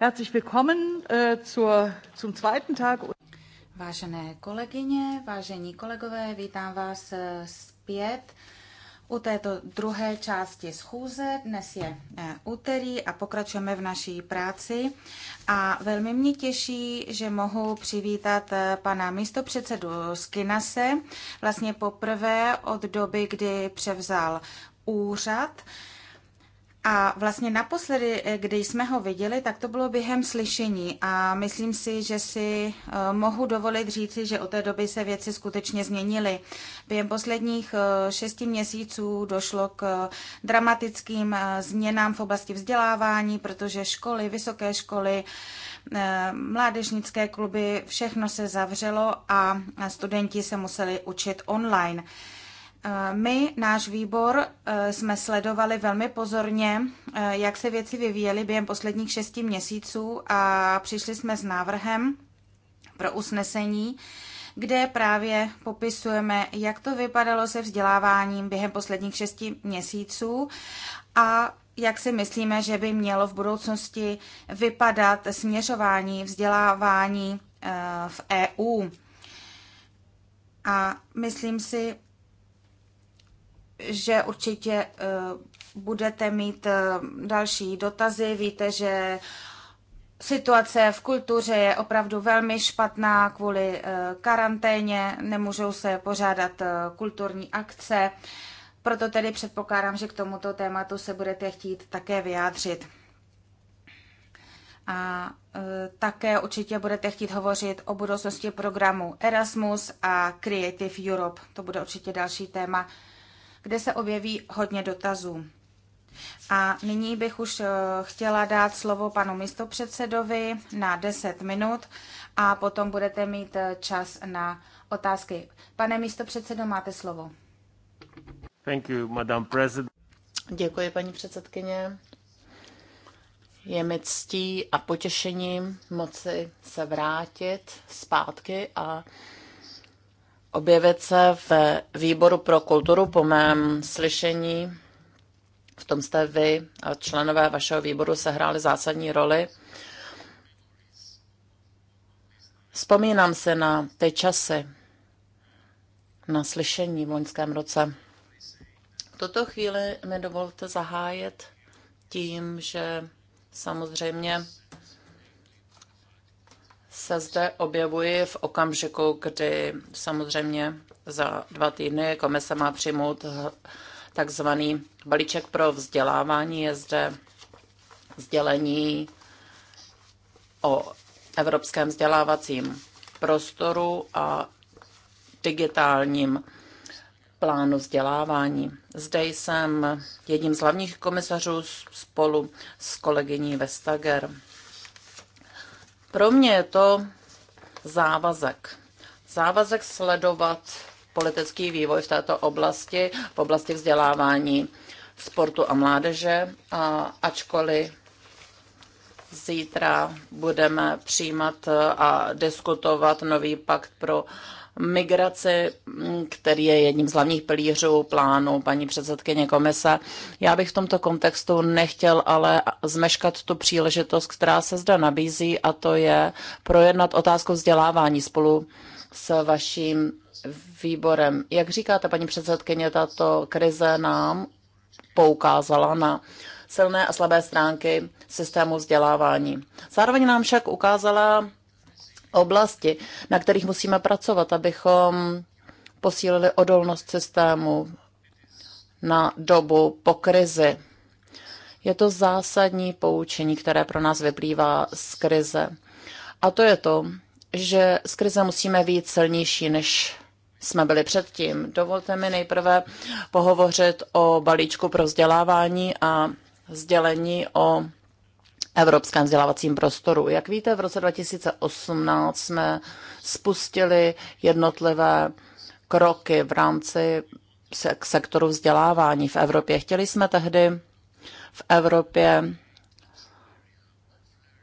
Herzlich willkommen äh, zur, zum zweiten Tag. Vážené kolegyně, vážení kolegové, vítám vás äh, zpět u této druhé části schůze. Dnes je äh, úterý a pokračujeme v naší práci. A velmi mě těší, že mohu přivítat pana místopředsedu Skinase, vlastně poprvé od doby, kdy převzal úřad. A vlastně naposledy, eh, když jsme ho viděli, tak to bylo během slyšení a myslím si, že si eh, mohu dovolit říci, že od té doby se věci skutečně změnily. Během posledních eh, šesti měsíců došlo k dramatickým změnám v oblasti vzdělávání, protože školy, vysoké školy, mládežnické kluby, všechno se zavřelo a studenti se museli učit online. Eh, my, náš výbor, eh, jsme sledovali velmi pozorně, eh, jak se věci vyvíjely během posledních šesti měsíců a přišli jsme s návrhem pro usnesení, kde právě popisujeme, jak to vypadalo se vzděláváním během posledních šesti měsíců a jak si myslíme, že by mělo v budoucnosti vypadat směřování vzdělávání v EU. A myslím si, že určitě eh, budete mít eh, další dotazy. Víte, že situace v kultuře je opravdu velmi špatná kvůli eh, karanténě, nemůžou se pořádat kulturní akce. Proto tedy předpokládám, že k tomuto tématu se budete chtít také vyjádřit. A také určitě budete chtít hovořit o budoucnosti programu Erasmus a Creative Europe. To bude určitě další téma, kde se objeví hodně dotazů. A nyní bych už eh, chtěla dát slovo panu místopředsedovi na 10 minut a potom budete mít eh, čas na otázky. Pane místopředsedo, máte slovo. Thank you, Madam President. Děkuji, paní předsedkyně. Je mi ctí a potěšením moci se vrátit zpátky a objevit se v výboru pro kulturu po mém slyšení. V tom jste vy a členové vašeho výboru sehráli zásadní roli. Vzpomínám se na ty časy, na slyšení v loňském roce. V tuto chvíli mi dovolte zahájit tím, že samozřejmě se zde objevuji v okamžiku, kdy samozřejmě za dva týdny komise má přijmout takzvaný balíček pro vzdělávání. Je zde sdělení o evropském vzdělávacím prostoru a digitálním plánu vzdělávání. Zde jsem jedním z hlavních komisařů spolu s kolegyní Vestager. Pro mě je to závazek. Závazek sledovat politický vývoj v této oblasti, v oblasti vzdělávání sportu a mládeže, a ačkoliv zítra budeme přijímat a diskutovat nový pakt pro migraci, mm, který je jedním z hlavních pilířů plánu paní předsedkyně komise. Já bych v tomto kontextu nechtěl ale zmeškat tu příležitost, která se zde nabízí, a to je projednat otázku vzdělávání spolu s vaším výborem. Jak říkáte, paní předsedkyně, tato krize nám poukázala na silné a slabé stránky systému vzdělávání. Zároveň nám však ukázala oblasti, na kterých musíme pracovat, abychom posílili odolnost systému na dobu po krizi. Je to zásadní poučení, které pro nás vyplývá z krize. A to je to, že z krize musíme být silnější, než jsme byli předtím. Dovolte mi nejprve pohovořit o balíčku pro vzdělávání a sdělení o evropském vzdělávacím prostoru. Jak víte, v roce 2018 jsme spustili jednotlivé kroky v rámci sektoru vzdělávání v Evropě. Chtěli jsme tehdy v Evropě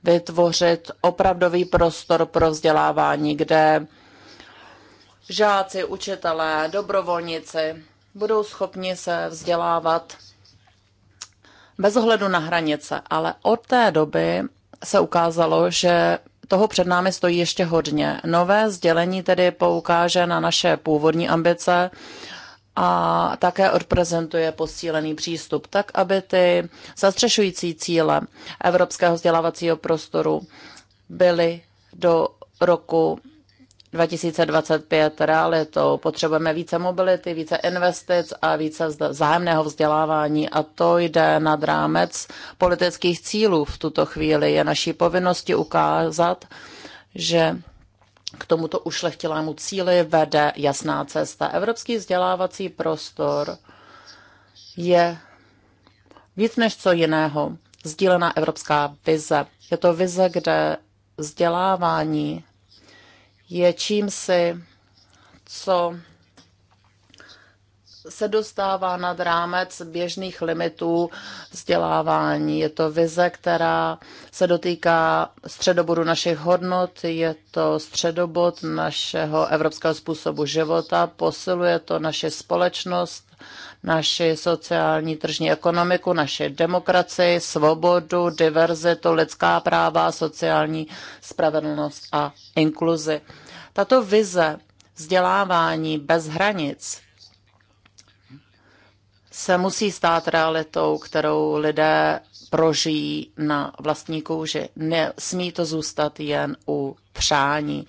vytvořit opravdový prostor pro vzdělávání, kde žáci, učitelé, dobrovolníci budou schopni se vzdělávat bez ohledu na hranice, ale od té doby se ukázalo, že toho před námi stojí ještě hodně. Nové sdělení tedy poukáže na naše původní ambice a také odprezentuje posílený přístup, tak aby ty zastřešující cíle evropského vzdělávacího prostoru byly do roku 2025 realitou. Potřebujeme více mobility, více investic a více zájemného vzdělávání a to jde nad rámec politických cílů v tuto chvíli. Je naší povinnosti ukázat, že k tomuto ušlechtilému cíli vede jasná cesta. Evropský vzdělávací prostor je víc než co jiného. Sdílená evropská vize. Je to vize, kde vzdělávání je čím si, co se dostává nad rámec běžných limitů vzdělávání. Je to vize, která se dotýká středobodu našich hodnot, je to středobod našeho evropského způsobu života, posiluje to naši společnost, naši sociální tržní ekonomiku, naši demokracii, svobodu, diverzitu, lidská práva, sociální spravedlnost a inkluzi. Tato vize vzdělávání bez hranic se musí stát realitou, kterou lidé prožijí na vlastní kůži. Nesmí to zůstat jen u přání.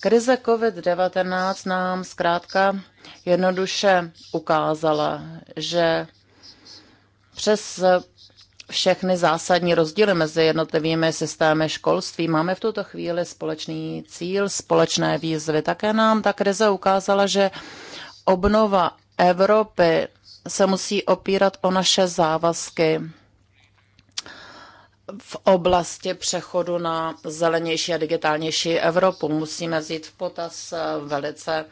Krize COVID-19 nám zkrátka jednoduše ukázala, že přes všechny zásadní rozdíly mezi jednotlivými systémy školství. Máme v tuto chvíli společný cíl, společné výzvy. Také nám ta krize ukázala, že obnova Evropy se musí opírat o naše závazky v oblasti přechodu na zelenější a digitálnější Evropu. Musíme vzít v potaz velice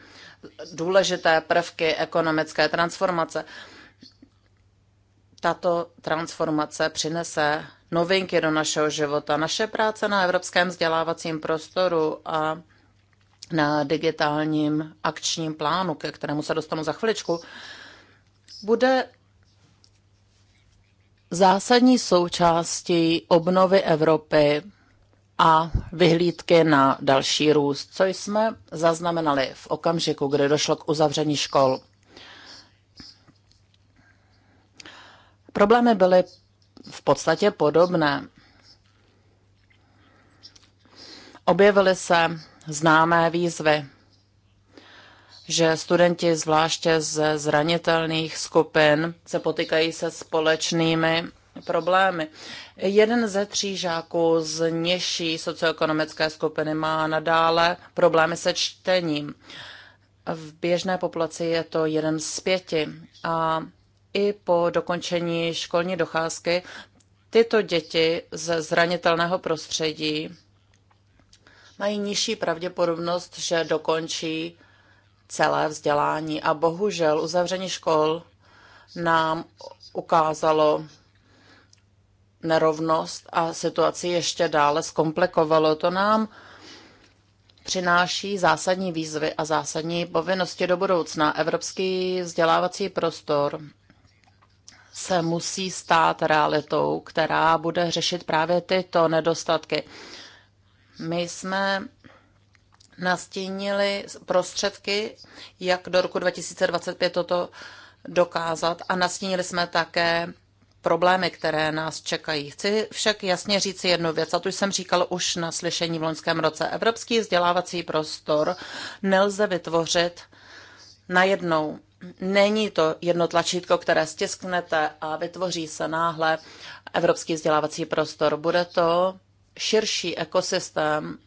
důležité prvky ekonomické transformace tato transformace přinese novinky do našeho života. Naše práce na evropském vzdělávacím prostoru a na digitálním akčním plánu, ke kterému se dostanu za chviličku, bude zásadní součástí obnovy Evropy a vyhlídky na další růst, co jsme zaznamenali v okamžiku, kdy došlo k uzavření škol. Problémy byly v podstatě podobné. Objevily se známé výzvy, že studenti zvláště ze zranitelných skupin se potýkají se společnými problémy. Jeden ze tří žáků z nižší socioekonomické skupiny má nadále problémy se čtením. V běžné populaci je to jeden z pěti a i po dokončení školní docházky tyto děti ze zranitelného prostředí mají nižší pravděpodobnost, že dokončí celé vzdělání. A bohužel uzavření škol nám ukázalo nerovnost a situaci ještě dále zkomplikovalo. To nám přináší zásadní výzvy a zásadní povinnosti do budoucna. Evropský vzdělávací prostor se musí stát realitou, která bude řešit právě tyto nedostatky. My jsme nastínili prostředky, jak do roku 2025 toto dokázat a nastínili jsme také problémy, které nás čekají. Chci však jasně říct jednu věc, a tu jsem říkal už na slyšení v loňském roce. Evropský vzdělávací prostor nelze vytvořit najednou. Není to jedno tlačítko, které stisknete a vytvoří se náhle evropský vzdělávací prostor. Bude to širší ekosystém,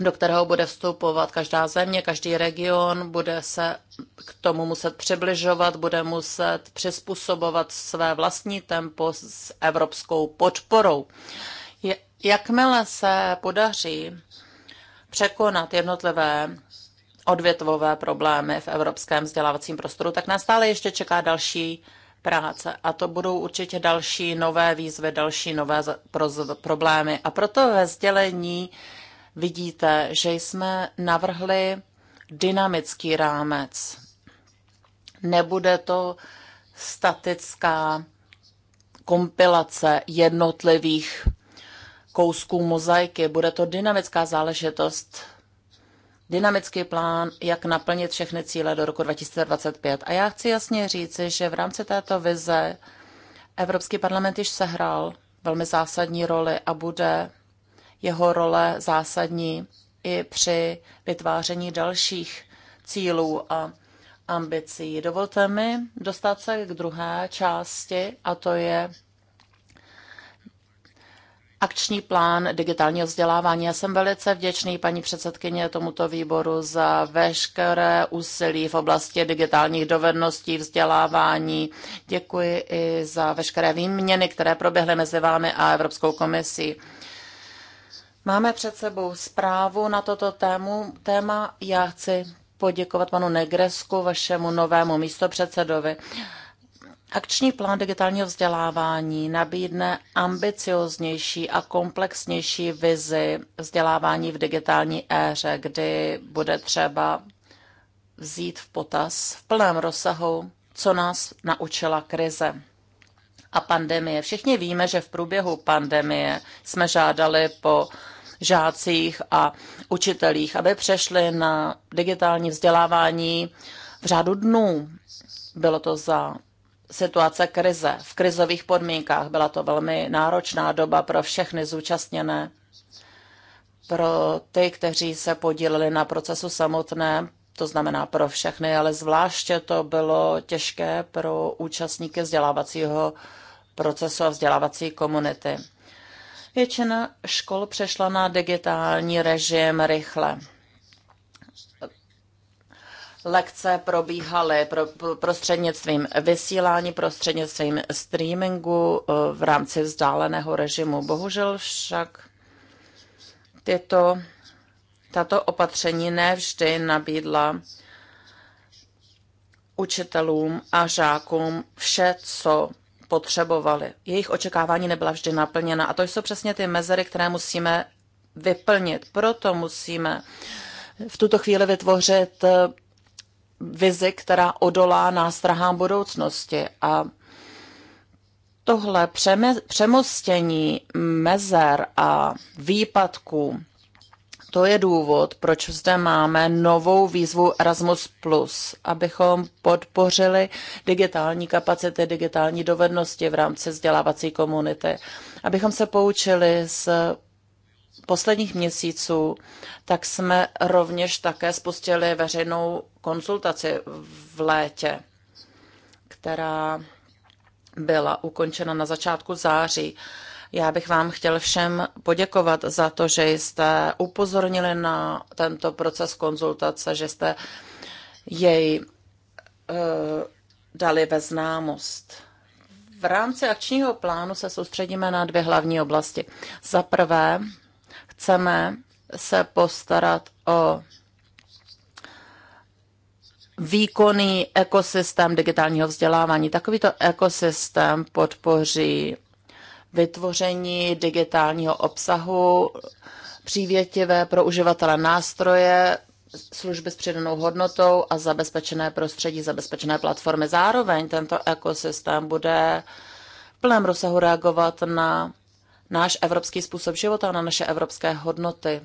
do kterého bude vstupovat každá země, každý region, bude se k tomu muset přibližovat, bude muset přizpůsobovat své vlastní tempo s evropskou podporou. Jakmile se podaří překonat jednotlivé odvětvové problémy v evropském vzdělávacím prostoru, tak nás stále ještě čeká další práce a to budou určitě další nové výzvy, další nové problémy. A proto ve sdělení vidíte, že jsme navrhli dynamický rámec. Nebude to statická kompilace jednotlivých kousků mozaiky, bude to dynamická záležitost, dynamický plán, jak naplnit všechny cíle do roku 2025. A já chci jasně říci, že v rámci této vize Evropský parlament již sehrál velmi zásadní roli a bude jeho role zásadní i při vytváření dalších cílů a ambicí. Dovolte mi dostat se k druhé části, a to je akční plán digitálního vzdělávání. Já jsem velice vděčný paní předsedkyně tomuto výboru za veškeré úsilí v oblasti digitálních dovedností, vzdělávání. Děkuji i za veškeré výměny, které proběhly mezi vámi a Evropskou komisí. Máme před sebou zprávu na toto tému. téma. Já chci poděkovat panu Negresku, vašemu novému místopředsedovi. Akční plán digitálního vzdělávání nabídne ambicioznější a komplexnější vizi vzdělávání v digitální éře, kdy bude třeba vzít v potaz v plném rozsahu, co nás naučila krize a pandemie. Všichni víme, že v průběhu pandemie jsme žádali po žácích a učitelích, aby přešli na digitální vzdělávání v řádu dnů. Bylo to za situace krize, v krizových podmínkách. Byla to velmi náročná doba pro všechny zúčastněné, pro ty, kteří se podíleli na procesu samotném, to znamená pro všechny, ale zvláště to bylo těžké pro účastníky vzdělávacího procesu a vzdělávací komunity. Většina škol přešla na digitální režim rychle lekce probíhaly pro, prostřednictvím vysílání, prostřednictvím streamingu eh, v rámci vzdáleného režimu. Bohužel však tyto, tato opatření nevždy nabídla učitelům a žákům vše, co potřebovali. Jejich očekávání nebyla vždy naplněna a to jsou přesně ty mezery, které musíme vyplnit. Proto musíme v tuto chvíli vytvořit vizi, která odolá nástrahám budoucnosti. A tohle přeme, přemostění mezer a výpadků, to je důvod, proč zde máme novou výzvu Erasmus+, Plus, abychom podpořili digitální kapacity, digitální dovednosti v rámci vzdělávací komunity, abychom se poučili z posledních měsíců, tak jsme rovněž také spustili veřejnou konsultaci v létě, která byla ukončena na začátku září. Já bych vám chtěl všem poděkovat za to, že jste upozornili na tento proces konzultace, že jste jej uh, dali ve známost. V rámci akčního plánu se soustředíme na dvě hlavní oblasti. Za prvé, chceme se postarat o výkonný ekosystém digitálního vzdělávání. Takovýto ekosystém podpoří vytvoření digitálního obsahu, přívětivé pro uživatele nástroje, služby s přidanou hodnotou a zabezpečené prostředí, zabezpečené platformy. Zároveň tento ekosystém bude v plném rozsahu reagovat na náš evropský způsob života, na naše evropské hodnoty.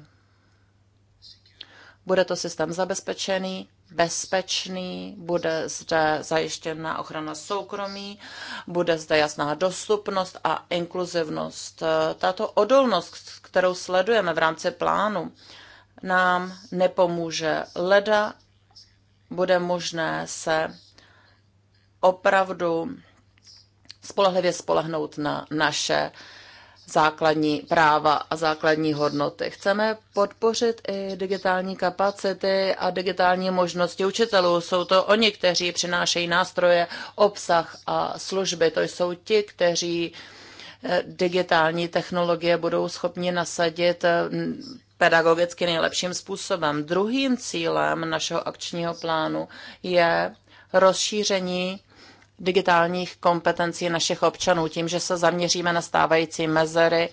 Bude to systém zabezpečený, bezpečný, bude zde zajištěna ochrana soukromí, bude zde jasná dostupnost a inkluzivnost. Tato odolnost, kterou sledujeme v rámci plánu, nám nepomůže. Leda bude možné se opravdu spolehlivě spolehnout na naše základní práva a základní hodnoty. Chceme podpořit i digitální kapacity a digitální možnosti učitelů. Jsou to oni, kteří přinášejí nástroje, obsah a služby. To jsou ti, kteří eh, digitální technologie budou schopni nasadit mm, pedagogicky nejlepším způsobem. Druhým cílem našeho akčního plánu je rozšíření digitálních kompetencí našich občanů tím, že se zaměříme na stávající mezery,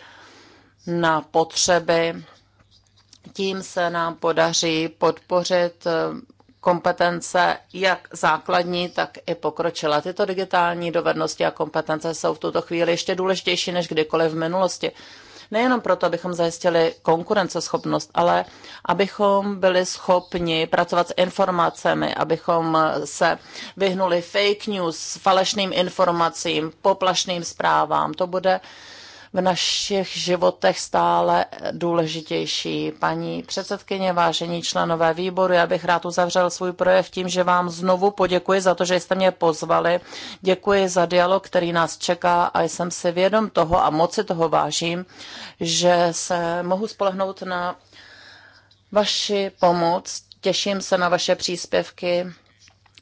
na potřeby. Tím se nám podaří podpořit eh, kompetence jak základní, tak i pokročila. Tyto digitální dovednosti a kompetence jsou v tuto chvíli ještě důležitější než kdykoliv v minulosti. Nejenom proto, abychom zajistili konkurenceschopnost, ale abychom byli schopni pracovat s informacemi, abychom se vyhnuli fake news, falešným informacím, poplašným zprávám. To bude v našich životech stále důležitější. Paní předsedkyně, vážení členové výboru, já bych rád uzavřel svůj projev tím, že vám znovu poděkuji za to, že jste mě pozvali. Děkuji za dialog, který nás čeká a jsem si vědom toho a moc si toho vážím, že se mohu spolehnout na vaši pomoc. Těším se na vaše příspěvky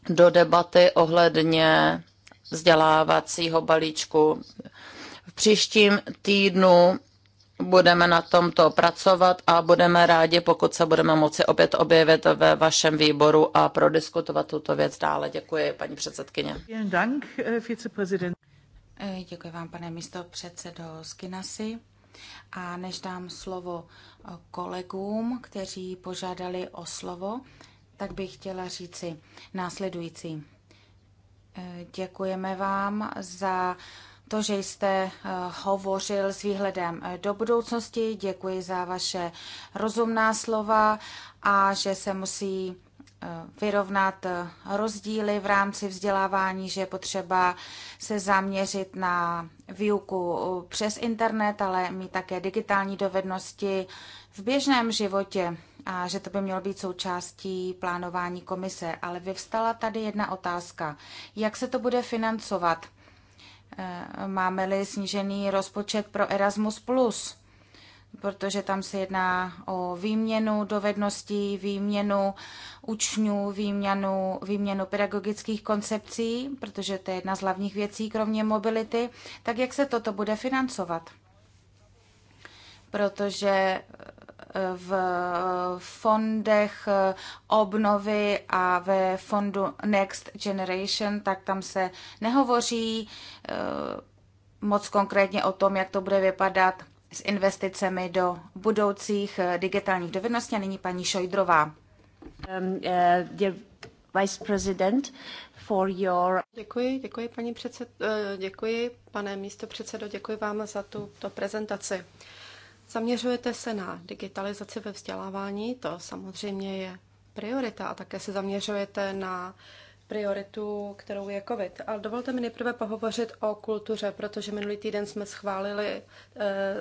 do debaty ohledně vzdělávacího balíčku příštím týdnu budeme na tomto pracovat a budeme rádi, pokud se budeme moci opět objevit ve vašem výboru a prodiskutovat tuto věc dále. Děkuji, paní předsedkyně. Eh, eh, děkuji vám, pane místo předsedo Skinasi. A než dám slovo eh, kolegům, kteří požádali o slovo, tak bych chtěla říci následující. Děkujeme vám za to, že jste eh, hovořil s výhledem eh, do budoucnosti. Děkuji za vaše rozumná slova a že se musí eh, vyrovnat rozdíly v rámci vzdělávání, že je potřeba se zaměřit na výuku přes internet, ale mít také digitální dovednosti v běžném životě a že to by mělo být součástí plánování komise. Ale vyvstala tady jedna otázka. Jak se to bude financovat? Eh, máme-li snížený rozpočet pro Erasmus+, protože tam se jedná o výměnu dovedností, výměnu učňů, výměnu, výměnu pedagogických koncepcí, protože to je jedna z hlavních věcí, kromě mobility, tak jak se toto bude financovat? Protože v fondech obnovy a ve fondu Next Generation, tak tam se nehovoří eh, moc konkrétně o tom, jak to bude vypadat s investicemi do budoucích eh, digitálních dovedností. A nyní paní Šojdrová. Um, uh, Vice President, for your... Děkuji, děkuji paní předsed, děkuji pane místo předsedo, děkuji vám za tu, prezentaci. Zaměřujete se na digitalizaci ve vzdělávání, to samozřejmě je priorita a také se zaměřujete na prioritu, kterou je COVID. Ale dovolte mi nejprve pohovořit o kultuře, protože minulý týden jsme schválili e,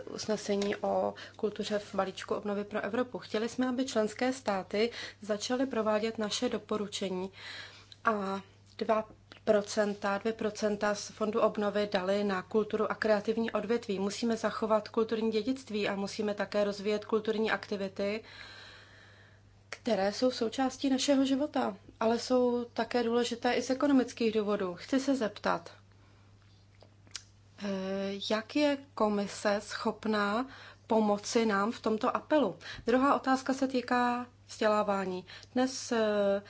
usnesení o kultuře v balíčku obnovy pro Evropu. Chtěli jsme, aby členské státy začaly provádět naše doporučení a dva procenta, 2% z fondu obnovy dali na kulturu a kreativní odvětví. Musíme zachovat kulturní dědictví a musíme také rozvíjet kulturní aktivity, které jsou součástí našeho života, ale jsou také důležité i z ekonomických důvodů. Chci se zeptat, eh, jak je komise schopná pomoci nám v tomto apelu? Druhá otázka se týká vzdělávání. Dnes eh,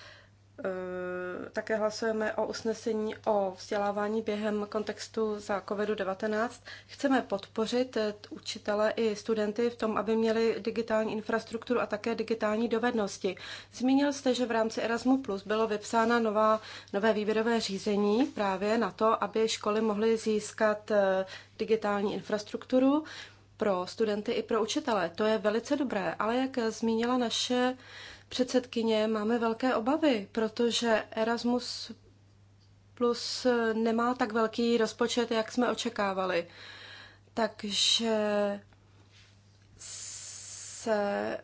Eh, také hlasujeme o usnesení o vzdělávání během kontextu za COVID-19. Chceme podpořit eh, učitele i studenty v tom, aby měli digitální infrastrukturu a také digitální dovednosti. Zmínil jste, že v rámci Erasmu Plus bylo vypsána nová, nové výběrové řízení právě na to, aby školy mohly získat eh, digitální infrastrukturu pro studenty i pro učitele. To je velice dobré, ale jak zmínila naše předsedkyně, máme velké obavy, protože Erasmus Plus nemá tak velký rozpočet, jak jsme očekávali. Takže se eh,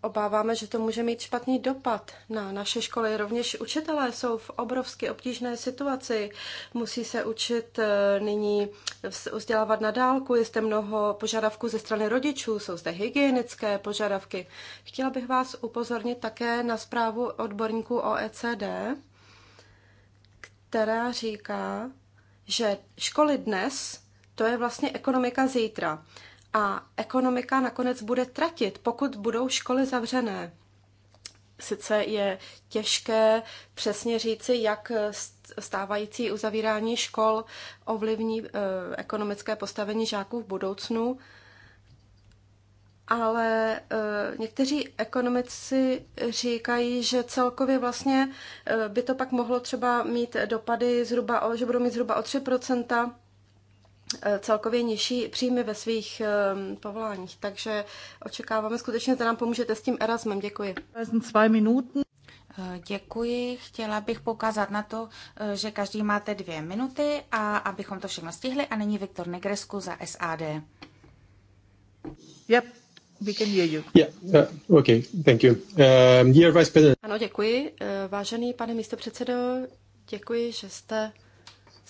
obáváme, že to může mít špatný dopad na naše školy. Rovněž učitelé jsou v obrovsky obtížné situaci. Musí se učit eh, nyní vzdělávat na dálku. Je zde mnoho požadavků ze strany rodičů, jsou zde hygienické požadavky. Chtěla bych vás upozornit také na zprávu odborníků OECD, která říká, že školy dnes to je vlastně ekonomika zítra a ekonomika nakonec bude tratit, pokud budou školy zavřené. Sice je těžké přesně říci, jak stávající uzavírání škol ovlivní eh, ekonomické postavení žáků v budoucnu, ale eh, někteří ekonomici říkají, že celkově vlastně eh, by to pak mohlo třeba mít dopady zhruba, o, že budou mít zhruba o 3 Eh, celkově nižší příjmy ve svých um, povoláních. Takže očekáváme skutečně, že nám pomůžete s tím Erasmem. Děkuji. Eh, děkuji. Chtěla bych poukázat na to, že každý máte dvě minuty a abychom to všechno stihli. A nyní Viktor Negresku za SAD. Yep. Yeah, uh, okay, thank you. Um, Vice President. Ano, děkuji. Vážený pane místopředsedo, děkuji, že jste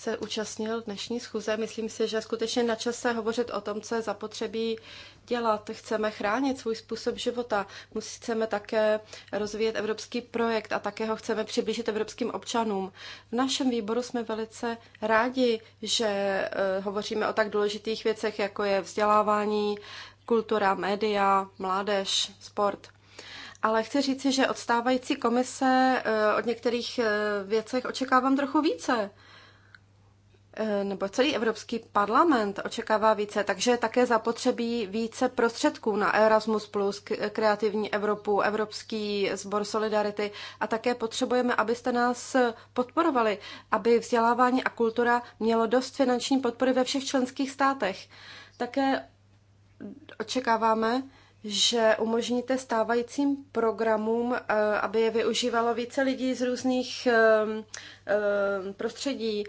se účastnil dnešní schůze. Myslím si, že skutečně na čase hovořit o tom, co je zapotřebí dělat. Chceme chránit svůj způsob života, chceme také rozvíjet evropský projekt a také ho chceme přiblížit evropským občanům. V našem výboru jsme velice rádi, že eh, hovoříme o tak důležitých věcech, jako je vzdělávání, kultura, média, mládež, sport. Ale chci říci, že odstávající komise eh, od některých eh, věcech očekávám trochu více. Eh, nebo celý Evropský parlament očekává více, takže je také zapotřebí více prostředků na Erasmus+, Kreativní Evropu, Evropský sbor Solidarity a také potřebujeme, abyste nás podporovali, aby vzdělávání a kultura mělo dost finanční podpory ve všech členských státech. Také očekáváme, že umožníte stávajícím programům, eh, aby je využívalo více lidí z různých eh, prostředí,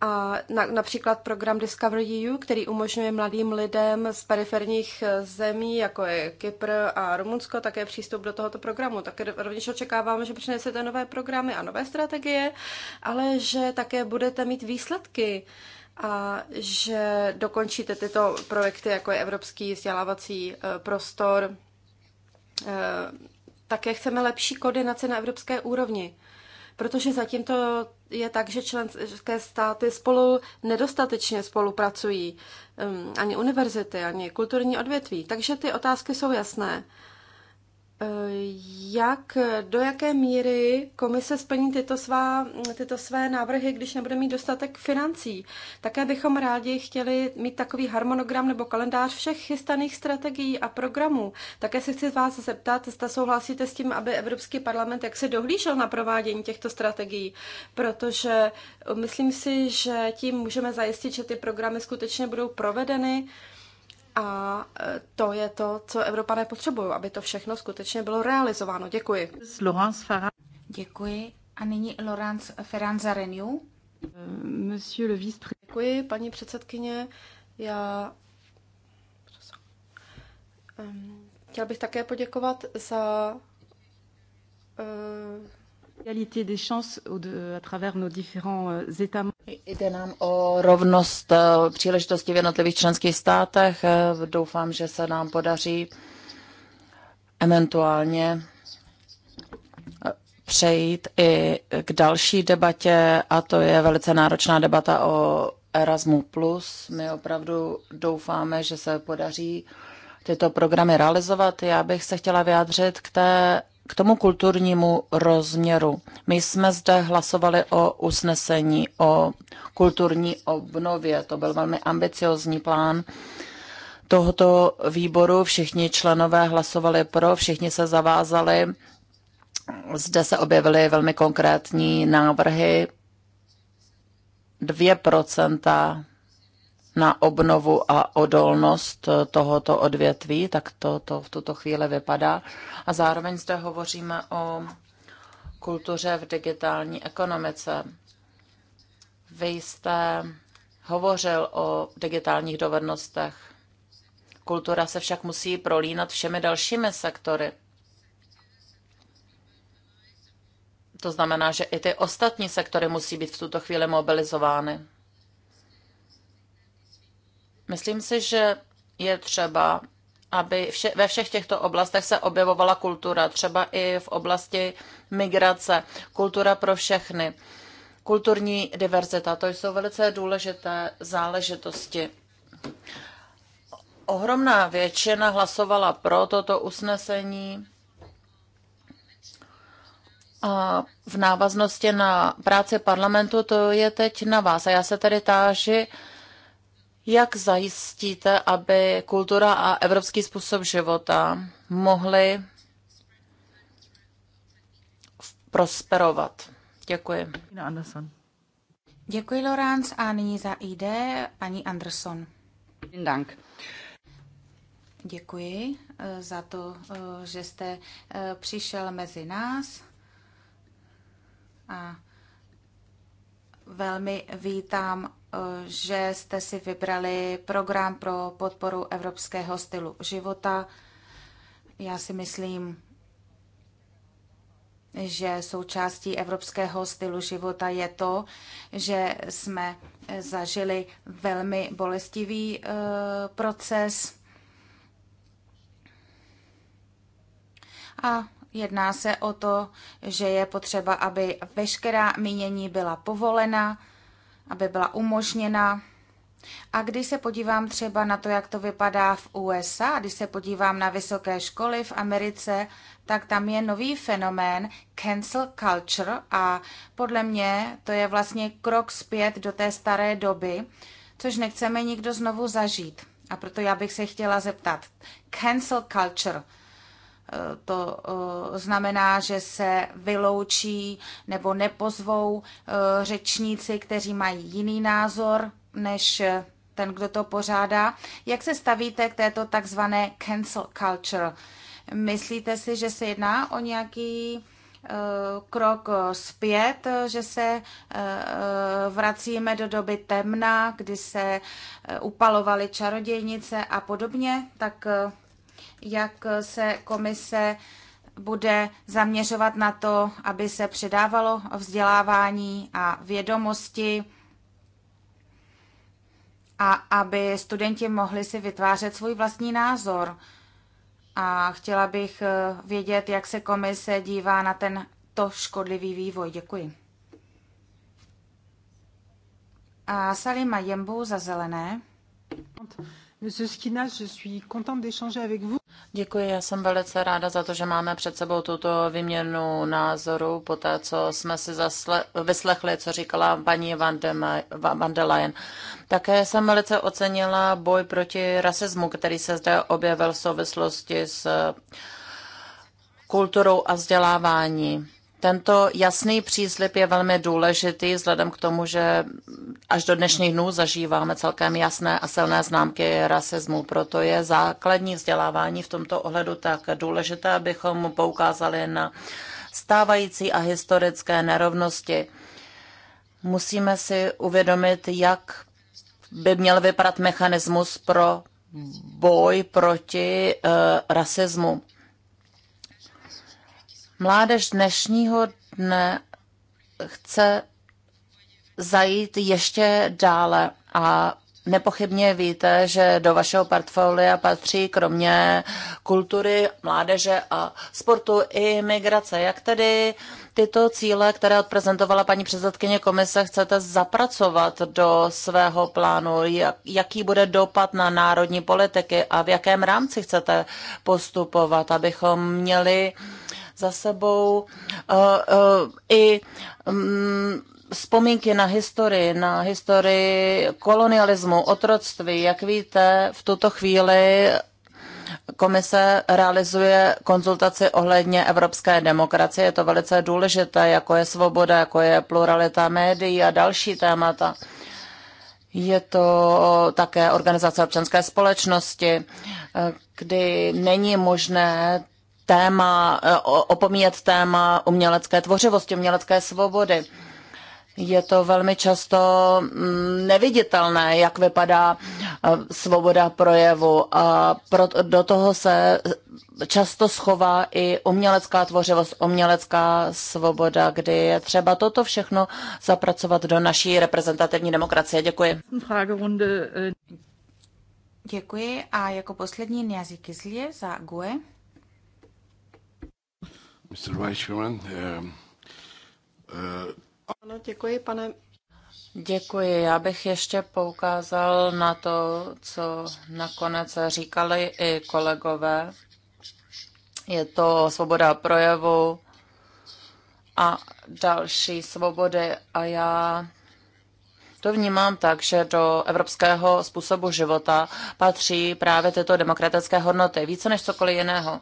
a na, například program Discover EU, který umožňuje mladým lidem z periferních eh, zemí, jako je Kypr a Rumunsko, také přístup do tohoto programu. Také rovněž očekáváme, že přinesete nové programy a nové strategie, ale že také budete mít výsledky a že dokončíte tyto projekty, jako je Evropský vzdělávací eh, prostor. Eh, také chceme lepší koordinaci na evropské úrovni protože zatím to je tak, že členské státy spolu nedostatečně spolupracují, um, ani univerzity, ani kulturní odvětví. Takže ty otázky jsou jasné. Eh, jak, do jaké míry komise splní tyto, svá, tyto své návrhy, když nebude mít dostatek financí? Také bychom rádi chtěli mít takový harmonogram nebo kalendář všech chystaných strategií a programů. Také se chci vás zeptat, zda souhlasíte s tím, aby Evropský parlament jak se dohlížel na provádění těchto strategií, protože eh, myslím si, že tím můžeme zajistit, že ty programy skutečně budou provedeny. Uh, a e, to je to, co Evropané potřebují, aby to všechno skutečně bylo realizováno. Děkuji. Děkuji. A nyní Laurence Ferrand za Renew. Euh, monsieur le vice Děkuji, paní předsedkyně. Já ehm, chtěl bych také poděkovat za e, des chances à travers nos différents euh, états Jde nám o rovnost eh, příležitosti v jednotlivých členských státech. Eh, doufám, že se nám podaří eventuálně eh, přejít i k další debatě, a to je velice náročná debata o Erasmu+. My opravdu doufáme, že se podaří tyto programy realizovat. Já bych se chtěla vyjádřit k té k tomu kulturnímu rozměru. My jsme zde hlasovali o usnesení o kulturní obnově. To byl velmi ambiciozní plán tohoto výboru. Všichni členové hlasovali pro, všichni se zavázali. Zde se objevily velmi konkrétní návrhy. 2 na obnovu a odolnost eh, tohoto odvětví, tak to, to v tuto chvíli vypadá. A zároveň zde hovoříme o kultuře v digitální ekonomice. Vy jste hovořil o digitálních dovednostech. Kultura se však musí prolínat všemi dalšími sektory. To znamená, že i ty ostatní sektory musí být v tuto chvíli mobilizovány. Myslím si, že je třeba, aby vše, ve všech těchto oblastech se objevovala kultura, třeba i v oblasti migrace, kultura pro všechny, kulturní diverzita. To jsou velice důležité záležitosti. Ohromná většina hlasovala pro toto usnesení. A v návaznosti na práci parlamentu to je teď na vás. A já se tady táži, jak zajistíte, aby kultura a evropský způsob života mohly prosperovat? Děkuji. Anderson. Děkuji, Lorenz. A nyní za ID paní Anderson. Dank. Děkuji eh, za to, eh, že jste eh, přišel mezi nás a velmi vítám že jste si vybrali program pro podporu evropského stylu života. Já si myslím, že součástí evropského stylu života je to, že jsme zažili velmi bolestivý eh, proces a jedná se o to, že je potřeba, aby veškerá mínění byla povolena aby byla umožněna. A když se podívám třeba na to, jak to vypadá v USA, když se podívám na vysoké školy v Americe, tak tam je nový fenomén cancel culture a podle mě to je vlastně krok zpět do té staré doby, což nechceme nikdo znovu zažít. A proto já bych se chtěla zeptat, cancel culture, to eh, znamená, že se vyloučí nebo nepozvou eh, řečníci, kteří mají jiný názor než eh, ten, kdo to pořádá. Jak se stavíte k této takzvané cancel culture? Myslíte si, že se jedná o nějaký krok zpět, že se vracíme do doby temna, kdy se upalovaly čarodějnice a podobně, tak jak se komise bude zaměřovat na to, aby se předávalo vzdělávání a vědomosti a aby studenti mohli si vytvářet svůj vlastní názor. A chtěla bych eh, vědět, jak se komise dívá na ten to škodlivý vývoj. Děkuji. A Salima Jembu za zelené. Děkuji, já jsem velice ráda za to, že máme před sebou tuto výměnu názoru po té, co jsme si zasle- vyslechli, co říkala paní Van de, Ma- Van de Leyen. Také jsem velice ocenila boj proti rasismu, který se zde objevil v souvislosti s kulturou a vzdělávání. Tento jasný příslip je velmi důležitý vzhledem k tomu, že až do dnešních dnů zažíváme celkem jasné a silné známky rasismu. Proto je základní vzdělávání v tomto ohledu tak důležité, abychom poukázali na stávající a historické nerovnosti. Musíme si uvědomit, jak by měl vypadat mechanismus pro boj proti uh, rasismu. Mládež dnešního dne chce zajít ještě dále a Nepochybně víte, že do vašeho portfolia patří kromě kultury, mládeže a sportu i migrace. Jak tedy tyto cíle, které odprezentovala paní předsedkyně komise, chcete zapracovat do svého plánu? Jak, jaký bude dopad na národní politiky a v jakém rámci chcete postupovat, abychom měli uh, za sebou eh, eh, i mm, vzpomínky na historii, na historii kolonialismu, otroctví. Jak víte, v tuto chvíli Komise realizuje konzultaci ohledně evropské demokracie. Je to velice důležité, jako je svoboda, jako je pluralita médií a další témata. Je to také organizace občanské společnosti, eh, kdy není možné téma, e, opomíjet téma umělecké tvořivosti, umělecké svobody. Je to velmi často mm, neviditelné, jak vypadá e, svoboda projevu a do toho se často schová i umělecká tvořivost, umělecká svoboda, kdy je třeba toto všechno zapracovat do naší reprezentativní demokracie. Děkuji. Děkuji a jako poslední jazyky zlě za GUE. Ehm, eh, ano, děkuji, pane. Děkuji. Já bych ještě poukázal na to, co nakonec říkali i kolegové. Je to svoboda projevu a další svobody. A já to vnímám tak, že do evropského způsobu života patří právě tyto demokratické hodnoty, více než cokoliv jiného.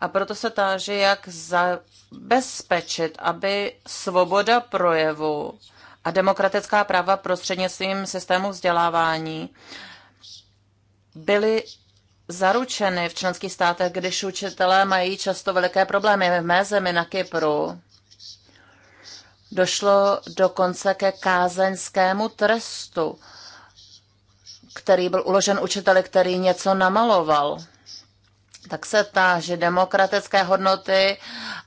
A proto se táže, jak zabezpečit, aby svoboda projevu a demokratická práva prostřednictvím systému vzdělávání byly zaručeny v členských státech, když učitelé mají často veliké problémy. V mé zemi na Kypru došlo dokonce ke kázeňskému trestu, který byl uložen učiteli, který něco namaloval tak se táže demokratické hodnoty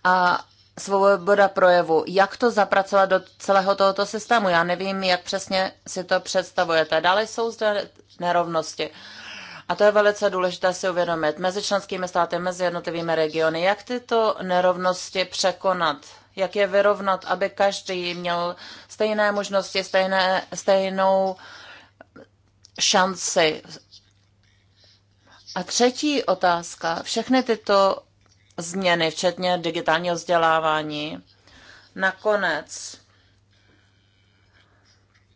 a svoboda projevu. Jak to zapracovat do celého tohoto systému? Já nevím, jak přesně si to představujete. Dále jsou zde nerovnosti. A to je velice důležité si uvědomit. Mezi členskými státy, mezi jednotlivými regiony. Jak tyto nerovnosti překonat? Jak je vyrovnat, aby každý měl stejné možnosti, stejné, stejnou šanci a třetí otázka. Všechny tyto změny, včetně digitálního vzdělávání, nakonec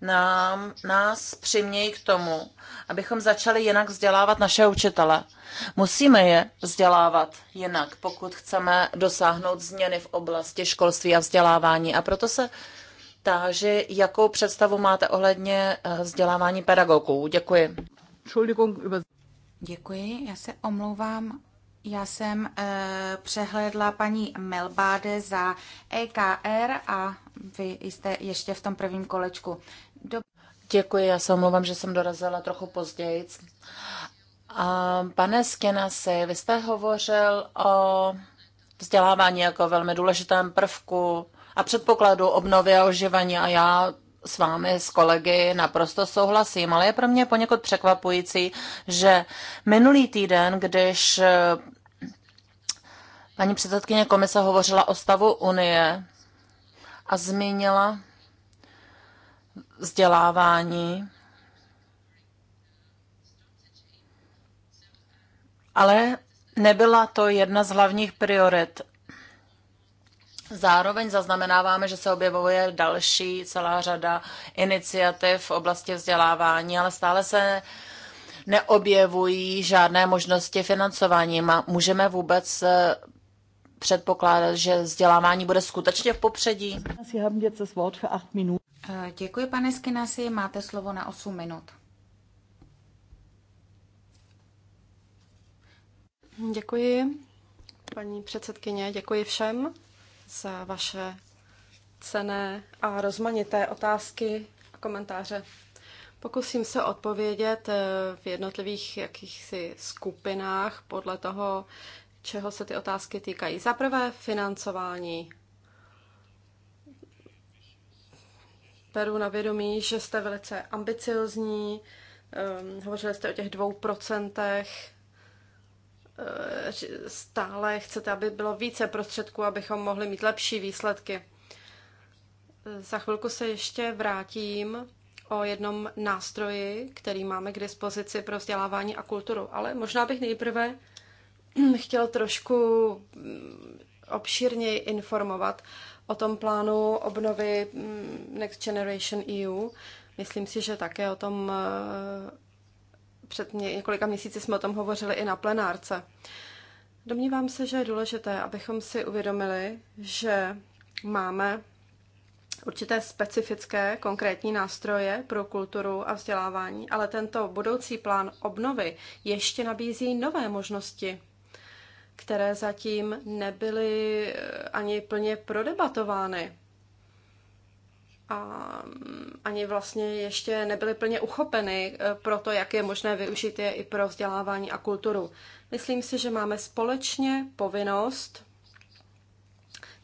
nám, nás přimějí k tomu, abychom začali jinak vzdělávat naše učitele. Musíme je vzdělávat jinak, pokud chceme dosáhnout změny v oblasti školství a vzdělávání. A proto se táži, jakou představu máte ohledně eh, vzdělávání pedagogů. Děkuji. Děkuji, já se omlouvám. Já jsem uh, přehlédla paní Melbáde za EKR a vy jste ještě v tom prvním kolečku. Dob- Děkuji, já se omlouvám, že jsem dorazila trochu později. A pane Skenasi, vy jste hovořil o vzdělávání jako velmi důležitém prvku a předpokladu obnovy a oživení a já s vámi, s kolegy naprosto souhlasím, ale je pro mě poněkud překvapující, že minulý týden, když eh, paní předsedkyně komise hovořila o stavu Unie a zmínila vzdělávání, ale nebyla to jedna z hlavních priorit Zároveň zaznamenáváme, že se objevuje další celá řada iniciativ v oblasti vzdělávání, ale stále se neobjevují žádné možnosti financování. Můžeme vůbec eh, předpokládat, že vzdělávání bude skutečně v popředí? Eh, děkuji, pane Skinasi, máte slovo na 8 minut. Děkuji, paní předsedkyně, děkuji všem za vaše cené a rozmanité otázky a komentáře. Pokusím se odpovědět eh, v jednotlivých jakýchsi skupinách podle toho, čeho se ty otázky týkají. Za prvé financování. Beru na vědomí, že jste velice ambiciozní, ehm, hovořili jste o těch dvou procentech Eh, stále chcete, aby bylo více prostředků, abychom mohli mít lepší výsledky. Eh, za chvilku se ještě vrátím o jednom nástroji, který máme k dispozici pro vzdělávání a kulturu, ale možná bych nejprve chtěl trošku mm, obšírněji informovat o tom plánu obnovy mm, Next Generation EU. Myslím si, že také o tom eh, před několika měsíci jsme o tom hovořili i na plenárce. Domnívám se, že je důležité, abychom si uvědomili, že máme určité specifické konkrétní nástroje pro kulturu a vzdělávání, ale tento budoucí plán obnovy ještě nabízí nové možnosti, které zatím nebyly eh, ani plně prodebatovány a mm, ani vlastně ještě nebyly plně uchopeny e, pro to, jak je možné využít je i pro vzdělávání a kulturu. Myslím si, že máme společně povinnost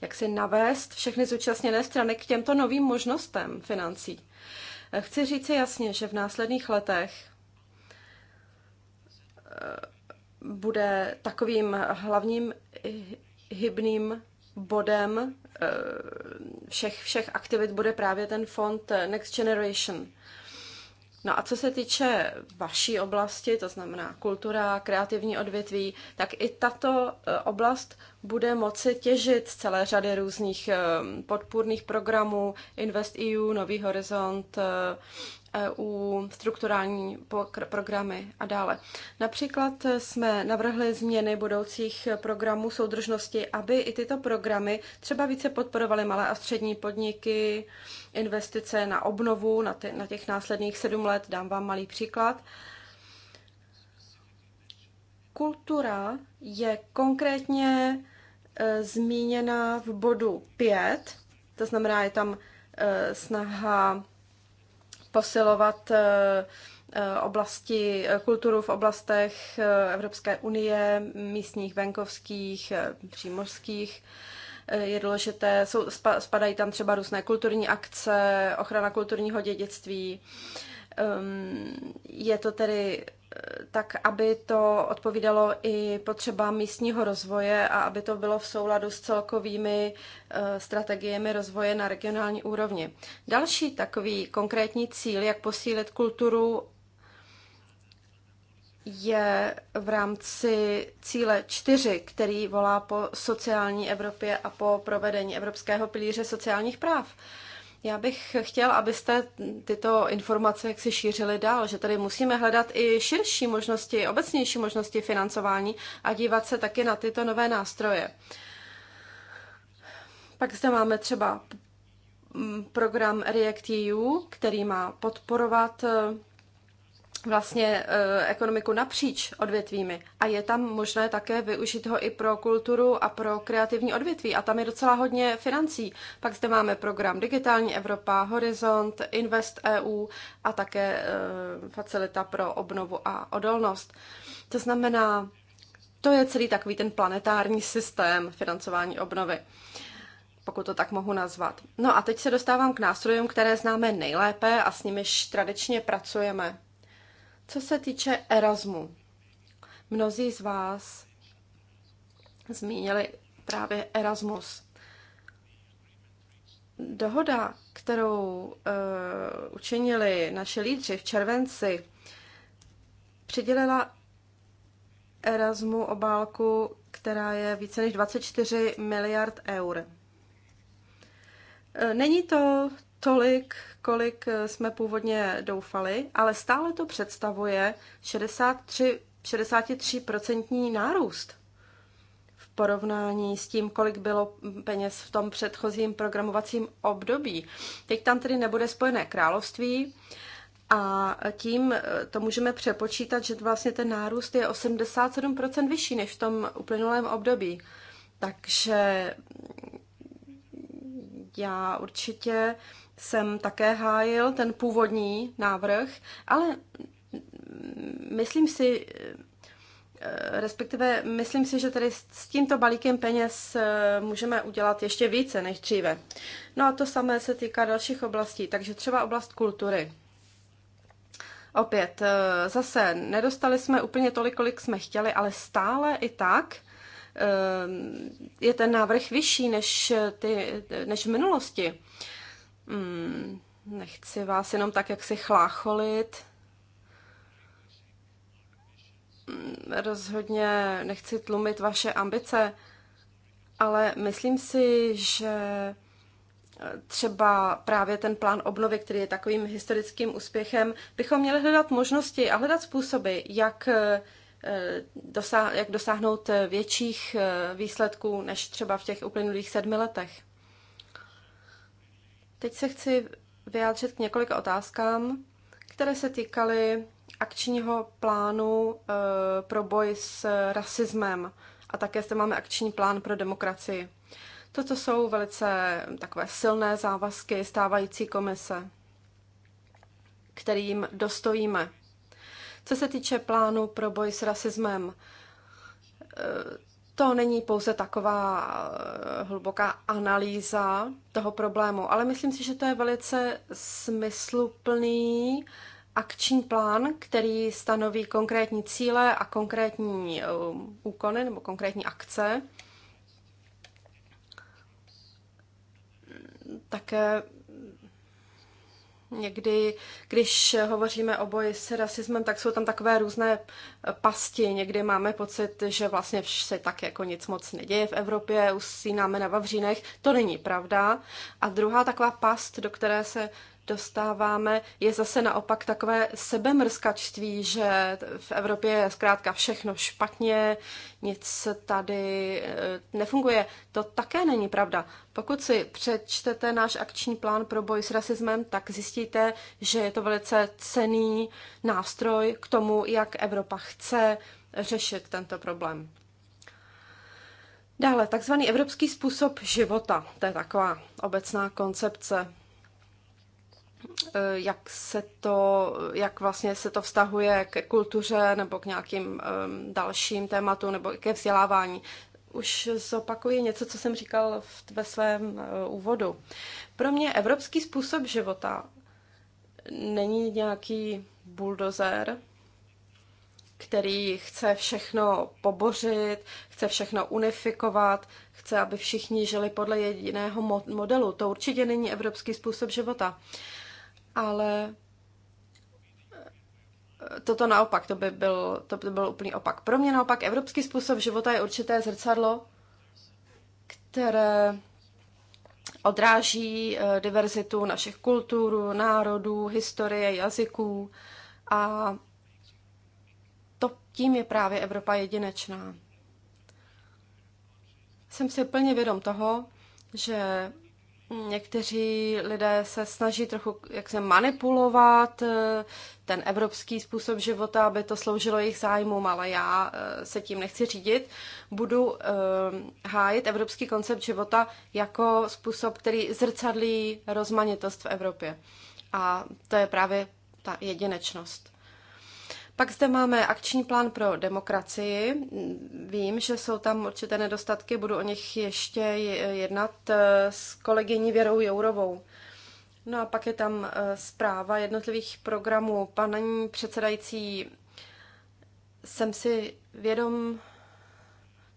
jak si navést všechny zúčastněné strany k těmto novým možnostem financí. E, chci říci jasně, že v následných letech e, bude takovým hlavním hybným bodem eh, všech, všech aktivit bude právě ten fond Next Generation. No a co se týče vaší oblasti, to znamená kultura, kreativní odvětví, tak i tato eh, oblast bude moci těžit z celé řady různých eh, podpůrných programů Invest EU, Nový horizont, EU, strukturální programy a dále. Například jsme navrhli změny budoucích programů soudržnosti, aby i tyto programy třeba více podporovaly malé a střední podniky, investice na obnovu na, ty, na těch následných sedm let. Dám vám malý příklad. Kultura je konkrétně e, zmíněna v bodu 5, to znamená, je tam e, snaha posilovat eh, eh, oblasti, eh, kulturu v oblastech Evropské unie, místních, venkovských, přímořských. Je důležité, jsou, spadají tam třeba různé kulturní akce, ochrana kulturního dědictví. Ehm, je to tedy tak aby to odpovídalo i potřebám místního rozvoje a aby to bylo v souladu s celkovými eh, strategiemi rozvoje na regionální úrovni. Další takový konkrétní cíl, jak posílit kulturu, je v rámci cíle 4, který volá po sociální Evropě a po provedení Evropského pilíře sociálních práv. Já bych chtěl, abyste tyto informace jak si šířili dál, že tady musíme hledat i širší možnosti, obecnější možnosti financování a dívat se taky na tyto nové nástroje. Pak zde máme třeba mm, program React EU, který má podporovat vlastně eh, ekonomiku napříč odvětvími. A je tam možné také využít ho i pro kulturu a pro kreativní odvětví. A tam je docela hodně financí. Pak zde máme program Digitální Evropa, Horizont, Invest EU a také eh, facilita pro obnovu a odolnost. To znamená, to je celý takový ten planetární systém financování obnovy pokud to tak mohu nazvat. No a teď se dostávám k nástrojům, které známe nejlépe a s nimiž tradičně pracujeme. Co se týče Erasmu, mnozí z vás zmínili právě Erasmus. Dohoda, kterou e, učinili naše lídři v červenci, přidělila Erasmu obálku, která je více než 24 miliard eur. Eh, není to tolik, kolik eh, jsme původně doufali, ale stále to představuje 63, 63% nárůst v porovnání s tím, kolik bylo peněz v tom předchozím programovacím období. Teď tam tedy nebude Spojené království a tím eh, to můžeme přepočítat, že vlastně ten nárůst je 87% vyšší než v tom uplynulém období. Takže já určitě jsem také hájil ten původní návrh, ale myslím si, eh, respektive myslím si, že tady s tímto balíkem peněz eh, můžeme udělat ještě více než dříve. No a to samé se týká dalších oblastí, takže třeba oblast kultury. Opět, eh, zase nedostali jsme úplně tolik, kolik jsme chtěli, ale stále i tak – Ehm, je ten návrh vyšší než, ty, než v minulosti. Hmm, nechci vás jenom tak, jak si chlácholit. Hmm, rozhodně nechci tlumit vaše ambice, ale myslím si, že eh, třeba právě ten plán obnovy, který je takovým historickým úspěchem, bychom měli hledat možnosti a hledat způsoby, jak eh, Eh, dosáh, jak dosáhnout eh, větších eh, výsledků než třeba v těch uplynulých sedmi letech. Teď se chci vyjádřit k několika otázkám, které se týkaly akčního plánu pro boj s rasismem a také zde máme akční plán pro demokracii. Toto jsou velice takové silné závazky stávající komise, kterým dostojíme. Co se týče plánu pro boj s rasismem, eh, to není pouze taková eh, hluboká analýza toho problému, ale myslím si, že to je velice smysluplný akční plán, který stanoví konkrétní cíle a konkrétní eh, úkony nebo konkrétní akce. Také Někdy, když hovoříme o boji s rasismem, tak jsou tam takové různé pasti. Někdy máme pocit, že vlastně se tak jako nic moc neděje v Evropě, usínáme na vavřínech. To není pravda. A druhá taková past, do které se dostáváme, je zase naopak takové sebemrskačství, že v Evropě je zkrátka všechno špatně, nic tady eh, nefunguje. To také není pravda. Pokud si přečtete náš akční plán pro boj s rasismem, tak zjistíte, že je to velice cený nástroj k tomu, jak Evropa chce řešit tento problém. Dále, takzvaný evropský způsob života, to je taková obecná koncepce Eh, jak se to, jak vlastně se to vztahuje ke kultuře nebo k nějakým dalším tématům nebo ke vzdělávání. Už zopakuji něco, co jsem říkal v, ve svém eh, úvodu. Pro mě evropský způsob života není nějaký buldozer, který chce všechno pobořit, chce všechno unifikovat, chce, aby všichni žili podle jediného modelu. To určitě není evropský způsob života. Uh, ale eh, toto naopak, to by, byl, to by byl úplný opak. Pro mě naopak evropský způsob života je určité zrcadlo, které odráží eh, diverzitu našich kultur, národů, historie, jazyků a to tím je právě Evropa jedinečná. Jsem si plně vědom toho, že Někteří lidé se snaží trochu jak se manipulovat eh, ten evropský způsob života, aby to sloužilo jejich zájmům, ale já eh, se tím nechci řídit. Budu eh, hájit evropský koncept života jako způsob, který zrcadlí rozmanitost v Evropě. A to je právě ta jedinečnost. Pak zde máme akční plán pro demokracii. Vím, že jsou tam určité nedostatky, budu o nich ještě jednat eh, s kolegyní Věrou Jourovou. No a pak je tam eh, zpráva jednotlivých programů. Paní předsedající, jsem si vědom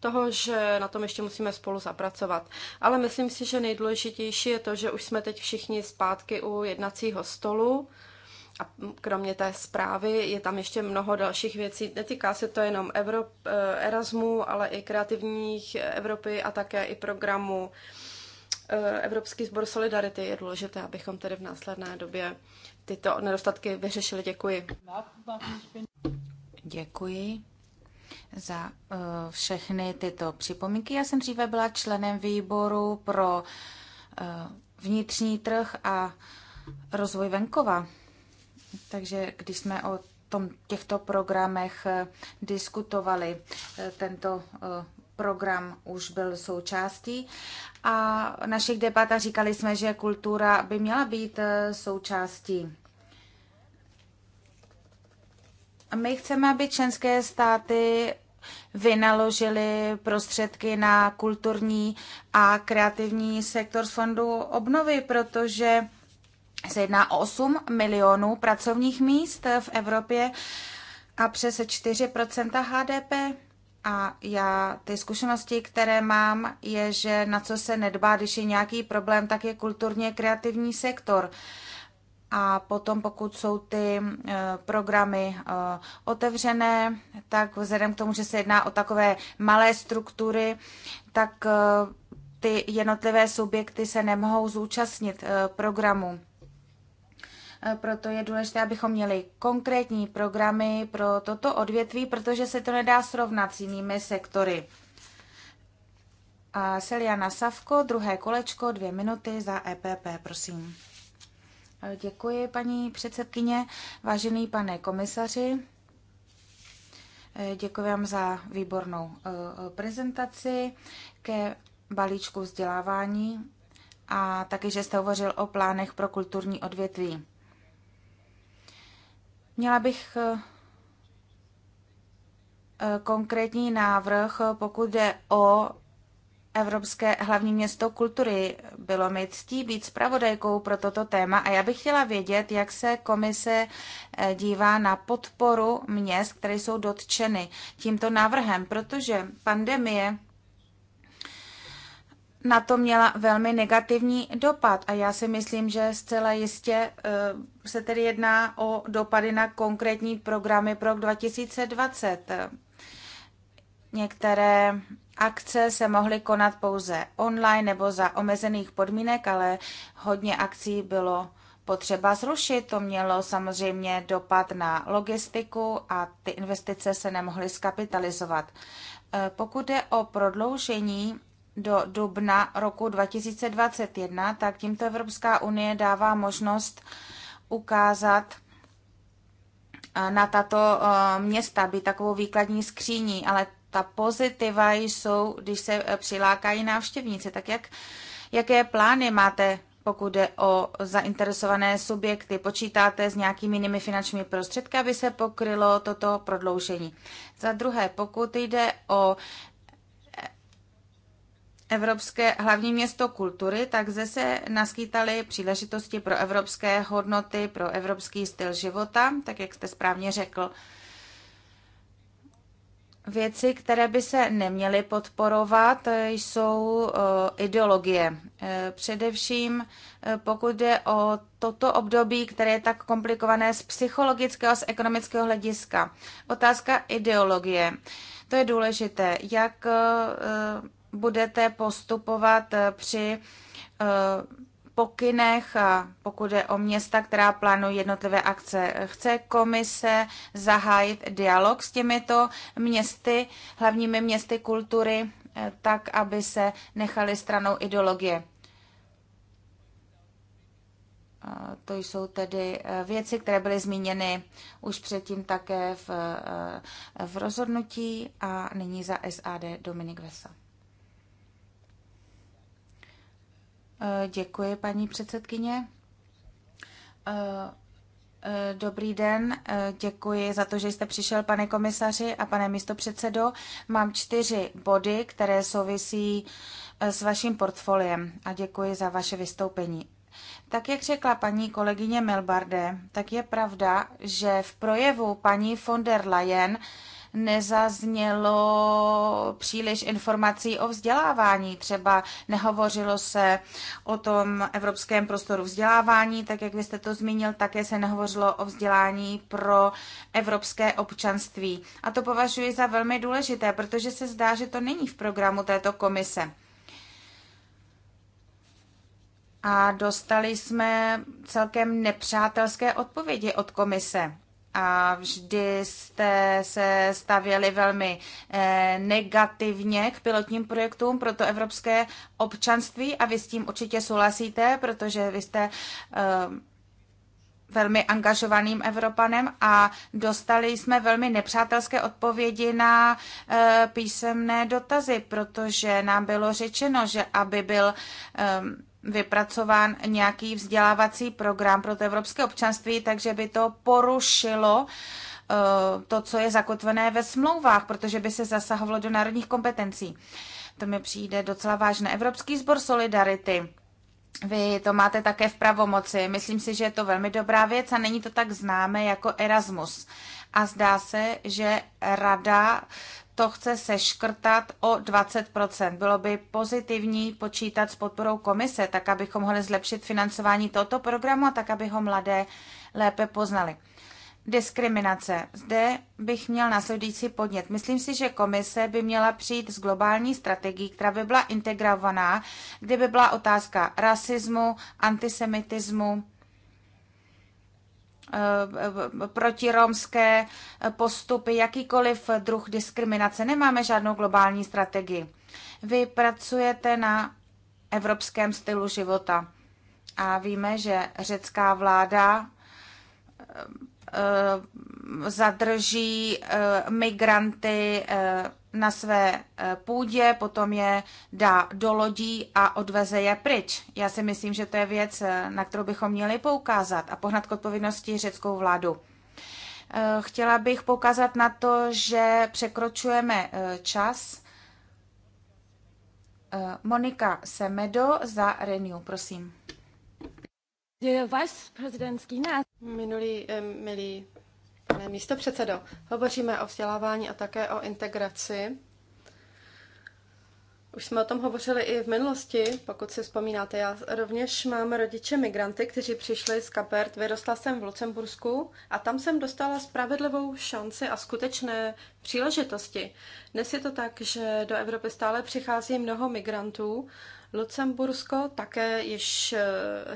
toho, že na tom ještě musíme spolu zapracovat. Ale myslím si, že nejdůležitější je to, že už jsme teď všichni zpátky u jednacího stolu. A kromě té zprávy je tam ještě mnoho dalších věcí. Netýká se to jenom Evrop, eh, Erasmu, ale i kreativních Evropy a také i programu eh, Evropský sbor Solidarity. Je důležité, abychom tedy v následné době tyto nedostatky vyřešili. Děkuji. Děkuji za uh, všechny tyto připomínky. Já jsem dříve byla členem výboru pro uh, vnitřní trh a rozvoj venkova. Takže když jsme o tom, těchto programech eh, diskutovali, eh, tento eh, program už byl součástí a v našich debatách říkali jsme, že kultura by měla být součástí. My chceme, aby členské státy vynaložili prostředky na kulturní a kreativní sektor z fondu obnovy, protože se jedná o 8 milionů pracovních míst v Evropě a přes 4 HDP. A já ty zkušenosti, které mám, je, že na co se nedbá, když je nějaký problém, tak je kulturně kreativní sektor. A potom, pokud jsou ty eh, programy eh, otevřené, tak vzhledem k tomu, že se jedná o takové malé struktury, tak eh, ty jednotlivé subjekty se nemohou zúčastnit programu. Eh, proto je důležité, abychom měli konkrétní programy pro toto odvětví, protože se to nedá srovnat s jinými sektory. A Seliana Savko, druhé kolečko, dvě minuty za EPP, prosím. Eh, děkuji, paní předsedkyně, vážený pane komisaři. Eh, děkuji vám za výbornou prezentaci ke balíčku vzdělávání a taky, že jste hovořil o plánech pro kulturní odvětví. Měla bych eh, eh, konkrétní návrh, eh, pokud jde o Evropské hlavní město kultury. Bylo mi ctí být zpravodajkou pro toto téma a já bych chtěla vědět, jak se komise dívá na podporu měst, které jsou dotčeny tímto návrhem, protože pandemie na to měla velmi negativní dopad a já si myslím, že zcela jistě e, se tedy jedná o dopady na konkrétní programy pro 2020. E, některé akce se mohly konat pouze online nebo za omezených podmínek, ale hodně akcí bylo potřeba zrušit. To mělo samozřejmě dopad na logistiku a ty investice se nemohly skapitalizovat. E, pokud je o prodloužení do dubna roku 2021, tak tímto Evropská unie dává možnost ukázat eh, na tato eh, města, by takovou výkladní skříní, ale ta pozitiva jsou, když se eh, přilákají návštěvníci. Tak jak, jaké plány máte, pokud jde o zainteresované subjekty? Počítáte s nějakými jinými finančními prostředky, aby se pokrylo toto prodloužení? Za druhé, pokud jde o Evropské hlavní město kultury, tak zde se naskýtaly příležitosti pro evropské hodnoty, pro evropský styl života, tak jak jste správně řekl. Věci, které by se neměly podporovat, jsou eh, ideologie. Eh, především eh, pokud jde o toto období, které je tak komplikované z psychologického a z ekonomického hlediska. Otázka ideologie. To je důležité, jak budete postupovat eh, při eh, pokynech, pokud je o města, která plánují jednotlivé akce. Chce komise zahájit dialog s těmito městy, hlavními městy kultury, eh, tak, aby se nechali stranou ideologie. To jsou tedy věci, které byly zmíněny už předtím také v, v rozhodnutí a nyní za SAD Dominik Vesa. Eh, děkuji, paní předsedkyně. Eh, eh, dobrý den, děkuji za to, že jste přišel, pane komisaři a pane místopředsedo. Mám čtyři body, které souvisí s vaším portfoliem a děkuji za vaše vystoupení. Tak jak řekla paní kolegyně Melbarde, tak je pravda, že v projevu paní von der Leyen nezaznělo příliš informací o vzdělávání. Třeba nehovořilo se o tom evropském prostoru vzdělávání, tak jak vy jste to zmínil, také se nehovořilo o vzdělání pro evropské občanství. A to považuji za velmi důležité, protože se zdá, že to není v programu této komise. A dostali jsme celkem nepřátelské odpovědi od komise a vždy jste se stavěli velmi eh, negativně k pilotním projektům pro to evropské občanství a vy s tím určitě souhlasíte, protože vy jste eh, velmi angažovaným Evropanem a dostali jsme velmi nepřátelské odpovědi na eh, písemné dotazy, protože nám bylo řečeno, že aby byl vypracován nějaký vzdělávací program pro to evropské občanství, takže by to porušilo eh, to, co je zakotvené ve smlouvách, protože by se zasahovalo do národních kompetencí. To mi přijde docela vážné. Evropský sbor Solidarity. Vy to máte také v pravomoci. Myslím si, že je to velmi dobrá věc a není to tak známé jako Erasmus. A zdá se, že rada uh, to chce seškrtat o 20%. Bylo by pozitivní počítat s podporou komise, tak abychom mohli zlepšit financování tohoto programu a tak, aby ho mladé lépe poznali. Diskriminace. Zde bych měl následující podnět. Myslím si, že komise by měla přijít s globální strategií, která by byla integrovaná, kde by byla otázka rasismu, antisemitismu, Eh, protiromské postupy, jakýkoliv druh diskriminace. Nemáme žádnou globální strategii. Vy pracujete na evropském stylu života a víme, že řecká vláda eh, eh, zadrží migranty na své eh, půdě, potom je dá do lodí a odveze je pryč. Já si myslím, že to je věc, eh, na kterou bychom měli poukázat a pohnat k odpovědnosti řeckou vládu. Eh, chtěla bych poukázat na to, že překročujeme čas. Monika Semedo za Renew, prosím. Vice Minulý, milý pane předsedo, Hovoříme o vzdělávání a také o integraci. Už jsme o tom hovořili i v minulosti, pokud si vzpomínáte. Já rovněž mám rodiče migranty, kteří přišli z Kapert. Vyrostla jsem v Lucembursku a tam jsem dostala spravedlivou šanci a skutečné příležitosti. Dnes je to tak, že do Evropy stále přichází mnoho migrantů Lucembursko také již eh,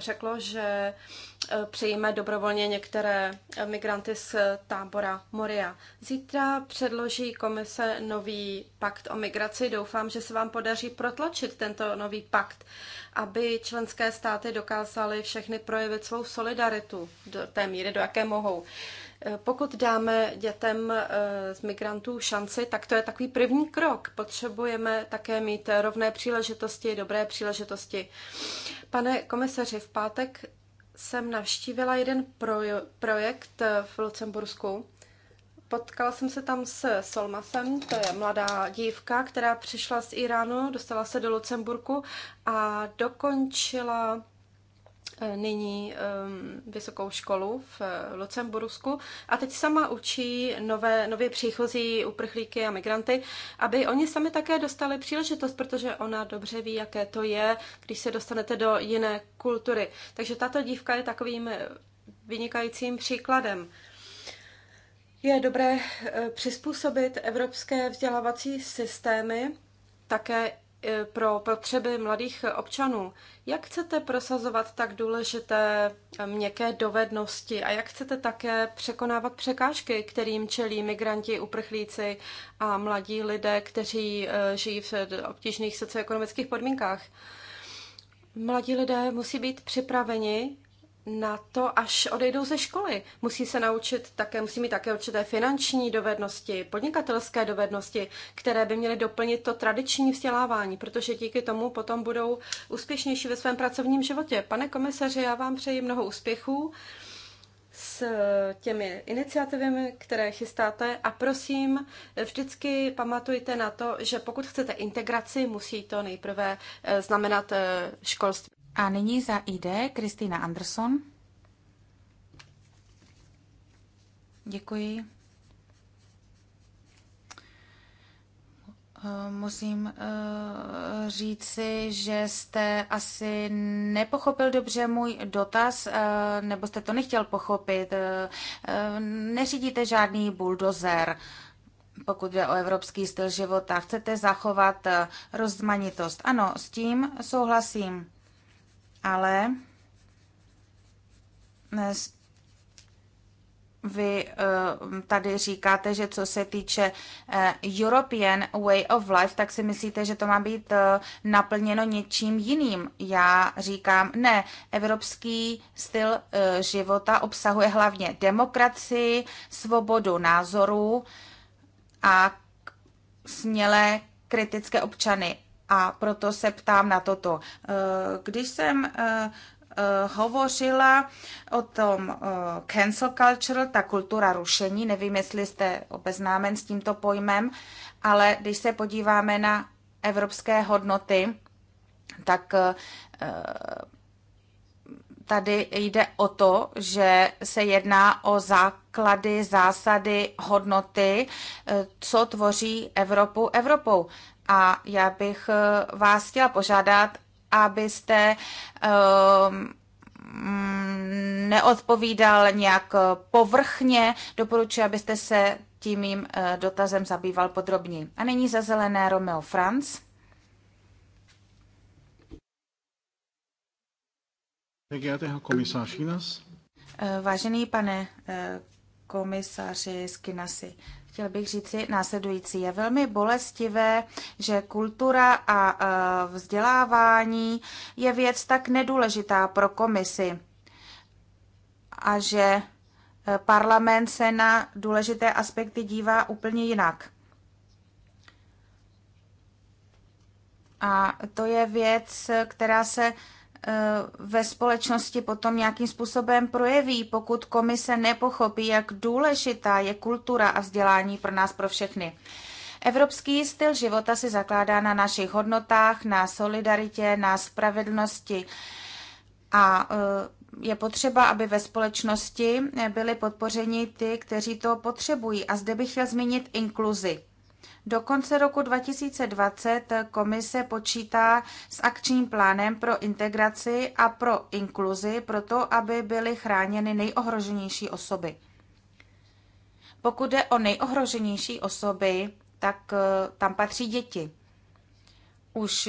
řeklo, že eh, přijme dobrovolně některé eh, migranty z tábora Moria. Zítra předloží komise nový pakt o migraci. Doufám, že se vám podaří protlačit tento nový pakt, aby členské státy dokázaly všechny projevit svou solidaritu do té míry, do jaké mohou. Pokud dáme dětem eh, z migrantů šanci, tak to je takový první krok. Potřebujeme také mít rovné příležitosti, dobré příležitosti. Pane komisaři, v pátek jsem navštívila jeden projekt eh, v Lucembursku. Potkala jsem se tam s Solmasem, to je mladá dívka, která přišla z Iránu, dostala se do Lucemburku a dokončila E, nyní e, vysokou školu v e, Lucembursku a teď sama učí nové, nově příchozí uprchlíky a migranty, aby oni sami také dostali příležitost, protože ona dobře ví, jaké to je, když se dostanete do jiné kultury. Takže tato dívka je takovým vynikajícím příkladem. Je dobré přizpůsobit evropské vzdělávací systémy také E, pro potřeby mladých občanů. Jak chcete prosazovat tak důležité e, měkké dovednosti a jak chcete také překonávat překážky, kterým čelí migranti, uprchlíci a mladí lidé, kteří e, žijí v obtížných socioekonomických podmínkách? Mladí lidé musí být připraveni na to, až odejdou ze školy. Musí se naučit také, musí mít také určité finanční dovednosti, podnikatelské dovednosti, které by měly doplnit to tradiční vzdělávání, protože díky tomu potom budou úspěšnější ve svém pracovním životě. Pane komisaři, já vám přeji mnoho úspěchů s těmi iniciativami, které chystáte a prosím, vždycky pamatujte na to, že pokud chcete integraci, musí to nejprve eh, znamenat eh, školství. A nyní za ID Kristýna Anderson. Děkuji. Musím eh, říci, že jste asi nepochopil dobře můj dotaz, eh, nebo jste to nechtěl pochopit. Eh, neřídíte žádný buldozer, pokud jde o evropský styl života. Chcete zachovat rozmanitost. Ano, s tím souhlasím ale vy eh, tady říkáte, že co se týče eh, European Way of Life, tak si myslíte, že to má být eh, naplněno něčím jiným. Já říkám, ne, evropský styl života obsahuje hlavně demokracii, svobodu názorů a smělé kritické občany. A proto se ptám na toto. Eh, když jsem eh, eh, hovořila o tom cancel culture, ta kultura rušení, nevím, jestli jste obeznámen s tímto pojmem, ale když se podíváme na evropské hodnoty, tak tady jde o to, že se jedná o základy, zásady, hodnoty, co tvoří Evropu Evropou. A já bych eh, vás chtěla požádat, abyste ehm, mm, neodpovídal nějak povrchně. Doporučuji, abyste se tím mým eh, dotazem zabýval podrobněji. A nyní za zelené Romeo Franz. Eh, vážený pane komisaři Skinasi, chtěl bych říci následující. Je velmi bolestivé, že kultura a e, vzdělávání je věc tak nedůležitá pro komisi a že e, parlament se na důležité aspekty dívá úplně jinak. A to je věc, která se Eh, ve společnosti potom nějakým způsobem projeví, pokud komise nepochopí, jak důležitá je kultura a vzdělání pro nás, pro všechny. Evropský styl života si zakládá na našich hodnotách, na solidaritě, na spravedlnosti a eh, je potřeba, aby ve společnosti byly podpořeni ty, kteří to potřebují. A zde bych chtěl zmínit inkluzi. Do konce roku 2020 komise počítá s akčním plánem pro integraci a pro inkluzi, proto aby byly chráněny nejohroženější osoby. Pokud jde o nejohroženější osoby, tak eh, tam patří děti už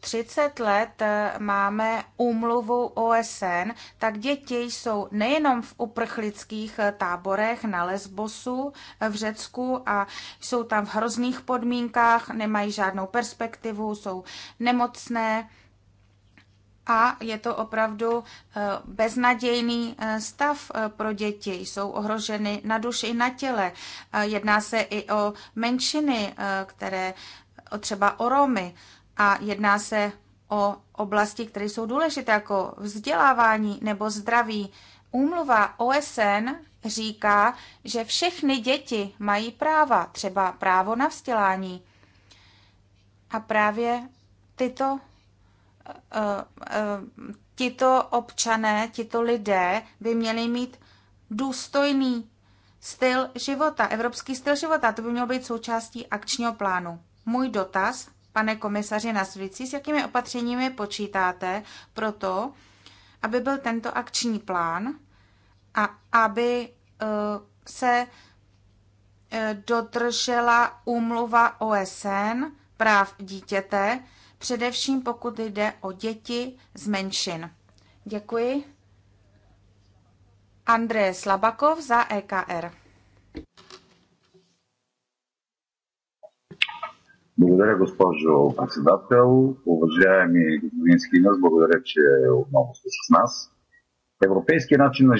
30 eh, let eh, máme úmluvu OSN, tak děti jsou nejenom v uprchlických eh, táborech na Lesbosu v Řecku a jsou tam v hrozných podmínkách, nemají žádnou perspektivu, jsou nemocné a je to opravdu beznadějný stav pro děti. Jsou ohroženy na duši i na těle. Jedná se i o menšiny, které třeba o Romy a jedná se o oblasti, které jsou důležité, jako vzdělávání nebo zdraví. Úmluva OSN říká, že všechny děti mají práva, třeba právo na vzdělání. A právě tyto, eh, eh, tito občané, tito lidé by měli mít důstojný styl života, evropský styl života. To by mělo být součástí akčního plánu. Můj dotaz, pane komisaři Nasvici, s jakými opatřeními počítáte pro to, aby byl tento akční plán a aby eh, se eh, dodržela úmluva OSN práv dítěte, především pokud jde o děti z menšin. Děkuji. Andrej Slabakov za EKR. Благодаря, госпожо председател. Уважаеми господин Скинас, благодаря, че отново сте с нас. Европейски начин на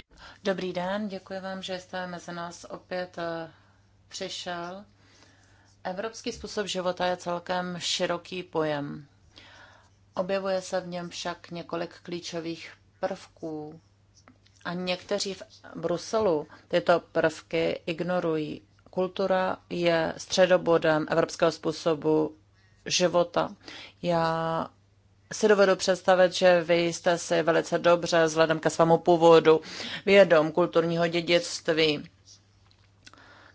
Dobrý den, děkuji vám, že jste mezi nás opět eh, přišel. Evropský způsob života je celkem široký pojem. Objevuje se v něm však několik klíčových prvků. A někteří v Bruselu tyto prvky ignorují kultura je středobodem evropského způsobu života. Já si dovedu představit, že vy jste si velice dobře vzhledem ke svému původu vědom kulturního dědictví,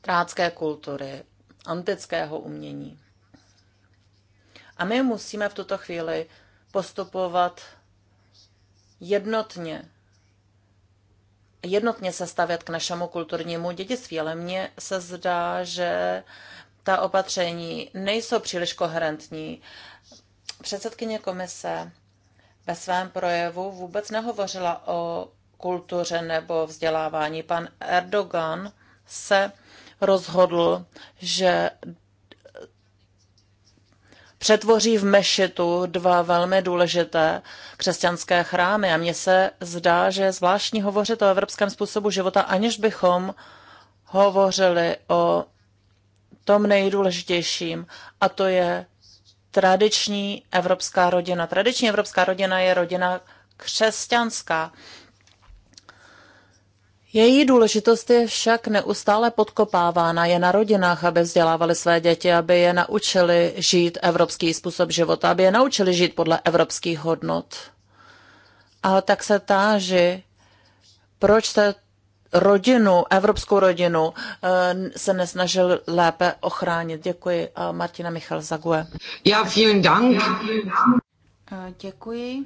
trácké kultury, antického umění. A my musíme v tuto chvíli postupovat jednotně jednotně se stavět k našemu kulturnímu dědictví, ale mně se zdá, že ta opatření nejsou příliš koherentní. Předsedkyně komise ve svém projevu vůbec nehovořila o kultuře nebo vzdělávání. Pan Erdogan se rozhodl, že přetvoří v mešitu dva velmi důležité křesťanské chrámy. A mně se zdá, že je zvláštní hovořit o evropském způsobu života, aniž bychom hovořili o tom nejdůležitějším, a to je tradiční evropská rodina. Tradiční evropská rodina je rodina křesťanská. Její důležitost je však neustále podkopávána. Je na rodinách, aby vzdělávali své děti, aby je naučili žít evropský způsob života, aby je naučili žít podle evropských hodnot. A tak se táži, proč se rodinu, evropskou rodinu, eh, se nesnažil lépe ochránit. Děkuji. Eh, Martina Michal Zague. Já vielen Dank. Eh, děkuji.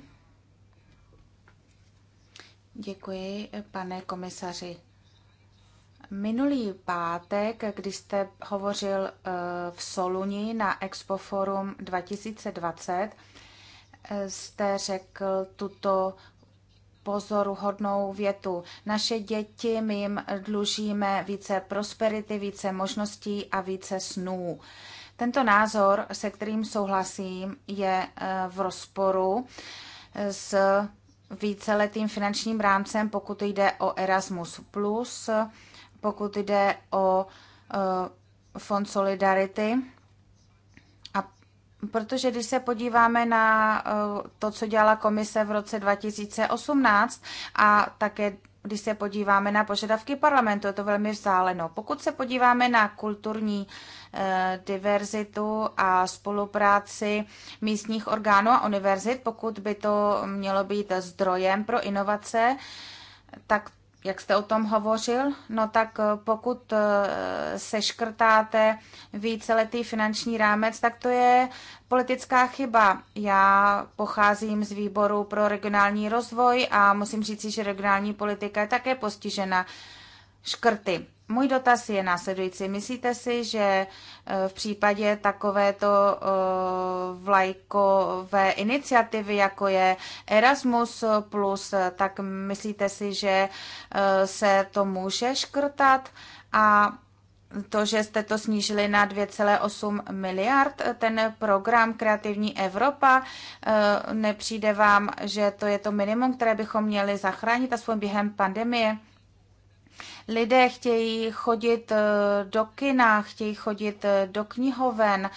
Děkuji, pane komisaři. Minulý pátek, když jste hovořil eh, v Soluni na Expo Forum 2020, eh, jste řekl tuto pozoruhodnou větu. Naše děti, my jim dlužíme více prosperity, více možností a více snů. Tento názor, se kterým souhlasím, je eh, v rozporu s víceletým finančním rámcem, pokud jde o Erasmus+, pokud jde o eh, Fond Solidarity. A protože když se podíváme na eh, to, co dělala komise v roce 2018 a také když se podíváme na požadavky parlamentu, je to velmi vzdáleno. Pokud se podíváme na kulturní eh, diverzitu a spolupráci místních orgánů a univerzit, pokud by to mělo být zdrojem pro inovace, tak jak jste o tom hovořil, no tak eh, pokud eh, seškrtáte víceletý finanční rámec, tak to je politická chyba. Já pocházím z výboru pro regionální rozvoj a musím říci, že regionální politika je také postižena škrty. Můj dotaz je následující. Myslíte si, že e, v případě takovéto e, vlajkové iniciativy, jako je Erasmus+, tak myslíte si, že e, se to může škrtat a to, že jste to snížili na 2,8 miliard, ten program Kreativní Evropa, nepřijde vám, že to je to minimum, které bychom měli zachránit aspoň během pandemie? Lidé chtějí chodit eh, do kina, chtějí chodit eh, do knihoven,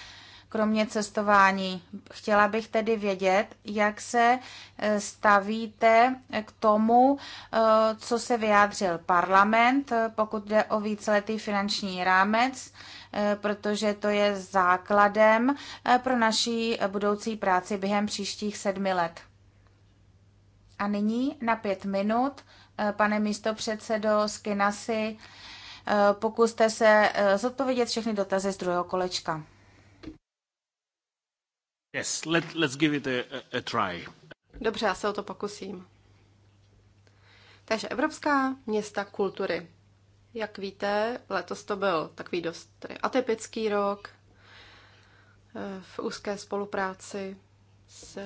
kromě cestování. Chtěla bych tedy vědět, jak se eh, stavíte k tomu, co se vyjádřil parlament, pokud jde o víceletý finanční rámec, protože to je základem pro naší budoucí práci během příštích sedmi let. A nyní na pět minut Eh, pane místopředsedo Skinasi. Eh, pokuste se eh, zodpovědět všechny dotazy z druhého kolečka. Yes, let, let's give it a, a try. Dobře, já se o to pokusím. Takže Evropská města kultury. Jak víte, letos to byl takový dost atypický rok v úzké spolupráci s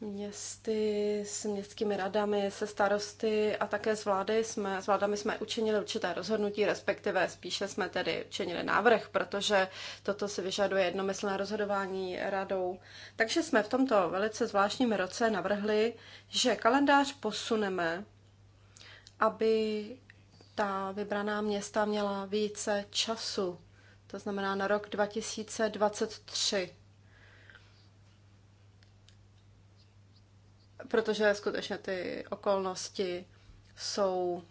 městy, s městskými radami, se starosty a také s, vlády jsme, s vládami jsme učinili určité rozhodnutí, respektive spíše jsme tedy učinili návrh, protože toto si vyžaduje jednomyslné rozhodování radou. Takže jsme v tomto velice zvláštním roce navrhli, že kalendář posuneme, aby ta vybraná města měla více času, to znamená na rok 2023 protože skutečně ty okolnosti jsou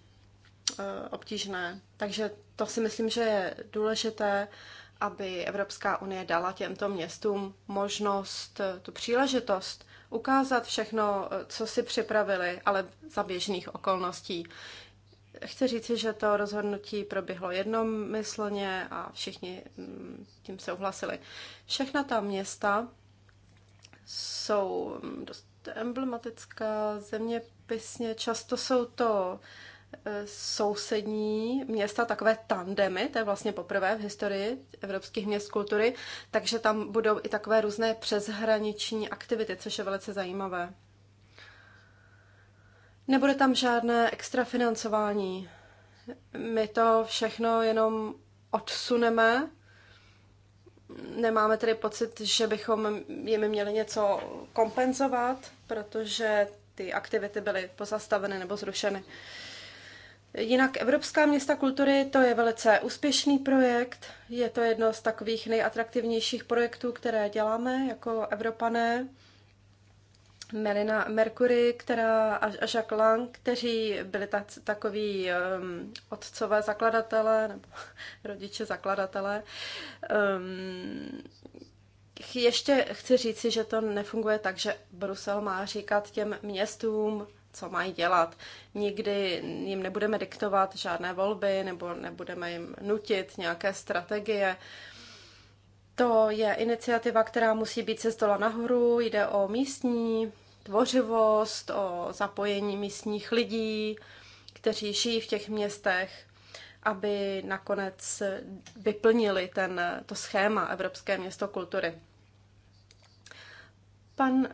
eh, obtížné. Takže to si myslím, že je důležité, aby Evropská unie dala těmto městům možnost, eh, tu příležitost ukázat všechno, eh, co si připravili, ale za běžných okolností. Chci říci, že to rozhodnutí proběhlo jednomyslně a všichni mm, tím souhlasili. Všechna ta města jsou mm, dost emblematická zeměpisně. Často jsou to eh, sousední města, takové tandemy, to je vlastně poprvé v historii evropských měst kultury, takže tam budou i takové různé přeshraniční aktivity, což je velice zajímavé. Nebude tam žádné extra financování. My to všechno jenom odsuneme nemáme tedy pocit, že bychom jim měli něco kompenzovat, protože ty aktivity byly pozastaveny nebo zrušeny. Jinak Evropská města kultury to je velice úspěšný projekt, je to jedno z takových nejatraktivnějších projektů, které děláme jako Evropané. Melina Mercury, která a Jacques Lang, kteří byli tak, takový um, otcové zakladatelé nebo rodiče zakladatelé. Um, ještě chci říci, že to nefunguje tak, že Brusel má říkat těm městům, co mají dělat. Nikdy jim nebudeme diktovat žádné volby nebo nebudeme jim nutit nějaké strategie. Um, to je iniciativa, která musí být se stola nahoru, jde o místní tvořivost, o zapojení místních lidí, kteří žijí v těch městech, aby nakonec vyplnili ten, to schéma Evropské město kultury. Pan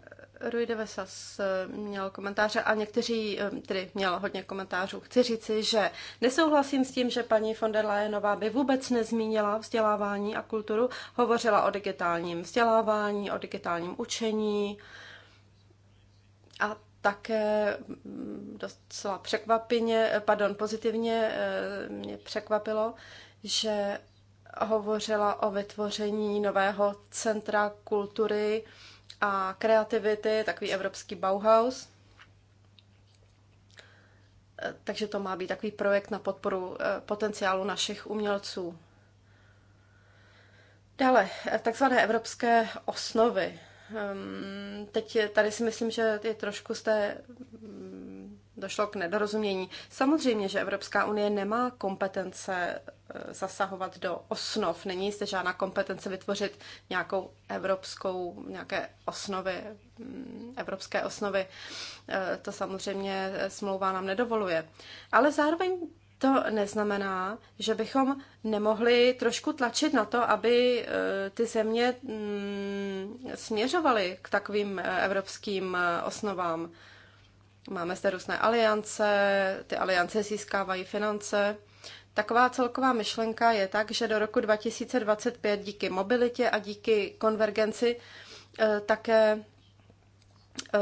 Rui de Vesas eh, měl komentáře a někteří, eh, tedy měl hodně komentářů. Chci říci, že nesouhlasím s tím, že paní von der Leyenová by vůbec nezmínila vzdělávání a kulturu, hovořila o digitálním vzdělávání, o digitálním učení a také mm, docela překvapeně, eh, pardon, pozitivně mě překvapilo, že hovořila o vytvoření nového centra kultury, a kreativity, takový evropský Bauhaus. Eh, takže to má být takový projekt na podporu eh, potenciálu našich umělců. Dále, eh, takzvané evropské osnovy. Ehm, teď tady si myslím, že je trošku z té mm, došlo k nedorozumění. Samozřejmě, že Evropská unie nemá kompetence Eh, zasahovat do osnov. Není zde žádná kompetence vytvořit nějakou evropskou, nějaké osnovy, mm, evropské osnovy. Eh, to samozřejmě smlouva nám nedovoluje. Ale zároveň to neznamená, že bychom nemohli trošku tlačit na to, aby eh, ty země mm, směřovaly k takovým evropským osnovám. Máme zde různé aliance, ty aliance získávají finance. Taková celková myšlenka je tak, že do roku 2025 díky mobilitě a díky konvergenci eh, také eh,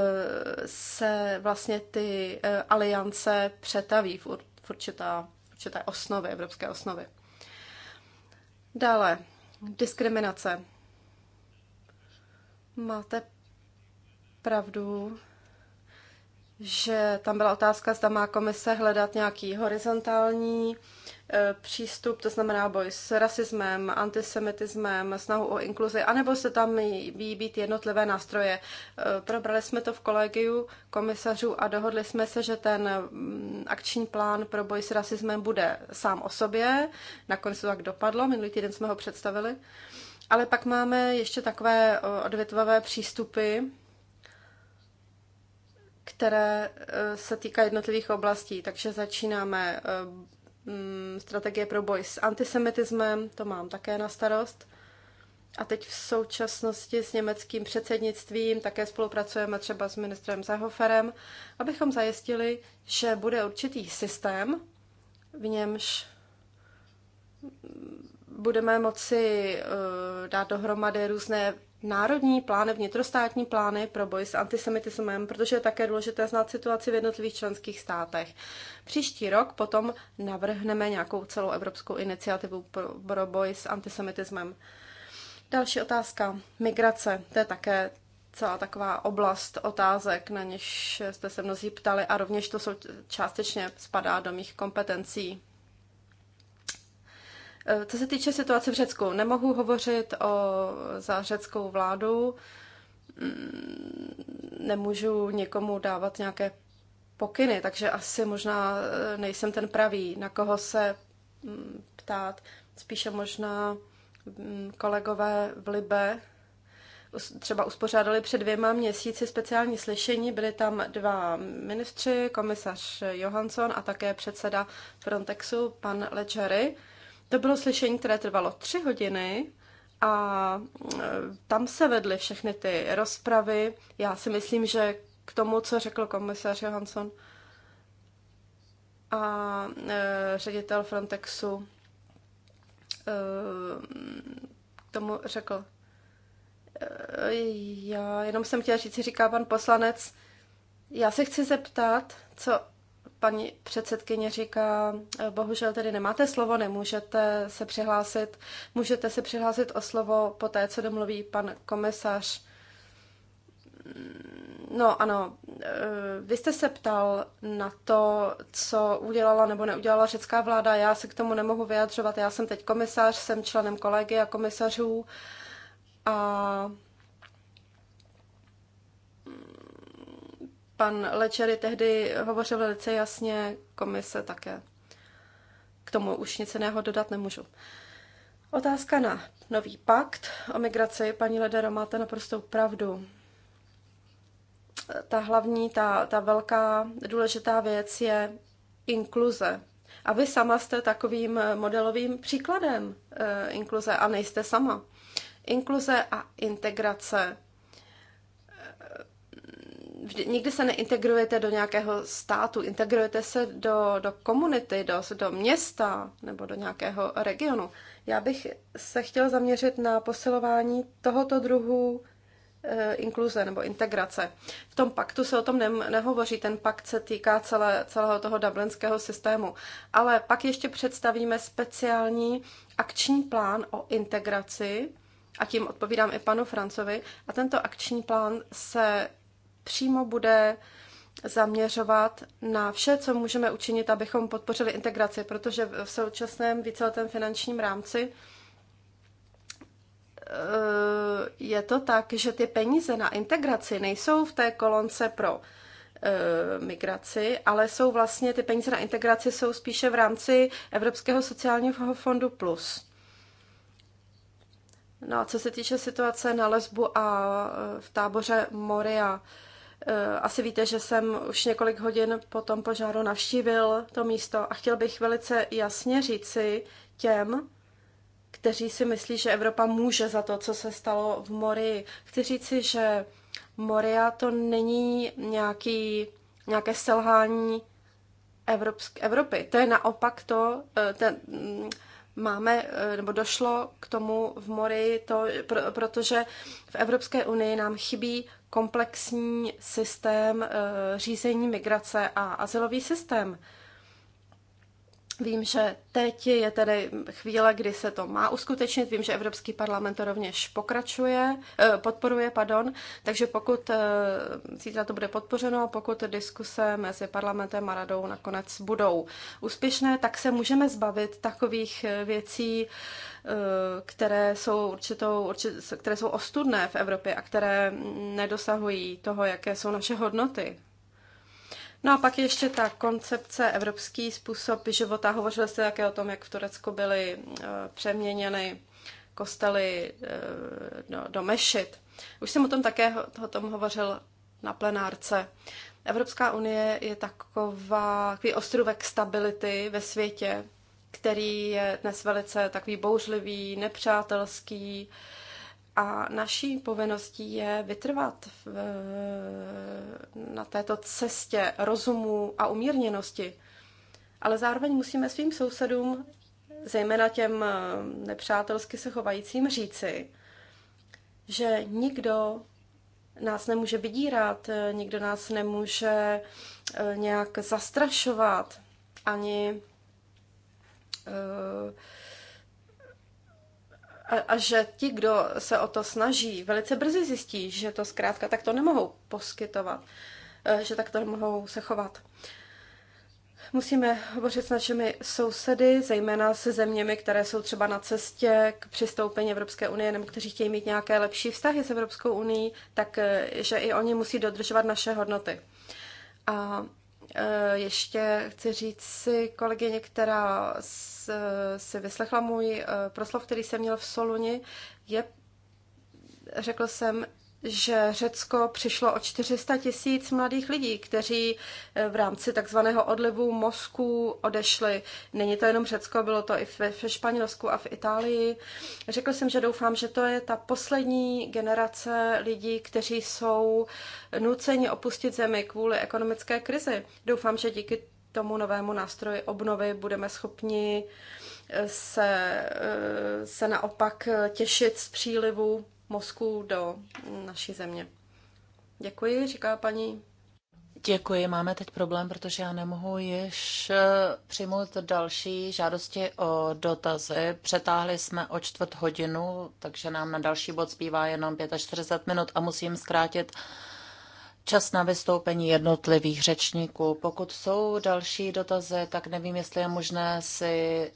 se vlastně ty eh, aliance přetaví v určitá, určité osnovy, evropské osnovy. Dále, diskriminace. Máte pravdu, že tam byla otázka, zda má komise hledat nějaký horizontální Eh, přístup, to znamená boj s rasismem, antisemitismem, snahu o inkluzi, anebo se tam jí být jednotlivé nástroje. Eh, probrali jsme to v kolegiu komisařů a dohodli jsme se, že ten mm, akční plán pro boj s rasismem bude sám o sobě. Nakonec to tak dopadlo, minulý týden jsme ho představili. Ale pak máme ještě takové eh, odvětvové přístupy, které se týká jednotlivých oblastí. Takže začínáme Mm, strategie pro boj s antisemitismem, to mám také na starost. A teď v současnosti s německým předsednictvím také spolupracujeme třeba s ministrem Zahoferem, abychom zajistili, že bude určitý systém, v němž mm, budeme moci eh, dát dohromady různé národní plány, vnitrostátní plány pro boj s antisemitismem, protože je také důležité znát situaci v jednotlivých členských státech. Příští rok potom navrhneme nějakou celou evropskou iniciativu pro boj s antisemitismem. Další otázka. Migrace. To je také celá taková oblast otázek, na něž jste se mnozí ptali a rovněž to jsou, částečně spadá do mých kompetencí. Eh, co se týče situace v Řecku, nemohu hovořit o, za řeckou vládu, mm, nemůžu někomu dávat nějaké pokyny, takže asi možná eh, nejsem ten pravý, na koho se mm, ptát. Spíše možná mm, kolegové v Libe třeba uspořádali před dvěma měsíci speciální slyšení. Byli tam dva ministři, komisař Johansson a také předseda Frontexu, pan Lečery. To bylo slyšení, které trvalo tři hodiny a e, tam se vedly všechny ty rozpravy. Já si myslím, že k tomu, co řekl komisař Johansson a e, ředitel Frontexu, k e, tomu řekl. Já jenom jsem chtěla říct, říká pan poslanec, já se chci zeptat, co paní předsedkyně říká, eh, bohužel tedy nemáte slovo, nemůžete se přihlásit. Můžete se přihlásit o slovo po té, co domluví pan komisař. Mm, no ano, eh, vy jste se ptal na to, co udělala nebo neudělala řecká vláda. Já se k tomu nemohu vyjadřovat. Já jsem teď komisař, jsem členem kolegy a komisařů a Pan Lečery tehdy hovořil velice jasně, komise také. K tomu už nic jiného dodat nemůžu. Otázka na nový pakt o migraci. Paní Ledero, máte naprostou pravdu. Ta hlavní, ta, ta velká důležitá věc je inkluze. A vy sama jste takovým modelovým příkladem e, inkluze a nejste sama. Inkluze a integrace vždy, nikdy se neintegrujete do nějakého státu, integrujete se do, do komunity, do, do města nebo do nějakého regionu. Já bych se chtěl zaměřit na posilování tohoto druhu e, inkluze nebo integrace. V tom paktu se o tom ne, nehovoří, ten pakt se týká celé, celého toho dublinského systému, ale pak ještě představíme speciální akční plán o integraci a tím odpovídám i panu Francovi. A tento akční plán se přímo bude zaměřovat na vše, co můžeme učinit, abychom podpořili integraci, protože v současném víceletém finančním rámci eh, je to tak, že ty peníze na integraci nejsou v té kolonce pro eh, migraci, ale jsou vlastně ty peníze na integraci jsou spíše v rámci Evropského sociálního fondu plus. No a co se týče situace na lesbu a eh, v táboře Moria, Eh, asi víte, že jsem už několik hodin po tom požáru navštívil to místo a chtěl bych velice jasně říci těm, kteří si myslí, že Evropa může za to, co se stalo v Morii. Chci říci, že Moria to není nějaký, nějaké selhání Evropsk, Evropy. To je naopak to, eh, ten, mm, máme, eh, nebo došlo k tomu v mori, to, protože v Evropské unii nám chybí komplexní systém eh, řízení migrace a asilový systém. Vím, že teď je tedy chvíle, kdy se to má uskutečnit. Vím, že Evropský parlament to rovněž pokračuje, eh, podporuje, pardon. Takže pokud eh, zítra to bude podpořeno, pokud diskuse mezi parlamentem a radou nakonec budou úspěšné, tak se můžeme zbavit takových eh, věcí, které jsou, určitou, určit, které jsou ostudné v Evropě a které mm, nedosahují toho, jaké jsou naše hodnoty No a pak ještě ta koncepce Evropský způsob života. Hovořili jste také o tom, jak v Turecku byly eh, přeměněny kostely eh, do, do mešit. Už jsem o tom také o tom hovořil na plenárce. Evropská unie je taková, takový ostrůvek stability ve světě, který je dnes velice takový bouřlivý, nepřátelský, a naší povinností je vytrvat v, na této cestě rozumu a umírněnosti. Ale zároveň musíme svým sousedům, zejména těm nepřátelsky se chovajícím, říci, že nikdo nás nemůže vydírat, nikdo nás nemůže eh, nějak zastrašovat, ani eh, a, a že ti, kdo se o to snaží, velice brzy zjistí, že to zkrátka takto nemohou poskytovat, eh, že takto nemohou se chovat. Musíme hovořit s našimi sousedy, zejména se zeměmi, které jsou třeba na cestě k přistoupení Evropské unie nebo kteří chtějí mít nějaké lepší vztahy s Evropskou unii, takže eh, i oni musí dodržovat naše hodnoty. A Eh, ještě chci říct si kolegyně, která si vyslechla můj eh, proslov, který jsem měl v Soluni, je, řekl jsem, že Řecko přišlo o 400 tisíc mladých lidí, kteří eh, v rámci takzvaného odlivu mozků odešli. Není to jenom Řecko, bylo to i ve Španělsku a v Itálii. Řekl jsem, že doufám, že to je ta poslední generace lidí, kteří jsou nuceni opustit zemi kvůli ekonomické krizi. Doufám, že díky tomu novému nástroji obnovy budeme schopni eh, se, eh, se naopak těšit z přílivu mozků do naší země. Děkuji, říká paní. Děkuji, máme teď problém, protože já nemohu již eh, přijmout další žádosti o dotazy. Přetáhli jsme o čtvrt hodinu, takže nám na další bod zbývá jenom 45 minut a musím zkrátit čas na vystoupení jednotlivých řečníků. Pokud jsou další dotazy, tak nevím, jestli je možné si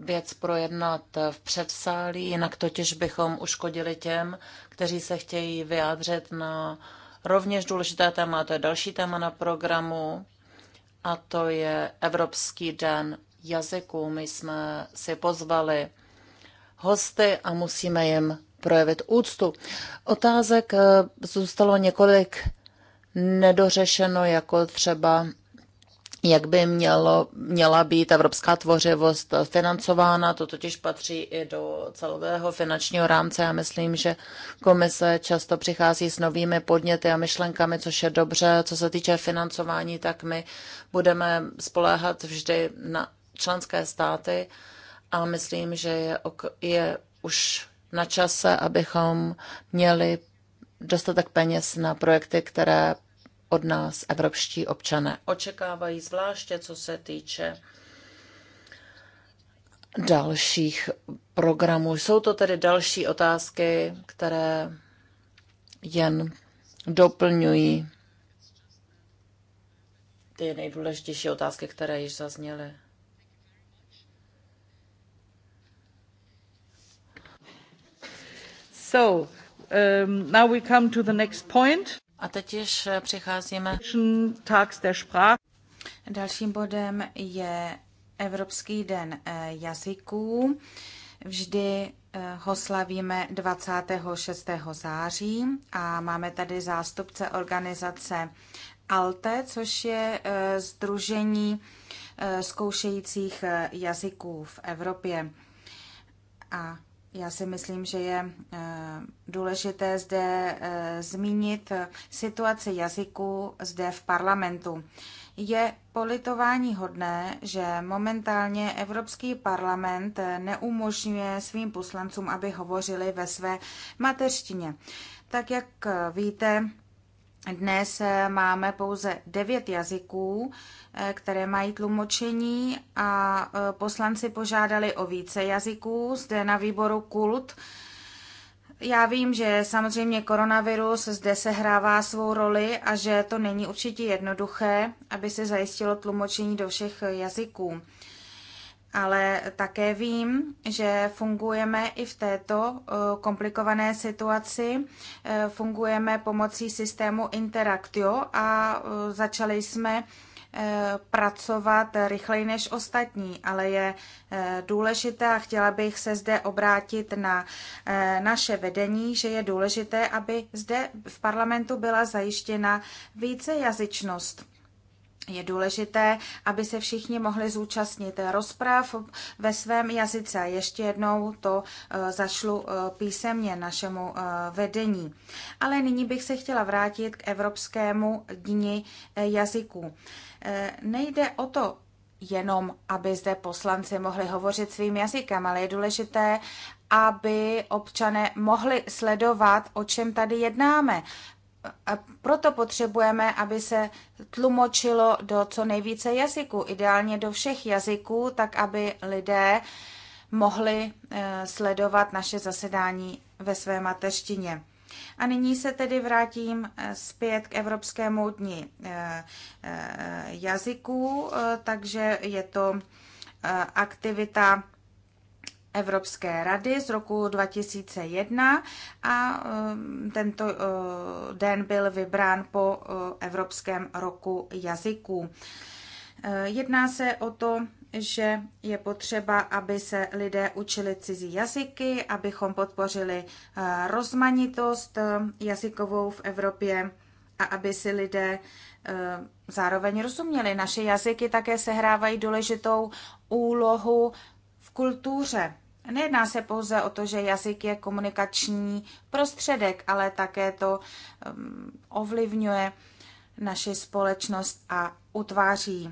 věc projednat v předsálí, jinak totiž bychom uškodili těm, kteří se chtějí vyjádřit na rovněž důležité téma, to je další téma na programu, a to je Evropský den jazyků. My jsme si pozvali hosty a musíme jim projevit úctu. Otázek eh, zůstalo několik nedořešeno, jako třeba jak by mělo, měla být evropská tvořivost financována. To totiž patří i do celového finančního rámce. Já myslím, že komise často přichází s novými podněty a myšlenkami, což je dobře. Co se týče financování, tak my budeme spoléhat vždy na členské státy a myslím, že je, je už na čase, abychom měli dostatek peněz na projekty, které od nás evropští občané očekávají, zvláště co se týče dalších programů. Jsou to tedy další otázky, které jen doplňují ty nejdůležitější otázky, které již zazněly. So, um, now we come to the next point. A teď již přicházíme. Dalším bodem je Evropský den eh, jazyků. Vždy eh, ho slavíme 26. září a máme tady zástupce organizace ALTE, což je Združení eh, zkoušejících jazyků v Evropě. A já si myslím, že je eh, důležité zde eh, zmínit eh, situaci jazyku zde v parlamentu. Je politování hodné, že momentálně Evropský parlament neumožňuje svým poslancům, aby hovořili ve své mateřštině. Tak jak víte, dnes eh, máme pouze devět jazyků, eh, které mají tlumočení a eh, poslanci požádali o více jazyků zde na výboru Kult. Já vím, že samozřejmě koronavirus zde sehrává svou roli a že to není určitě jednoduché, aby se zajistilo tlumočení do všech jazyků ale také vím, že fungujeme i v této eh, komplikované situaci. Eh, fungujeme pomocí systému Interactio a eh, začali jsme pracovat rychleji než ostatní, ale je důležité a chtěla bych se zde obrátit na naše vedení, že je důležité, aby zde v parlamentu byla zajištěna vícejazyčnost je důležité, aby se všichni mohli zúčastnit rozprav ve svém jazyce. Ještě jednou to eh, zašlu eh, písemně našemu eh, vedení. Ale nyní bych se chtěla vrátit k Evropskému dni jazyků. Nejde o to, jenom, aby zde poslanci mohli hovořit svým jazykem, ale je důležité, aby občané mohli sledovat, o čem tady jednáme, a proto potřebujeme, aby se tlumočilo do co nejvíce jazyků, ideálně do všech jazyků, tak aby lidé mohli eh, sledovat naše zasedání ve své mateřštině. A nyní se tedy vrátím eh, zpět k Evropskému dní eh, jazyků, takže je to aktivita Evropské rady z roku 2001 a um, tento uh, den byl vybrán po uh, Evropském roku jazyků. Uh, jedná se o to, že je potřeba, aby se lidé učili cizí jazyky, abychom podpořili rozmanitost jazykovou v Evropě a aby si lidé zároveň rozuměli. Naše jazyky také sehrávají důležitou úlohu kultuře. Nejedná se pouze o to, že jazyk je komunikační prostředek, ale také to um, ovlivňuje naši společnost a utváří.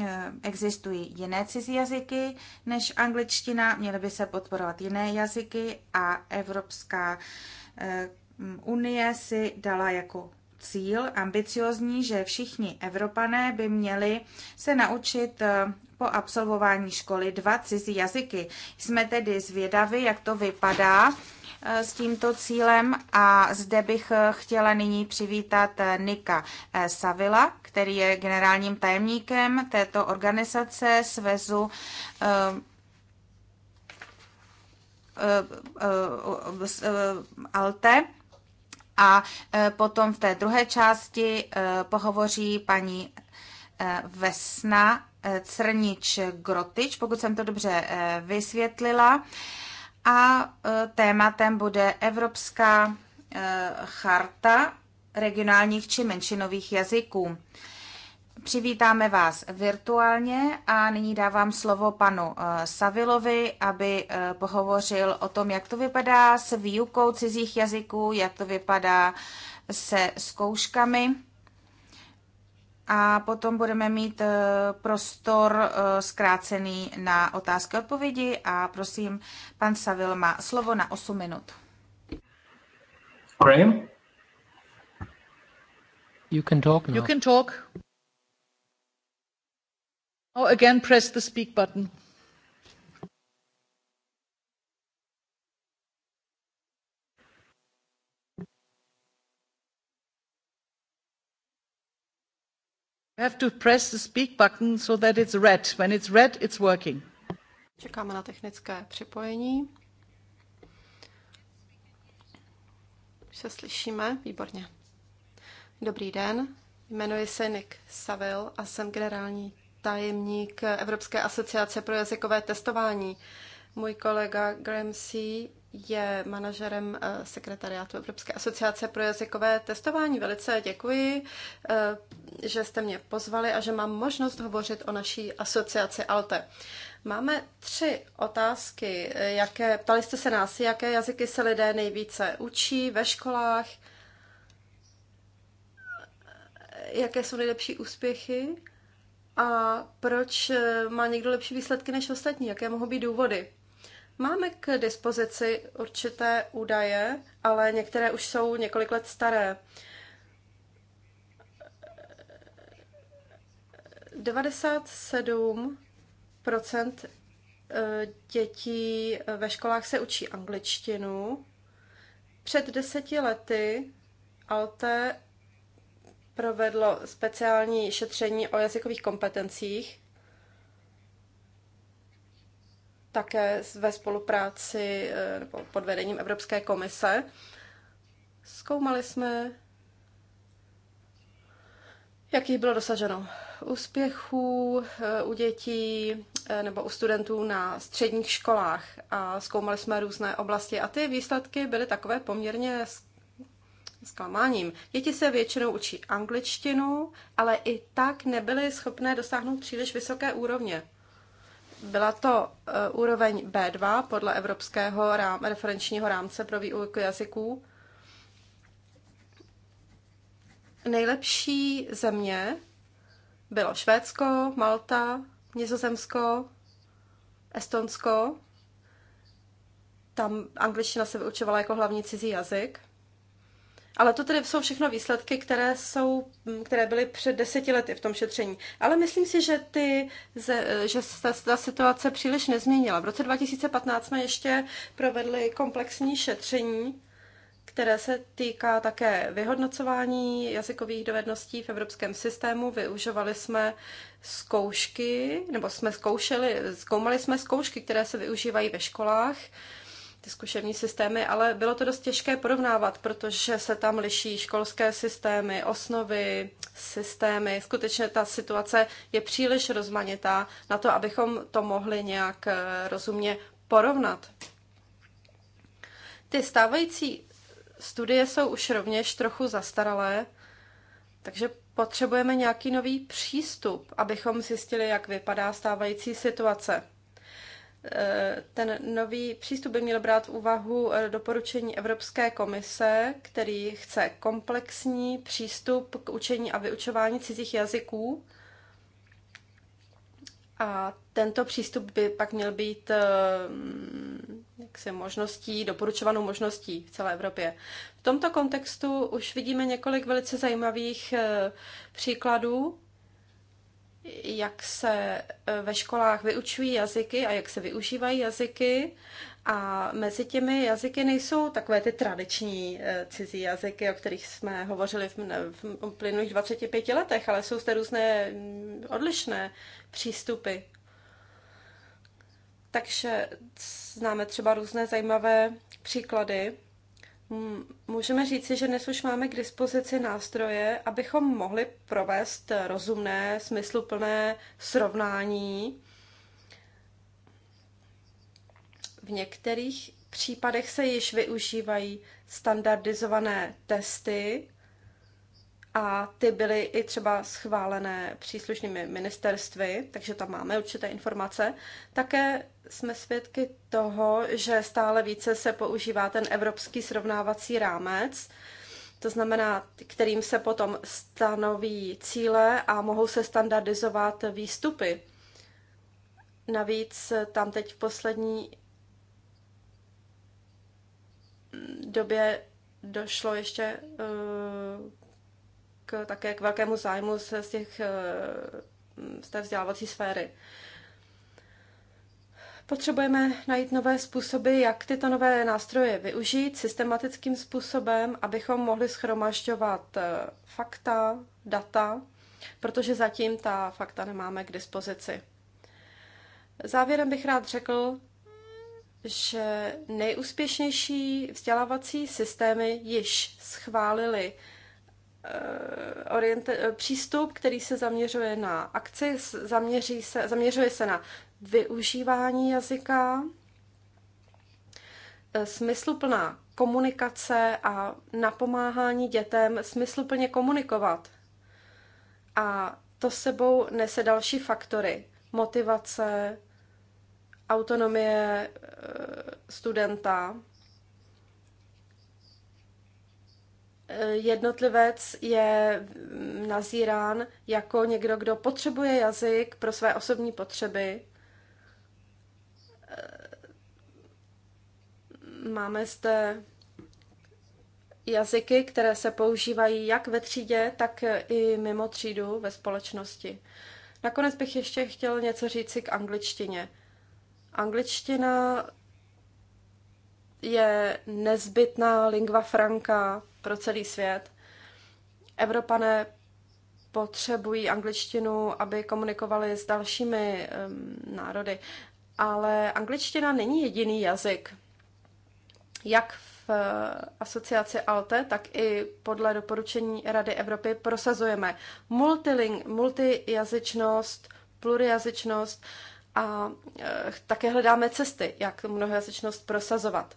Uh, existují jiné cizí jazyky než angličtina, měly by se podporovat jiné jazyky a Evropská uh, unie si dala jako cíl ambiciozní, že všichni Evropané by měli se naučit uh, po absolvování školy dva cizí jazyky. Jsme tedy zvědavi, jak to vypadá eh, s tímto cílem a zde bych eh, chtěla nyní přivítat eh, Nika Savila, který je generálním tajemníkem této organizace Svezu Alte. A potom v té druhé části pohovoří paní Eh, Vesna eh, Crnič Grotič, pokud jsem to dobře eh, vysvětlila. A tématem bude Evropská charta regionálních či menšinových jazyků. Přivítáme vás virtuálně a nyní dávám slovo panu Savilovi, aby pohovořil o tom, jak to vypadá s výukou cizích jazyků, jak to vypadá se zkouškami a potom budeme mít eh, prostor eh, zkrácený na otázky a odpovědi a prosím, pan Savil má slovo na 8 minut. Graham? You can talk now. You can talk. Now oh, again press the speak button. have to press the speak button so that it's red. When it's red, it's working. Čekáme na technické připojení. Už se slyšíme? Výborně. Dobrý den, jmenuji se Nick Savil a jsem generální tajemník Evropské asociace pro jazykové testování. Můj kolega Graham C je manažerem eh, sekretariátu Evropské asociace pro jazykové testování. Velice děkuji, eh, že jste mě pozvali a že mám možnost hovořit o naší asociaci ALTE. Máme tři otázky. Eh, jaké, ptali jste se nás, jaké jazyky se lidé nejvíce učí ve školách, jaké jsou nejlepší úspěchy a proč má někdo lepší výsledky než ostatní, jaké mohou být důvody. Máme k dispozici určité údaje, ale některé už jsou několik let staré. 97 eh, dětí eh, ve školách se učí angličtinu. Před deseti lety Alte provedlo speciální šetření o jazykových kompetencích také ve spolupráci eh, nebo pod vedením Evropské komise. Zkoumali jsme, jaký bylo dosaženo úspěchů eh, u dětí eh, nebo u studentů na středních školách a zkoumali jsme různé oblasti a ty výsledky byly takové poměrně zklamáním. Děti se většinou učí angličtinu, ale i tak nebyly schopné dosáhnout příliš vysoké úrovně. Byla to eh, úroveň B2 podle Evropského rám, referenčního rámce pro výuku jazyků. Nejlepší země bylo Švédsko, Malta, Nizozemsko, Estonsko. Tam angličtina se vyučovala jako hlavní cizí jazyk. Ale to tedy jsou všechno výsledky, které, jsou, které byly před deseti lety v tom šetření. Ale myslím si, že, ty, že se ta situace příliš nezměnila. V roce 2015 jsme ještě provedli komplexní šetření, které se týká také vyhodnocování jazykových dovedností v evropském systému. Využovali jsme zkoušky, nebo jsme zkoušeli, zkoumali jsme zkoušky, které se využívají ve školách ty zkušební systémy, ale bylo to dost těžké porovnávat, protože se tam liší školské systémy, osnovy, systémy. Skutečně ta situace je příliš rozmanitá na to, abychom to mohli nějak eh, rozumně porovnat. Ty stávající studie jsou už rovněž trochu zastaralé, takže potřebujeme nějaký nový přístup, abychom zjistili, jak vypadá stávající situace ten nový přístup by měl brát v úvahu eh, doporučení Evropské komise, který chce komplexní přístup k učení a vyučování cizích jazyků. A tento přístup by pak měl být eh, mm, jaksi možností, doporučovanou možností v celé Evropě. V tomto kontextu už vidíme několik velice zajímavých eh, příkladů jak se e, ve školách vyučují jazyky a jak se využívají jazyky. A mezi těmi jazyky nejsou takové ty tradiční e, cizí jazyky, o kterých jsme hovořili v, v uplynulých 25 letech, ale jsou zde různé mm, odlišné přístupy. Takže známe třeba různé zajímavé příklady Můžeme říci, že dnes už máme k dispozici nástroje, abychom mohli provést rozumné, smysluplné srovnání. V některých případech se již využívají standardizované testy a ty byly i třeba schválené příslušnými ministerstvy, takže tam máme určité informace. Také jsme svědky toho, že stále více se používá ten evropský srovnávací rámec, to znamená, kterým se potom stanoví cíle a mohou se standardizovat výstupy. Navíc tam teď v poslední době došlo ještě eh, k, také k velkému zájmu z, těch, eh, z té vzdělávací sféry. Potřebujeme najít nové způsoby, jak tyto nové nástroje využít systematickým způsobem, abychom mohli schromažďovat eh, fakta, data, protože zatím ta fakta nemáme k dispozici. Závěrem bych rád řekl, že nejúspěšnější vzdělávací systémy již schválily eh, eh, přístup, který se zaměřuje na akci, zaměří se, zaměřuje se na využívání jazyka, e, smysluplná komunikace a napomáhání dětem smysluplně komunikovat. A to sebou nese další faktory. Motivace, autonomie e, studenta. E, jednotlivec je nazírán jako někdo, kdo potřebuje jazyk pro své osobní potřeby, Máme zde jazyky, které se používají jak ve třídě, tak i mimo třídu ve společnosti. Nakonec bych ještě chtěl něco říci k angličtině. Angličtina je nezbytná lingva franca pro celý svět. Evropané potřebují angličtinu, aby komunikovali s dalšími um, národy. Ale angličtina není jediný jazyk jak v eh, asociaci ALTE, tak i podle doporučení Rady Evropy prosazujeme multiling, multijazyčnost, plurijazyčnost a eh, také hledáme cesty, jak mnohojazyčnost prosazovat.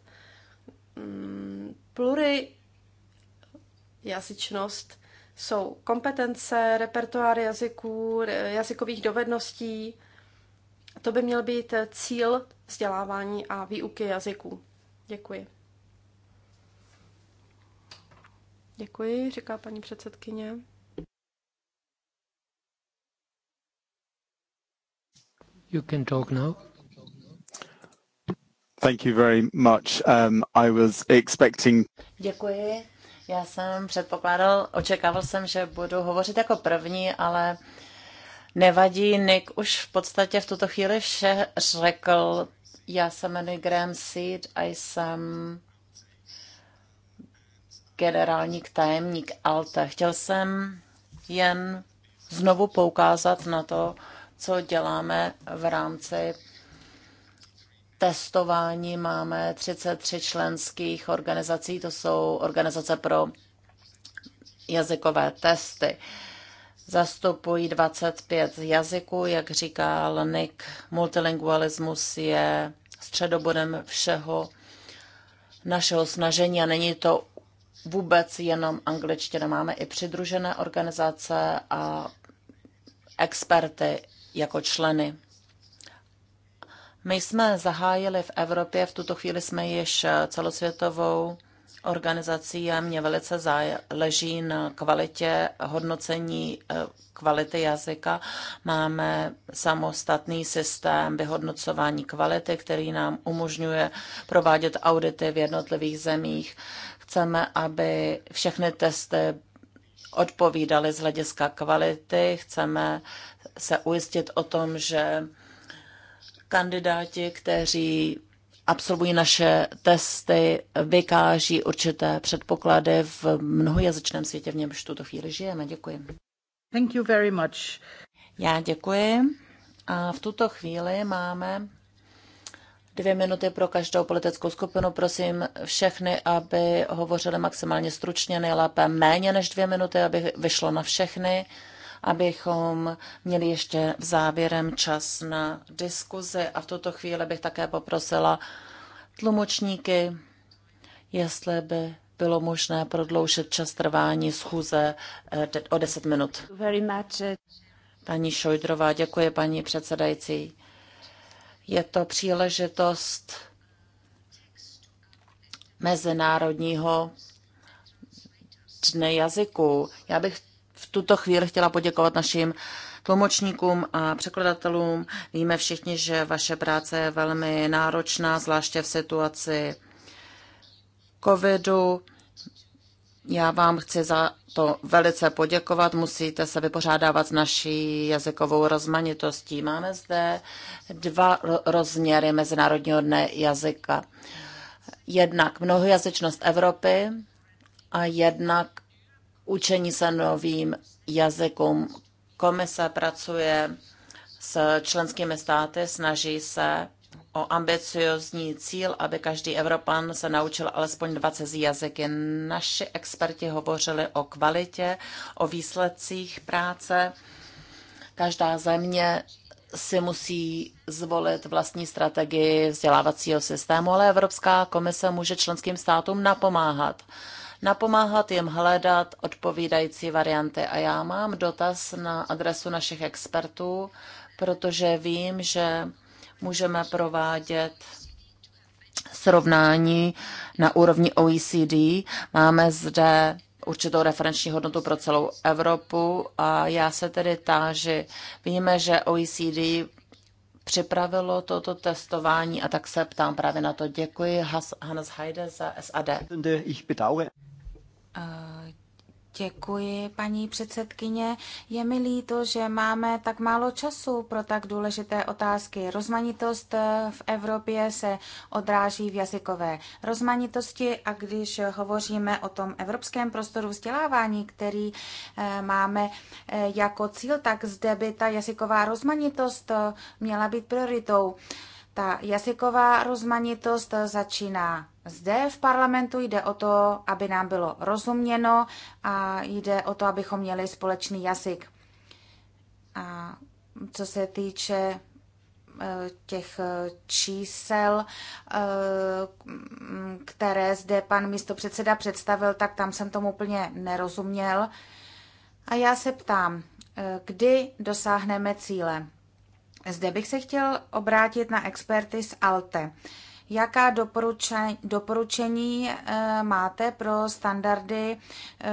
Mm, plurijazyčnost jsou kompetence, repertoár jazyků, eh, jazykových dovedností. To by měl být cíl vzdělávání a výuky jazyků. Děkuji. Děkuji, říká paní předsedkyně. You can talk now. Thank you very much. Um, I was expecting... Děkuji. Já jsem předpokládal, očekával jsem, že budu hovořit jako první, ale nevadí. Nick už v podstatě v tuto chvíli vše řekl. Já jsem jmenuji Graham Seed a jsem generální tajemník Alte. Chtěl jsem jen znovu poukázat na to, co děláme v rámci testování. Máme 33 členských organizací, to jsou organizace pro jazykové testy. Zastupují 25 jazyků, jak říkal Nick, multilingualismus je středobodem všeho našeho snažení a není to vůbec jenom angličtina. Máme i přidružené organizace a experty jako členy. My jsme zahájili v Evropě, v tuto chvíli jsme již celosvětovou organizací a mě velice záleží na kvalitě hodnocení eh, kvality jazyka. Máme samostatný systém vyhodnocování kvality, který nám umožňuje provádět audity v jednotlivých zemích. Chceme, aby všechny testy odpovídaly z hlediska kvality. Chceme se ujistit o tom, že kandidáti, kteří absolvují naše testy, vykáží určité předpoklady v mnohojazyčném světě, v němž tuto chvíli žijeme. Děkuji. Thank you very much. Já děkuji. A v tuto chvíli máme Dvě minuty pro každou politickou skupinu. Prosím všechny, aby hovořili maximálně stručně, nejlépe méně než dvě minuty, aby vyšlo na všechny, abychom měli ještě v závěrem čas na diskuzi. A v tuto chvíli bych také poprosila tlumočníky, jestli by bylo možné prodloužit čas trvání schůze eh, o 10 minut. Paní Šojdrová, děkuji paní předsedající. Je to příležitost Mezinárodního dne jazyku. Já bych v tuto chvíli chtěla poděkovat našim tlumočníkům a překladatelům. Víme všichni, že vaše práce je velmi náročná, zvláště v situaci covidu. Já vám chci za to velice poděkovat. Musíte se vypořádávat s naší jazykovou rozmanitostí. Máme zde dva rozměry Mezinárodního dne jazyka. Jednak mnohojazyčnost Evropy a jednak učení se novým jazykům. Komise pracuje s členskými státy, snaží se o ambiciozní cíl, aby každý Evropan se naučil alespoň 20 jazyky. Naši experti hovořili o kvalitě, o výsledcích práce. Každá země si musí zvolit vlastní strategii vzdělávacího systému, ale Evropská komise může členským státům napomáhat. Napomáhat jim hledat odpovídající varianty. A já mám dotaz na adresu našich expertů, protože vím, že můžeme provádět srovnání na úrovni OECD. Máme zde určitou referenční hodnotu pro celou Evropu a já se tedy táži, víme, že OECD připravilo toto testování a tak se ptám právě na to. Děkuji Hannes Heide za SAD. Uh, Děkuji, paní předsedkyně. Je mi líto, že máme tak málo času pro tak důležité otázky. Rozmanitost eh, v Evropě se odráží v jazykové rozmanitosti a když hovoříme o tom evropském prostoru vzdělávání, který eh, máme eh, jako cíl, tak zde by ta jazyková rozmanitost měla být prioritou. Ta jazyková rozmanitost eh, začíná zde v parlamentu, jde o to, aby nám bylo rozuměno a jde o to, abychom měli společný jazyk. A co se týče eh, těch eh, čísel, které zde pan místopředseda představil, tak tam jsem tomu úplně nerozuměl. A já se ptám, kdy dosáhneme cíle? Zde bych se chtěl obrátit na experty z ALTE. Jaká doporučení, doporučení eh, máte pro standardy eh,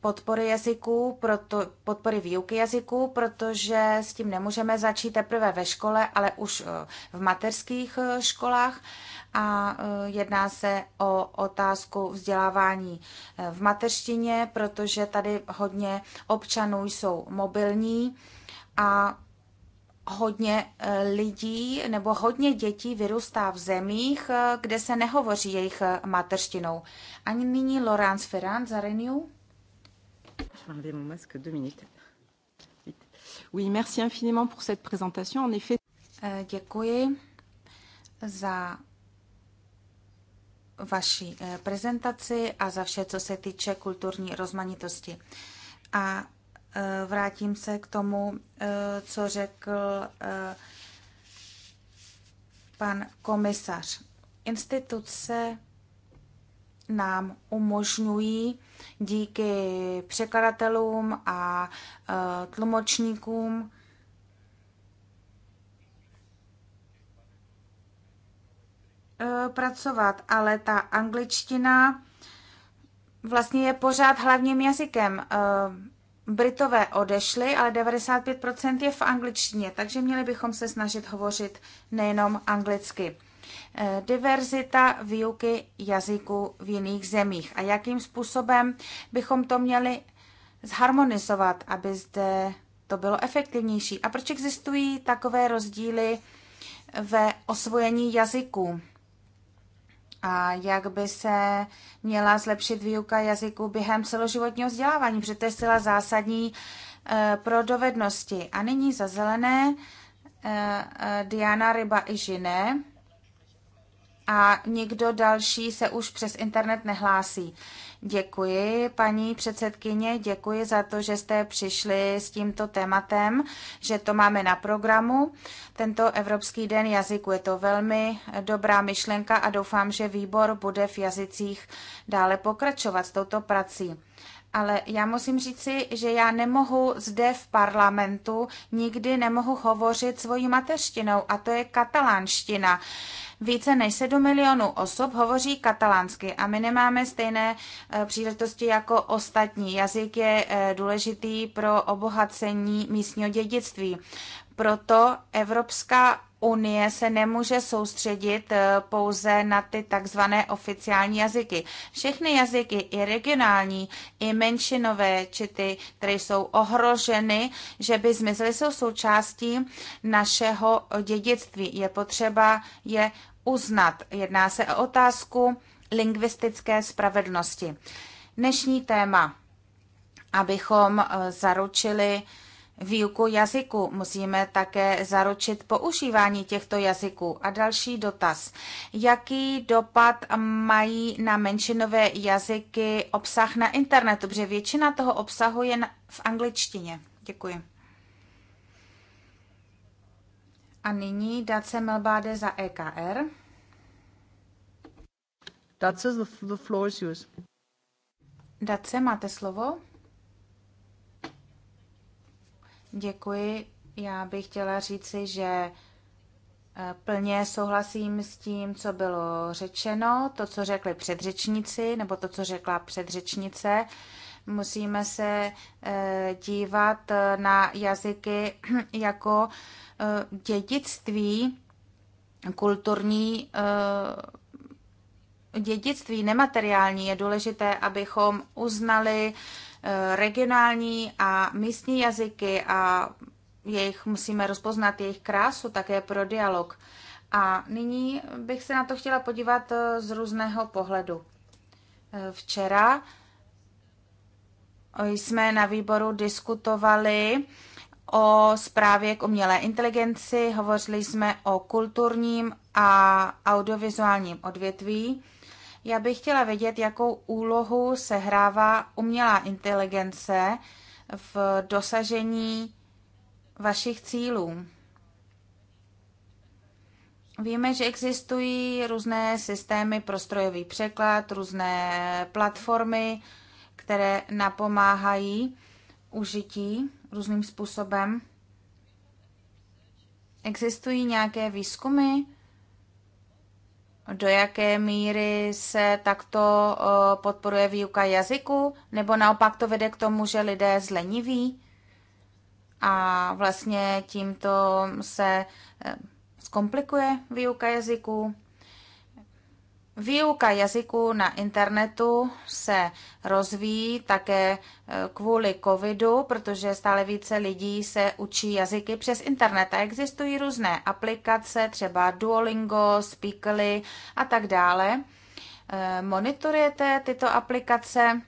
podpory jazyků, proto, podpory výuky jazyků, protože s tím nemůžeme začít teprve ve škole, ale už eh, v mateřských školách a jedná se o otázku vzdělávání v mateřštině, protože tady hodně občanů jsou mobilní a hodně eh, lidí nebo hodně dětí vyrůstá v zemích, eh, kde se nehovoří jejich eh, mateřštinou. Ani nyní Laurence Ferrand za Renew. Oui, merci infiniment pour cette présentation. En effet... Děkuji za vaši prezentaci a za vše, co se týče kulturní rozmanitosti. A Eh, vrátím se k tomu, eh, co řekl eh, pan komisař. Instituce nám umožňují díky překladatelům a tlumočníkům pracovat, ale ta angličtina vlastně je pořád hlavním jazykem Britové odešli, ale 95% je v angličtině, takže měli bychom se snažit hovořit nejenom anglicky. Eh, diverzita výuky jazyků v jiných zemích a jakým způsobem bychom to měli zharmonizovat, aby zde to bylo efektivnější. A proč existují takové rozdíly ve osvojení jazyků? a jak by se měla zlepšit výuka jazyků během celoživotního vzdělávání, protože to je zcela zásadní eh, pro dovednosti. A nyní za zelené eh, eh, Diana Ryba i Žine. a nikdo další se už přes internet nehlásí. Děkuji, paní předsedkyně, děkuji za to, že jste přišli s tímto tématem, že to máme na programu. Tento Evropský den jazyku je to velmi dobrá myšlenka a doufám, že výbor bude v jazycích dále pokračovat s touto prací ale já musím říci, že já nemohu zde v parlamentu nikdy nemohu hovořit svojí mateřštinou a to je katalánština. Více než 7 milionů osob hovoří katalánsky a my nemáme stejné e, příležitosti jako ostatní. Jazyk je e, důležitý pro obohacení místního dědictví. Proto Evropská unie se nemůže soustředit eh, pouze na ty takzvané oficiální jazyky. Všechny jazyky, i regionální, i menšinové, či ty, které jsou ohroženy, že by zmizely, jsou součástí našeho dědictví. Je potřeba je uznat. Jedná se o otázku lingvistické spravedlnosti. Dnešní téma, abychom eh, zaručili výuku jazyku. Musíme také zaručit používání těchto jazyků. A další dotaz. Jaký dopad mají na menšinové jazyky obsah na internetu? Protože většina toho obsahu je v angličtině. Děkuji. A nyní Dace Melbáde za EKR. Dace, the floor is yours. Dace, máte slovo? Děkuji. Já bych chtěla říci, že eh, plně souhlasím s tím, co bylo řečeno, to, co řekli předřečníci, nebo to, co řekla předřečnice. Musíme se eh, dívat eh, na jazyky jako dědictví, kulturní dědictví nemateriální. Je důležité, abychom uznali Eh, regionální a místní jazyky a jejich musíme rozpoznat jejich krásu také pro dialog. A nyní bych se na to chtěla podívat eh, z různého pohledu. Eh, včera jsme na výboru diskutovali o zprávě k umělé inteligenci, hovořili jsme o kulturním a audiovizuálním odvětví já bych chtěla vědět, jakou úlohu sehrává umělá inteligence v dosažení vašich cílů. Víme, že existují různé systémy pro strojový překlad, různé platformy, které napomáhají užití různým způsobem. Existují nějaké výzkumy do jaké míry se takto podporuje výuka jazyku, nebo naopak to vede k tomu, že lidé zleniví a vlastně tímto se e, zkomplikuje výuka jazyku. Výuka jazyků na internetu se rozvíjí také e, kvůli covidu, protože stále více lidí se učí jazyky přes internet a existují různé aplikace, třeba Duolingo, Speakly a tak dále. E, monitorujete tyto aplikace?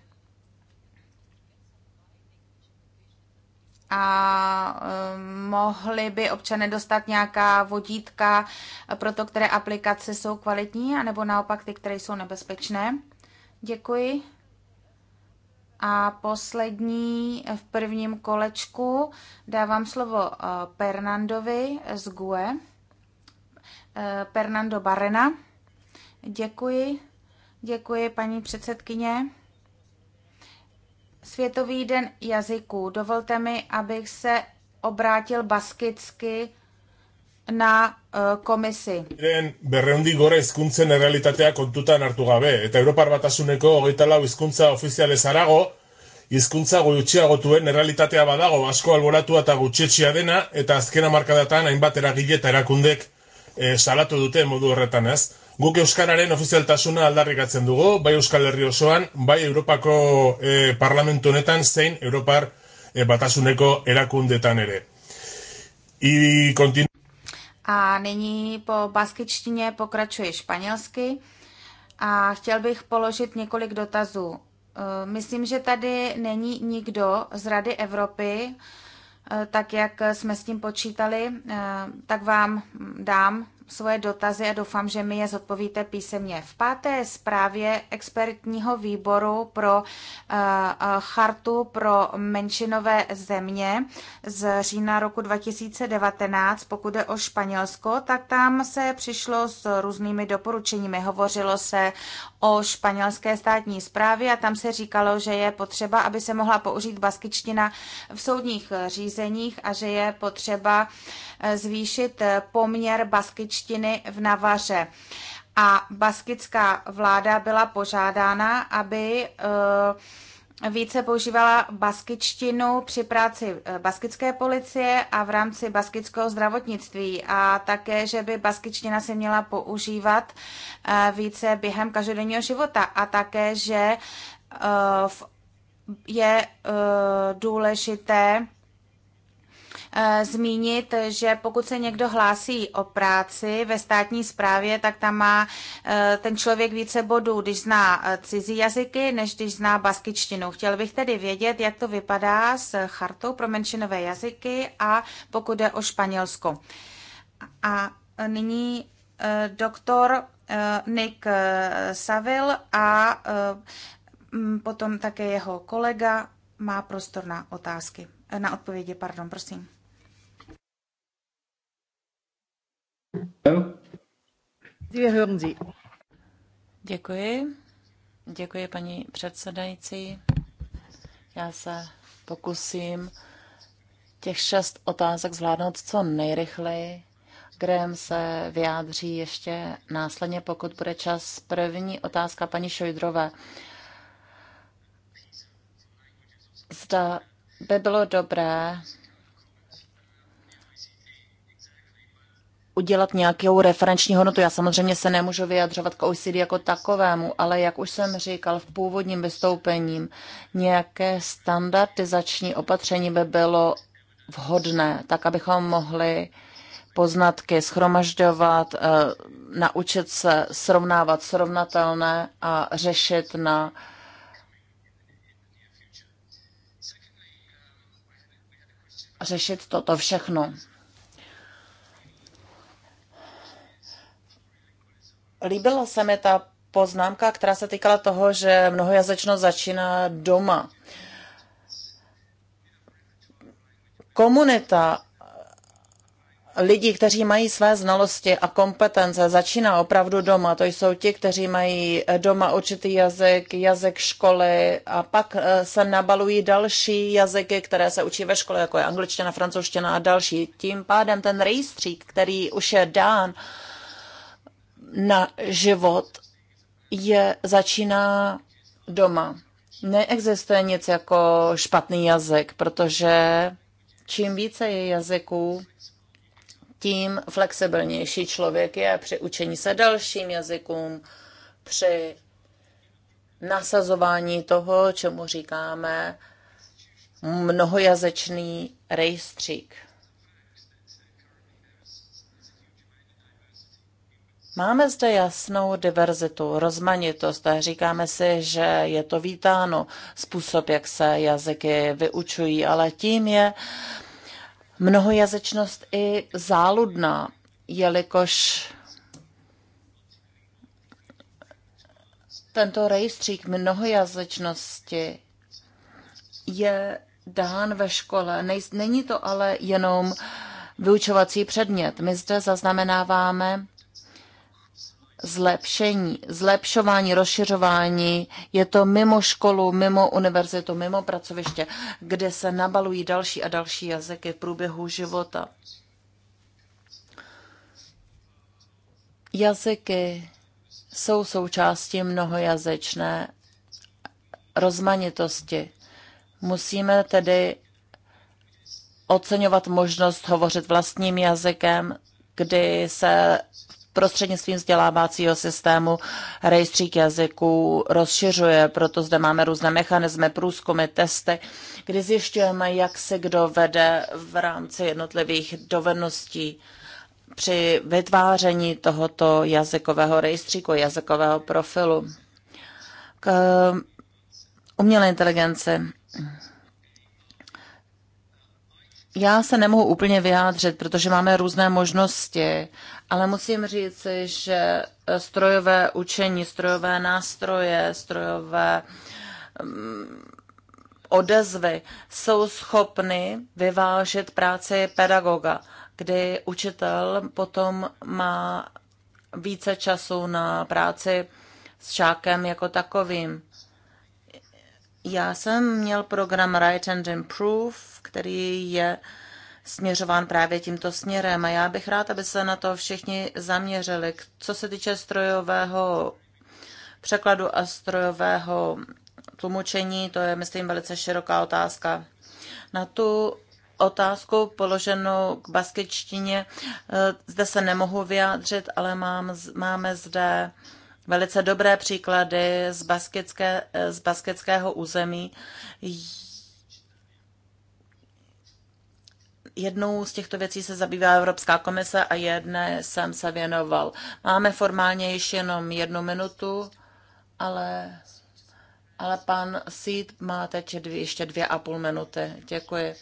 a eh, mohli by občané dostat nějaká vodítka pro to, které aplikace jsou kvalitní, anebo naopak ty, které jsou nebezpečné. Děkuji. A poslední v prvním kolečku dávám slovo Pernandovi eh, z GUE. Pernando eh, Barena. Děkuji. Děkuji, paní předsedkyně. Světový den jazyků. Dovolte mi, abych se obrátil baskicky na eh, komisi. Diren berreundi gore hizkuntzen errealitatea kontutan hartu gabe, eta Europar batasuneko hogeita lau hizkuntza ofizialez arago, hizkuntza gutxiagotuen errealitatea badago asko alboratua eta gutxetxia dena, eta azkena markadatan hainbat eragile eta erakundek e, eh, salatu dute modu horretan ez. Guk euskararen ofizialtasuna aldarrikatzen dugu, bai Euskal Herri osoan, bai Europako e, parlamentu honetan zein Europar e, batasuneko erakundetan ere. I kontinu... A nyní po baskičtině pokračuje španělsky a chtěl bych položit několik dotazů. Eh, myslím, že tady není nikdo z Rady Evropy, tak jak jsme s tím počítali, tak vám dám svoje dotazy a doufám, že mi je zodpovíte písemně. V páté zprávě expertního výboru pro eh, eh, chartu pro menšinové země z října roku 2019, pokud je o Španělsko, tak tam se přišlo s různými doporučeními. Hovořilo se o španělské státní zprávě a tam se říkalo, že je potřeba, aby se mohla použít baskičtina v soudních řízeních a že je potřeba eh, zvýšit poměr baskičtiny angličtiny v Navaře. A baskická vláda byla požádána, aby eh, více používala baskičtinu při práci eh, baskické policie a v rámci baskického zdravotnictví a také, že by baskičtina se měla používat eh, více během každodenního života a také, že je důležité Eh, zmínit, že pokud se někdo hlásí o práci ve státní správě, tak tam má eh, ten člověk více bodů, když zná eh, cizí jazyky, než když zná baskičtinu. Chtěl bych tedy vědět, jak to vypadá s chartou pro menšinové jazyky a pokud jde o Španělsko. A nyní doktor Nick Savil a potom také jeho kolega má prostor na otázky, na odpovědi, pardon, prosím. Wir hm? hm? hören Sie. Děkuji. Děkuji, paní předsedající. Já se pokusím těch šest otázek zvládnout co nejrychleji. Graham se vyjádří ještě následně, pokud bude čas. První otázka paní Šojdrové. Zda by bylo dobré udělat nějakou referenční hodnotu. Já samozřejmě se nemůžu vyjadřovat k OECD jako takovému, ale jak už jsem říkal v původním vystoupením, nějaké standardizační opatření by bylo vhodné, tak abychom mohli poznatky schromažďovat, eh, naučit se srovnávat srovnatelné a řešit na řešit toto všechno. Líbila se mi ta poznámka, která se týkala toho, že mnohojazyčnost začíná doma. Komunita lidí, kteří mají své znalosti a kompetence, začíná opravdu doma. To jsou ti, kteří mají doma určitý jazyk, jazyk školy a pak eh, se nabalují další jazyky, které se učí ve škole, jako je angličtina, francouzština a další. Tím pádem ten rejstřík, který už je dán, na život je začíná doma. Neexistuje nic jako špatný jazyk, protože čím více je jazyků, tím flexibilnější člověk je při učení se dalším jazykům, při nasazování toho, čemu říkáme mnohojazyčný rejstřík. Máme zde jasnou diverzitu, rozmanitost a říkáme si, že je to vítáno způsob, jak se jazyky vyučují, ale tím je mnohojazyčnost i záludná, jelikož tento rejstřík mnohojazyčnosti je dán ve škole. Není to ale jenom vyučovací předmět. My zde zaznamenáváme zlepšení, zlepšování, rozšiřování. Je to mimo školu, mimo univerzitu, mimo pracoviště, kde se nabalují další a další jazyky v průběhu života. Jazyky jsou součástí mnohojazyčné rozmanitosti. Musíme tedy oceňovat možnost hovořit vlastním jazykem, kdy se prostřednictvím vzdělávacího systému rejstřík jazyků rozšiřuje, proto zde máme různé mechanismy, průzkumy, testy, kdy zjišťujeme, jak se kdo vede v rámci jednotlivých dovedností při vytváření tohoto jazykového rejstříku, jazykového profilu. K eh, umělé inteligenci. Já se nemohu úplně vyjádřit, protože máme různé možnosti ale musím říct, že strojové učení, strojové nástroje, strojové mm, odezvy jsou schopny vyvážet práci pedagoga, kdy učitel potom má více času na práci s žákem jako takovým. Já jsem měl program Write and Improve, který je uh, směřován právě tímto směrem a já bych rád, aby se na to všichni zaměřili. Co se týče strojového překladu a strojového tlumočení, to je, myslím, velice široká otázka. Na tu otázku položenou k baskečtině eh, zde se nemohu vyjádřit, ale mám, máme zde velice dobré příklady z, baskické, eh, z baskického území, jednou z těchto věcí se zabývá Evropská komise a jedné jsem se věnoval. Máme formálně již jenom jednu minutu, ale, ale pan Seed má teď dvě, ještě dvě a půl minuty. Děkuji.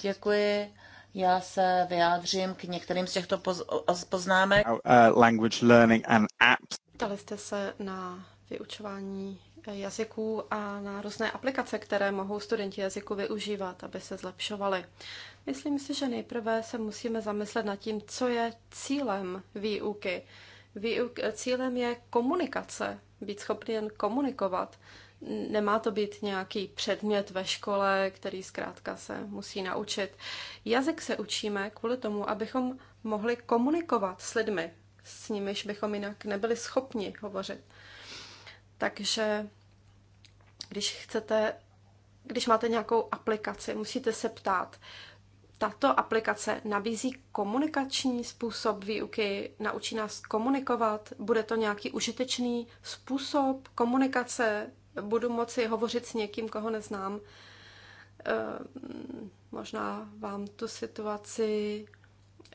Děkuji. Já se vyjádřím k některým z těchto poz, poznámek. Uh, language learning and apps. Ptali jste se na vyučování jazyků a na různé aplikace, které mohou studenti jazyku využívat, aby se zlepšovali. Myslím si, že nejprve se musíme zamyslet nad tím, co je cílem výuky. Výuk, cílem je komunikace, být schopný jen komunikovat. Nemá to být nějaký předmět ve škole, který zkrátka se musí naučit. Jazyk se učíme kvůli tomu, abychom mohli komunikovat s lidmi, s nimiž bychom jinak nebyli schopni hovořit. Takže když chcete, když máte nějakou aplikaci, musíte se ptát, tato aplikace nabízí komunikační způsob výuky, naučí nás komunikovat, bude to nějaký užitečný způsob komunikace, budu moci hovořit s někým, koho neznám. Ehm, možná vám tu situaci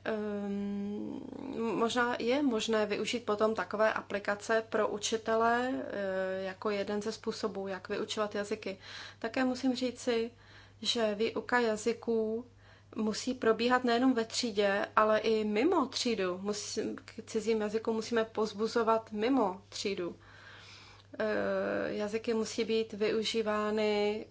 Ehm, možná je možné využít potom takové aplikace pro učitele eh, jako jeden ze způsobů, jak vyučovat jazyky. Také musím říci, že výuka jazyků musí probíhat nejenom ve třídě, ale i mimo třídu. k cizím jazyku musíme pozbuzovat mimo třídu. Eh, jazyky musí být využívány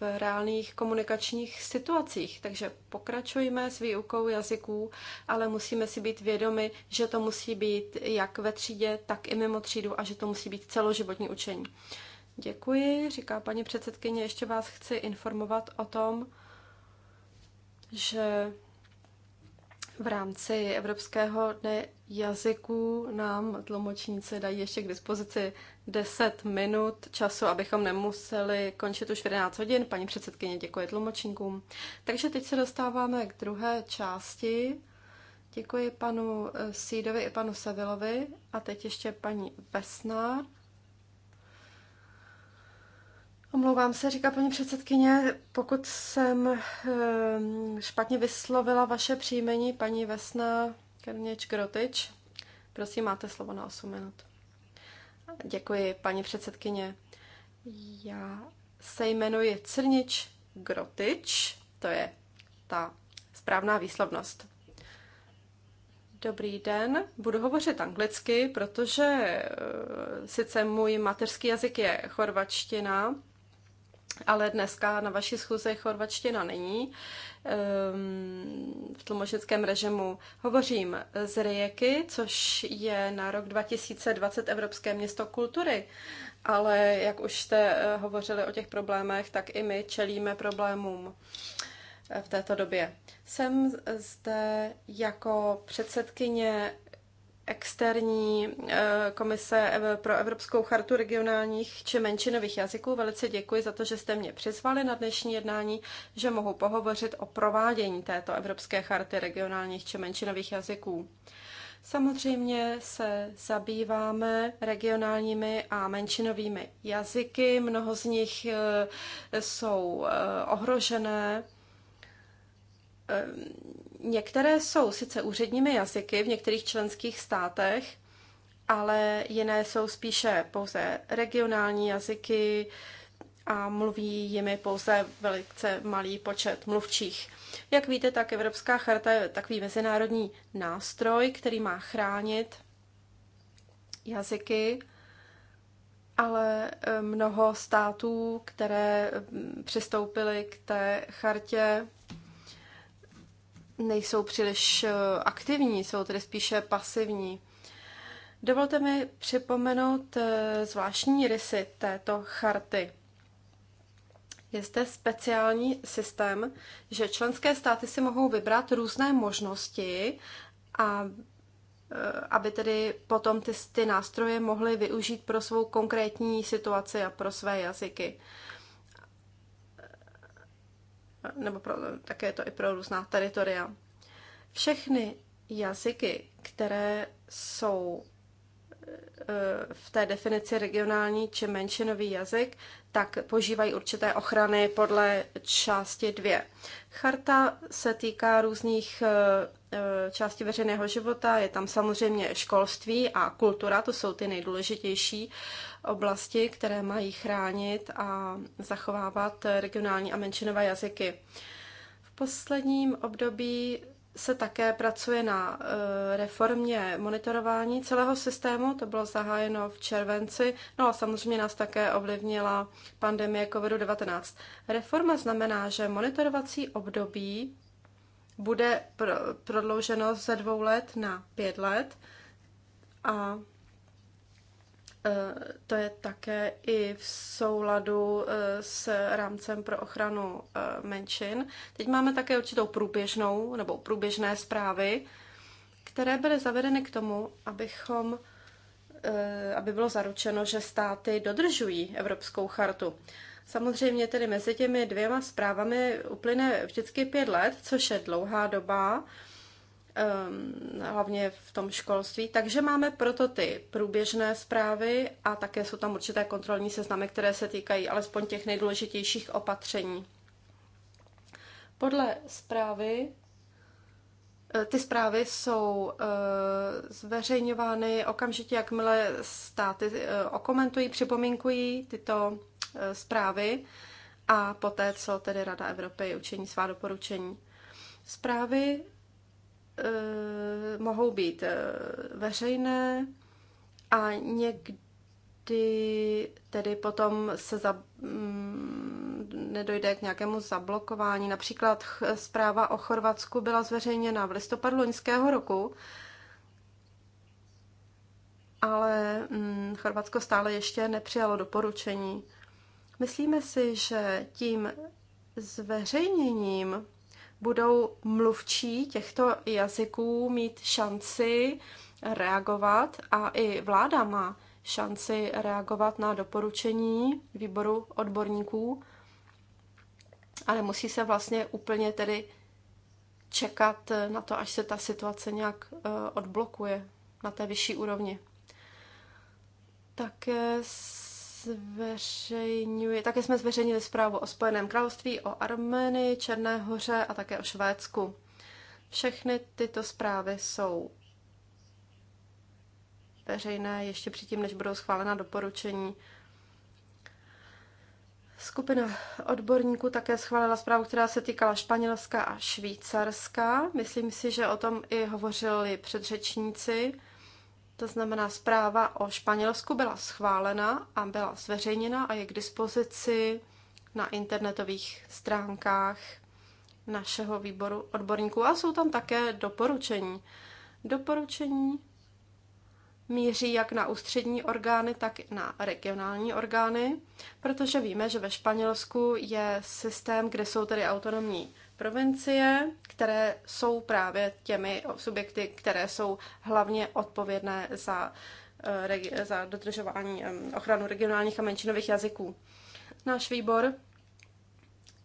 v reálných komunikačních situacích. Takže pokračujme s výukou jazyků, ale musíme si být vědomi, že to musí být jak ve třídě, tak i mimo třídu a že to musí být celoživotní učení. Děkuji, říká paní předsedkyně. Ještě vás chci informovat o tom, že v rámci Evropského dne jazyků nám tlumočníci dají ještě k dispozici 10 minut času, abychom nemuseli končit už v 11 hodin. Paní předsedkyně děkuji tlumočníkům. Takže teď se dostáváme k druhé části. Děkuji panu Sídovi i panu Sevilovi a teď ještě paní Vesna. Omlouvám se, říká paní předsedkyně, pokud jsem ehm, špatně vyslovila vaše příjmení, paní Vesna Kerněč Grotič, prosím, máte slovo na 8 minut. Děkuji, paní předsedkyně. Já se jmenuji Crnič Grotič, to je ta správná výslovnost. Dobrý den, budu hovořit anglicky, protože eh, sice můj mateřský jazyk je chorvačtina, ale dneska na vaší schůze chorvačtina není ehm, v tlumočnickém režimu. Hovořím z Rijeky, což je na rok 2020 Evropské město kultury, ale jak už jste eh, hovořili o těch problémech, tak i my čelíme problémům eh, v této době. Jsem zde jako předsedkyně externí eh, komise eh, pro Evropskou chartu regionálních či menšinových jazyků. Velice děkuji za to, že jste mě přizvali na dnešní jednání, že mohu pohovořit o provádění této Evropské charty regionálních či menšinových jazyků. Samozřejmě se zabýváme regionálními a menšinovými jazyky. Mnoho z nich eh, jsou ohrožené Některé jsou sice úředními jazyky v některých členských státech, ale jiné jsou spíše pouze regionální jazyky a mluví jimi pouze velice malý počet mluvčích. Jak víte, tak Evropská charta je takový mezinárodní nástroj, který má chránit jazyky, ale eh, mnoho států, které mm, přistoupily k té chartě, nejsou příliš eh, aktivní, jsou tedy spíše pasivní. Dovolte mi připomenout eh, zvláštní rysy této charty. Je zde speciální systém, že členské státy si mohou vybrat různé možnosti, a, eh, aby tedy potom ty, ty nástroje mohly využít pro svou konkrétní situaci a pro své jazyky nebo pro, také je to i pro různá teritoria. Všechny jazyky, které jsou v té definici regionální či menšinový jazyk, tak požívají určité ochrany podle části dvě. Charta se týká různých eh, eh, částí veřejného života, je tam samozřejmě školství a kultura, to jsou ty nejdůležitější oblasti, které mají chránit a zachovávat regionální a menšinové jazyky. V posledním období se také pracuje na eh, reformě monitorování celého systému, to bylo zahájeno v červenci, no a samozřejmě nás také ovlivnila pandemie COVID-19. Reforma znamená, že monitorovací období bude prodlouženo ze dvou let na pět let a Eh, to je také i v souladu eh, s rámcem pro ochranu eh, menšin. Teď máme také určitou průběžnou nebo průběžné zprávy, které byly zavedeny k tomu, abychom aby bylo zaručeno, že státy dodržují Evropskou chartu. Samozřejmě tedy mezi těmi dvěma zprávami uplyne vždycky pět let, což je dlouhá doba. Ehm, hlavně v tom školství. Takže máme proto ty průběžné zprávy a také jsou tam určité kontrolní seznamy, které se týkají alespoň těch nejdůležitějších opatření. Podle zprávy eh, ty zprávy jsou eh, zveřejňovány okamžitě, jakmile státy eh, okomentují, připomínkují tyto zprávy a poté, co tedy Rada Evropy učení svá doporučení. Zprávy Eh, mohou být eh, veřejné a někdy tedy potom se za, mm, nedojde k nějakému zablokování. Například zpráva o Chorvatsku byla zveřejněna v listopadu loňského roku, ale mm, Chorvatsko stále ještě nepřijalo doporučení. Myslíme si, že tím zveřejněním budou mluvčí těchto jazyků mít šanci reagovat a i vláda má šanci reagovat na doporučení výboru odborníků, ale musí se vlastně úplně tedy čekat na to, až se ta situace nějak eh, odblokuje na té vyšší úrovni. Tak zveřejňuje, také jsme zveřejnili zprávu o Spojeném království, o Armenii, Černé hoře a také o Švédsku. Všechny tyto zprávy jsou veřejné ještě předtím, než budou schválena doporučení. Skupina odborníků také schválila zprávu, která se týkala Španělska a Švýcarska. Myslím si, že o tom i hovořili předřečníci. To znamená, zpráva o Španělsku byla schválena a byla zveřejněna a je k dispozici na internetových stránkách našeho výboru odborníků. A jsou tam také doporučení. Doporučení míří jak na ústřední orgány, tak i na regionální orgány, protože víme, že ve Španělsku je systém, kde jsou tedy autonomní provincie, které jsou právě těmi subjekty, které jsou hlavně odpovědné za, eh, za dodržování ochranu regionálních a menšinových jazyků. Náš výbor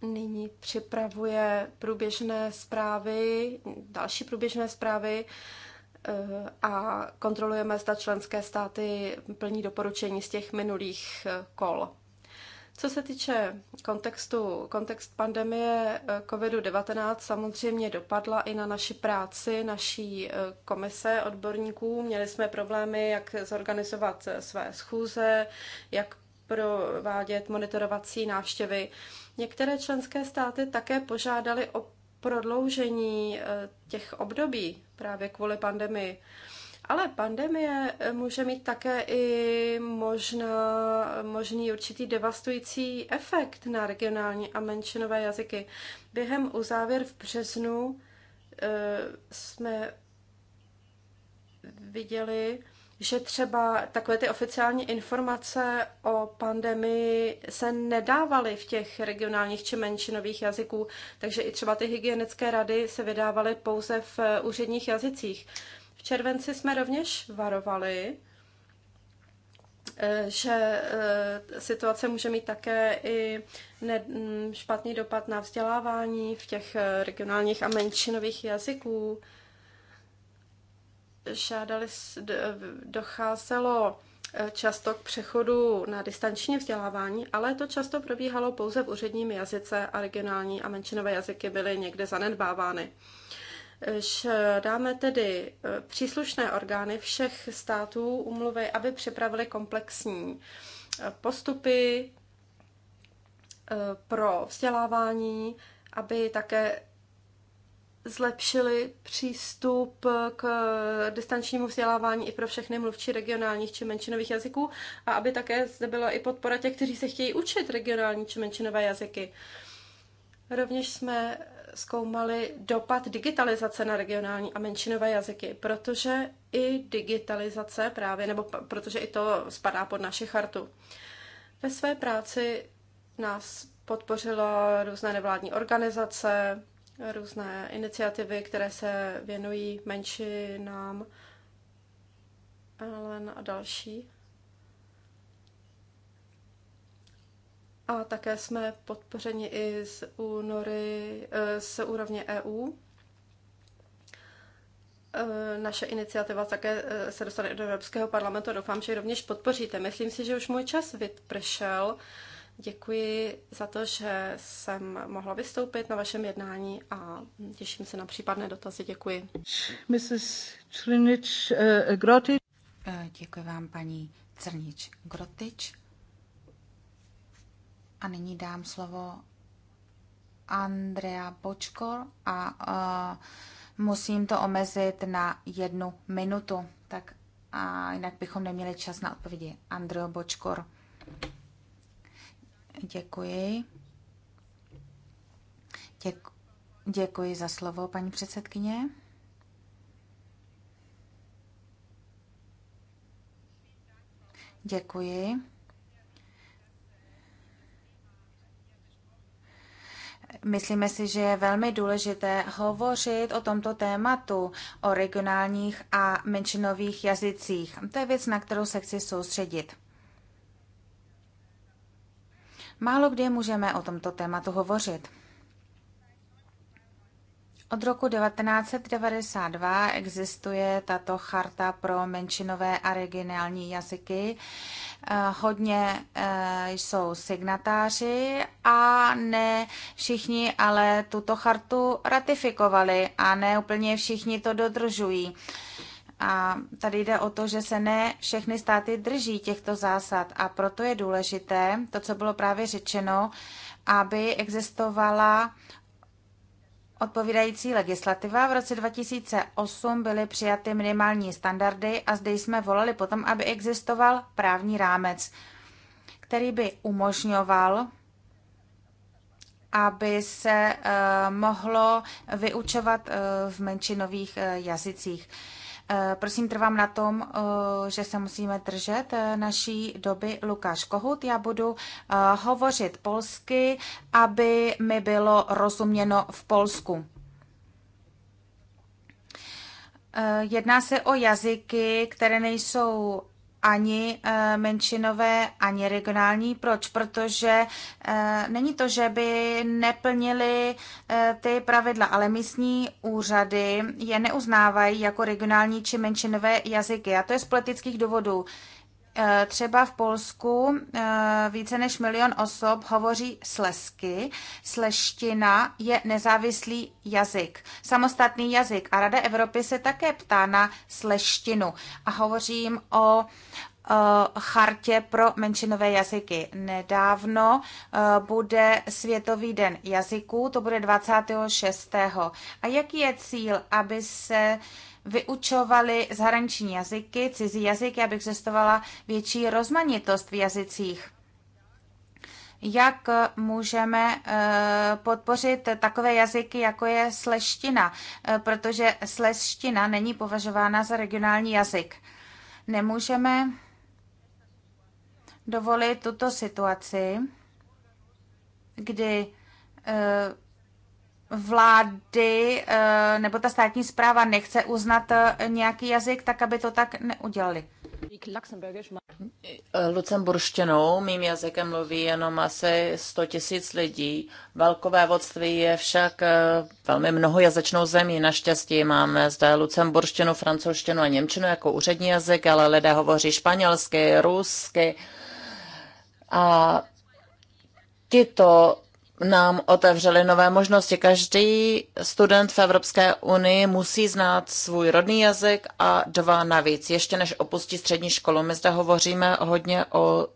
nyní připravuje průběžné zprávy, další průběžné zprávy eh, a kontrolujeme, zda členské státy plní doporučení z těch minulých eh, kol. Co se týče kontextu, kontext pandemie eh, COVID-19 samozřejmě dopadla i na naši práci, naší eh, komise odborníků. Měli jsme problémy, jak zorganizovat eh, své schůze, jak provádět monitorovací návštěvy. Některé členské státy také požádali o prodloužení těch období právě kvůli pandemii. Ale pandemie eh, může mít také i možná, možný určitý devastující efekt na regionální a menšinové jazyky. Během uzávěr v březnu eh, jsme viděli, že třeba takové ty oficiální informace o pandemii se nedávaly v těch regionálních či menšinových jazyků, takže i třeba ty hygienické rady se vydávaly pouze v eh, úředních jazycích. V červenci jsme rovněž varovali, eh, že eh, situace může mít také i ne, mm, špatný dopad na vzdělávání v těch eh, regionálních a menšinových jazyků. Žádali, docházelo často k přechodu na distanční vzdělávání, ale to často probíhalo pouze v úředním jazyce a regionální a menšinové jazyky byly někde zanedbávány. Dáme tedy e, příslušné orgány všech států umluvy, aby připravili komplexní e, postupy e, pro vzdělávání, aby také zlepšili přístup k distančnímu vzdělávání i pro všechny mluvčí regionálních či menšinových jazyků a aby také zde byla i podpora těch, kteří se chtějí učit regionální či menšinové jazyky. Rovněž jsme zkoumali dopad digitalizace na regionální a menšinové jazyky, protože i digitalizace právě, nebo protože i to spadá pod naši chartu. Ve své práci nás podpořilo různé nevládní organizace, různé iniciativy, které se věnují menšinám, Ellen a další. A také jsme podpořeni i z, únory, eh, z úrovně EU. Eh, naše iniciativa také eh, se dostane do Evropského parlamentu. Doufám, že ji rovněž podpoříte. Myslím si, že už můj čas vypršel. Děkuji za to, že jsem mohla vystoupit na vašem jednání a těším se na případné dotazy. Děkuji. Mrs. Člinič, uh, Grotič. Děkuji vám, paní Crnič Grotič. A nyní dám slovo Andrea Bočkor a uh, musím to omezit na jednu minutu, tak a jinak bychom neměli čas na odpovědi. Andreo Bočkor. Děkuji. Děku, děkuji za slovo, paní předsedkyně. Děkuji. Myslíme si, že je velmi důležité hovořit o tomto tématu, o regionálních a menšinových jazycích. To je věc, na kterou se chci soustředit. Málo kdy můžeme o tomto tématu hovořit. Od roku 1992 existuje tato charta pro menšinové a regionální jazyky. Eh, hodně eh, jsou signatáři a ne všichni ale tuto chartu ratifikovali a ne úplně všichni to dodržují. A tady jde o to, že se ne všechny státy drží těchto zásad a proto je důležité to, co bylo právě řečeno, aby existovala odpovídající legislativa. V roce 2008 byly přijaty minimální standardy a zde jsme volali potom, aby existoval právní rámec, který by umožňoval aby se eh, mohlo vyučovat eh, v menšinových eh, jazycích. Eh, prosím, trvám na tom, eh, že se musíme držet eh, naší doby. Lukáš Kohut, já budu hovořit polsky, aby mi bylo rozuměno v Polsku. Jedná se o jazyky, které nejsou ani eh, menšinové, ani regionální. Proč? Protože eh, není to, že by neplnili eh, ty pravidla, ale místní úřady je neuznávají jako regionální či menšinové jazyky. A to je z politických důvodů. Eh, třeba v Polsku eh, více než milion osob hovoří slesky. Sleština je nezávislý jazyk, samostatný jazyk. A Rada Evropy se také ptá na sleštinu. A hovořím o eh, chartě pro menšinové jazyky. Nedávno bude Světový den jazyků, to bude 26. A jaký je cíl, aby se vyučovali zahraniční jazyky, cizí jazyky, abych cestovala větší rozmanitost v jazycích. Jak můžeme eh, podpořit takové jazyky, jako je sleština, eh, protože sleština není považována za regionální jazyk. Nemůžeme dovolit tuto situaci, kdy eh, vlády eh, nebo ta státní zpráva nechce uznat eh, nějaký jazyk, tak aby to tak neudělali. Lucemburštinou mým jazykem mluví jenom asi 100 tisíc lidí. Velkové vodství je však eh, velmi mnohojazyčnou zemí. Naštěstí máme zde lucemburštinu, francouzštinu a němčinu jako úřední jazyk, ale lidé hovoří španělsky, rusky. A tyto nám otevřely nové možnosti. Každý student v Evropské unii musí znát svůj rodný jazyk a dva navíc. Ještě než opustí střední školu, my zde hovoříme hodně o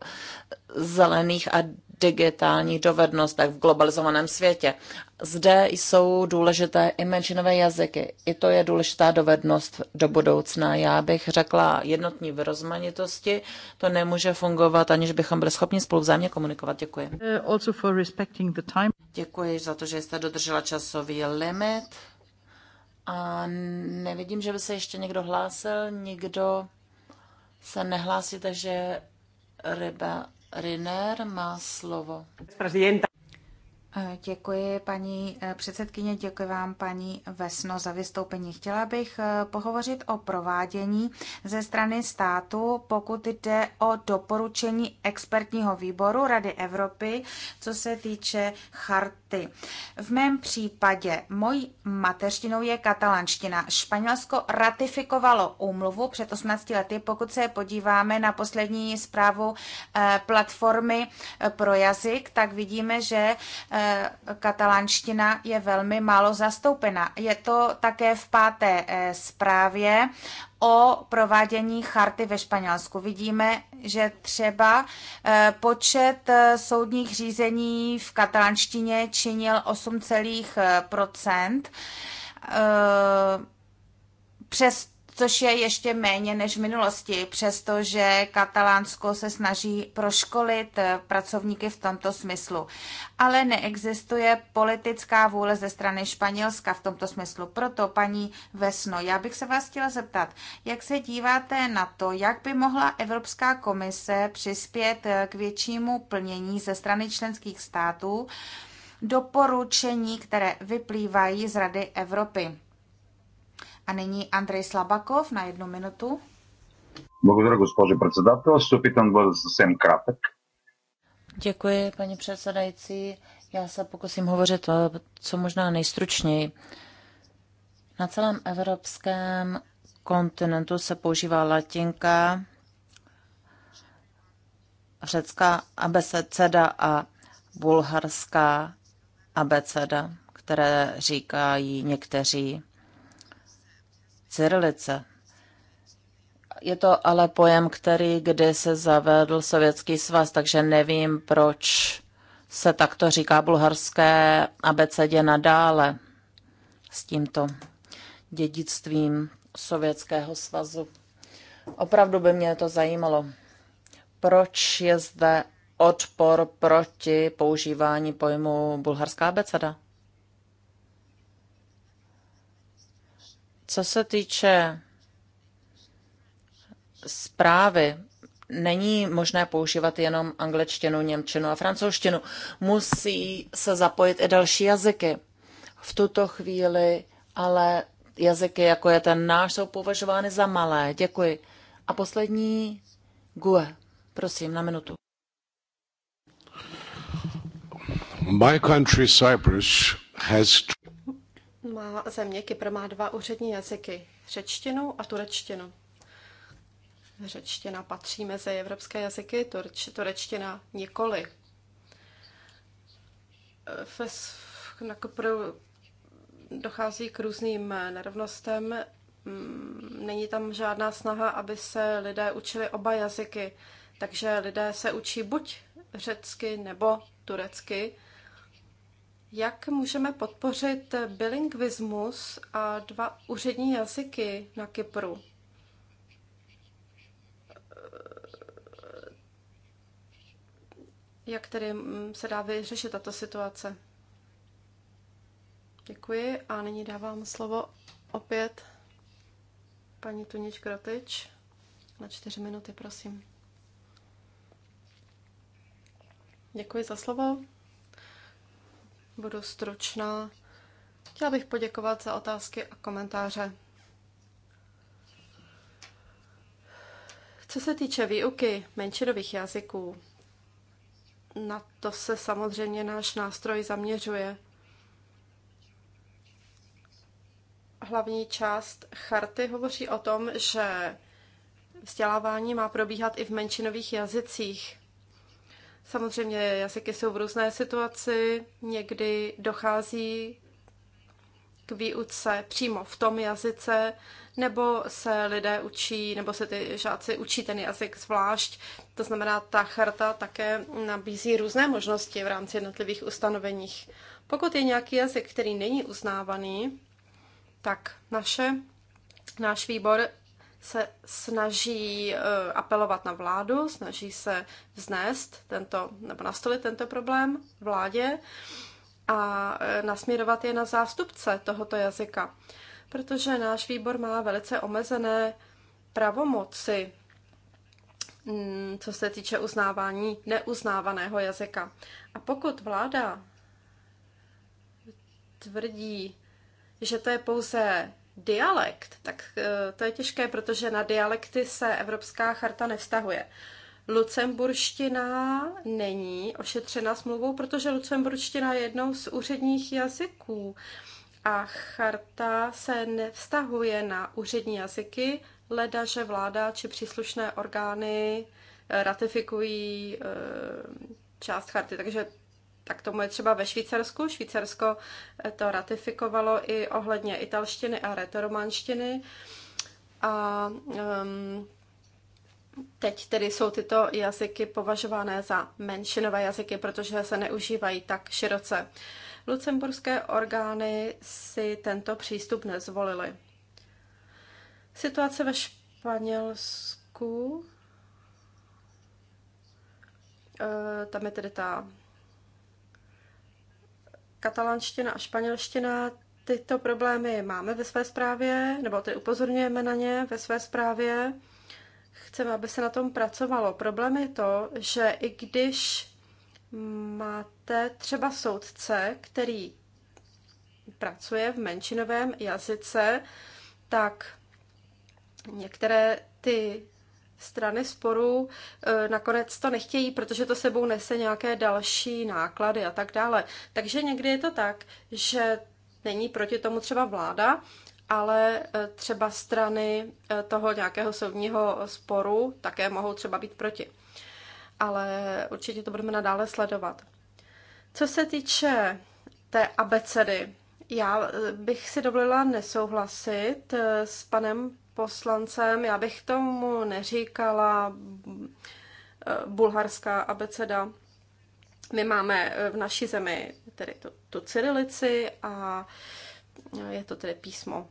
zelených a digitálních dovednostech v globalizovaném světě. Zde jsou důležité menšinové jazyky. I to je důležitá dovednost do budoucna. Já bych řekla jednotní v rozmanitosti. To nemůže fungovat, aniž bychom byli schopni spolu vzájemně komunikovat. Děkuji. Uh, also for respecting the time. Děkuji za to, že jste dodržela časový limit. A nevidím, že by se ještě někdo hlásil. Nikdo se nehlásí, takže ryba Riner má slovo. Eh, děkuji, paní eh, předsedkyně, děkuji vám, paní Vesno, za vystoupení. Chtěla bych eh, pohovořit o provádění ze strany státu, pokud jde o doporučení expertního výboru Rady Evropy, co se týče charty. V mém případě mojí mateřštinou je katalanština. Španělsko ratifikovalo úmluvu před 18 lety, pokud se podíváme na poslední zprávu platformy pro jazyk, tak vidíme, že Eh, katalánština je velmi málo zastoupena. Je to také v páté eh, zprávě o provádění charty ve Španělsku. Vidíme, že třeba eh, počet soudních řízení v katalánštině činil 8,% přes což je ještě méně než v minulosti, přestože Katalánsko se snaží proškolit eh, pracovníky v tomto smyslu. Ale neexistuje politická vůle ze strany Španělska v tomto smyslu. Proto, paní Vesno, já bych se vás chtěla zeptat, jak se díváte na to, jak by mohla Evropská komise přispět eh, k většímu plnění ze strany členských států doporučení, které vyplývají z Rady Evropy a nyní Andrej Slabakov na jednu minutu. Благодаря, госпожо předsedatel. Ще опитам да бъда Děkuji, paní předsedající. Já se pokusím hovořit eh, co možná nejstručněji. Na celém evropském kontinentu se používá latinka, řecká abeceda a bulharská abeceda, které říkají někteří cyrilice. Je to ale pojem, který kdy se zavedl Sovětský svaz, takže nevím, proč se takto říká bulharské abecedě nadále s tímto dědictvím Sovětského svazu. Opravdu by mě to zajímalo. Proč je zde odpor proti používání pojmu bulharská abeceda? Co se týče zprávy, není možné používat jenom angličtinu, němčinu a francouzštinu. Musí se zapojit i další jazyky. V tuto chvíli ale jazyky, jako je ten náš, jsou považovány za malé. Děkuji. A poslední, Gue. Prosím, na minutu. My country Cyprus has má země, Kypr má dva úřední jazyky, řečtinu a turečtinu. Řečtina patří mezi evropské jazyky, tureč, turečtina nikoli. V, na Kypru dochází k různým nerovnostem. Mm, není tam žádná snaha, aby se lidé učili oba jazyky. Takže lidé se učí buď řecky nebo turecky, jak můžeme podpořit bilingvismus a dva úřední jazyky na Kypru? Jak tedy mm, se dá vyřešit tato situace? Děkuji a nyní dávám slovo opět paní Tunič Krotič na čtyři minuty, prosím. Děkuji za slovo budu stručná. Chtěla bych poděkovat za otázky a komentáře. Co se týče výuky menšinových jazyků, na to se samozřejmě náš nástroj zaměřuje. Hlavní část charty hovoří o tom, že vzdělávání má probíhat i v menšinových jazycích. Samozřejmě jazyky jsou v různé situaci, někdy dochází k výuce přímo v tom jazyce, nebo se lidé učí, nebo se ty žáci učí ten jazyk zvlášť. To znamená, ta charta také nabízí různé možnosti v rámci jednotlivých ustanoveních. Pokud je nějaký jazyk, který není uznávaný, tak naše, náš výbor se snaží eh, apelovat na vládu, snaží se vznést tento, nebo nastolit tento problém vládě a eh, nasměrovat je na zástupce tohoto jazyka, protože náš výbor má velice omezené pravomoci, mm, co se týče uznávání neuznávaného jazyka. A pokud vláda tvrdí, že to je pouze dialekt, tak eh, to je těžké, protože na dialekty se Evropská charta nevztahuje. Lucemburština není ošetřena smlouvou, protože lucemburština je jednou z úředních jazyků a charta se nevztahuje na úřední jazyky, leda, že vláda či příslušné orgány eh, ratifikují eh, část charty. Takže tak tomu je třeba ve Švýcarsku. Švýcarsko eh, to ratifikovalo i ohledně italštiny a retoromanštiny. A um, teď tedy jsou tyto jazyky považované za menšinové jazyky, protože se neužívají tak široce. Lucemburské orgány si tento přístup nezvolily. Situace ve Španělsku. E, tam je tedy ta katalánština a španělština, tyto problémy máme ve své zprávě, nebo ty upozorňujeme na ně ve své zprávě. Chceme, aby se na tom pracovalo. Problém je to, že i když máte třeba soudce, který pracuje v menšinovém jazyce, tak některé ty strany sporů eh, nakonec to nechtějí, protože to sebou nese nějaké další náklady a tak dále. Takže někdy je to tak, že není proti tomu třeba vláda, ale eh, třeba strany eh, toho nějakého soudního sporu také mohou třeba být proti. Ale určitě to budeme nadále sledovat. Co se týče té abecedy, já bych si dovolila nesouhlasit s panem poslancem. Já bych tomu neříkala eh, bulharská abeceda. My máme eh, v naší zemi tedy tu, tu cyrilici a je to tedy písmo.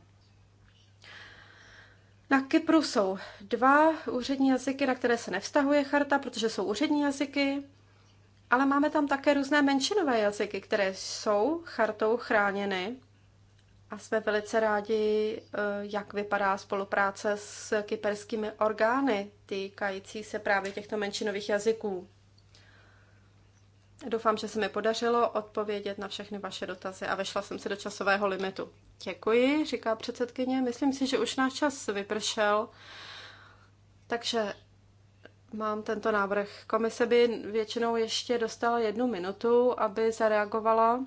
Na Kypru jsou dva úřední jazyky, na které se nevztahuje charta, protože jsou úřední jazyky, ale máme tam také různé menšinové jazyky, které jsou chartou chráněny a jsme velice rádi, eh, jak vypadá spolupráce s kyperskými orgány týkající se právě těchto menšinových jazyků. Doufám, že se mi podařilo odpovědět na všechny vaše dotazy a vešla jsem se do časového limitu. Děkuji, říká předsedkyně. Myslím si, že už náš čas vypršel, takže mám tento návrh. Komise by většinou ještě dostala jednu minutu, aby zareagovala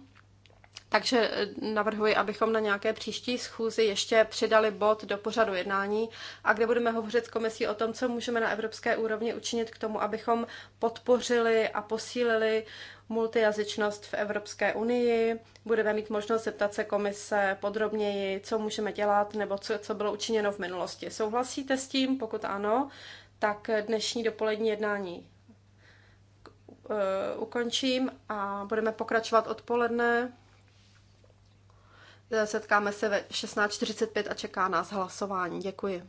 takže eh, navrhuji, abychom na nějaké příští schůzi ještě přidali bod do pořadu jednání a kde budeme hovořit s komisí o tom, co můžeme na evropské úrovni učinit k tomu, abychom podpořili a posílili multijazyčnost v Evropské unii. Budeme mít možnost zeptat se komise podrobněji, co můžeme dělat nebo co, co bylo učiněno v minulosti. Souhlasíte s tím? Pokud ano, tak dnešní dopolední jednání eh, ukončím a budeme pokračovat odpoledne. Setkáme se ve 16.45 a čeká nás hlasování. Děkuji.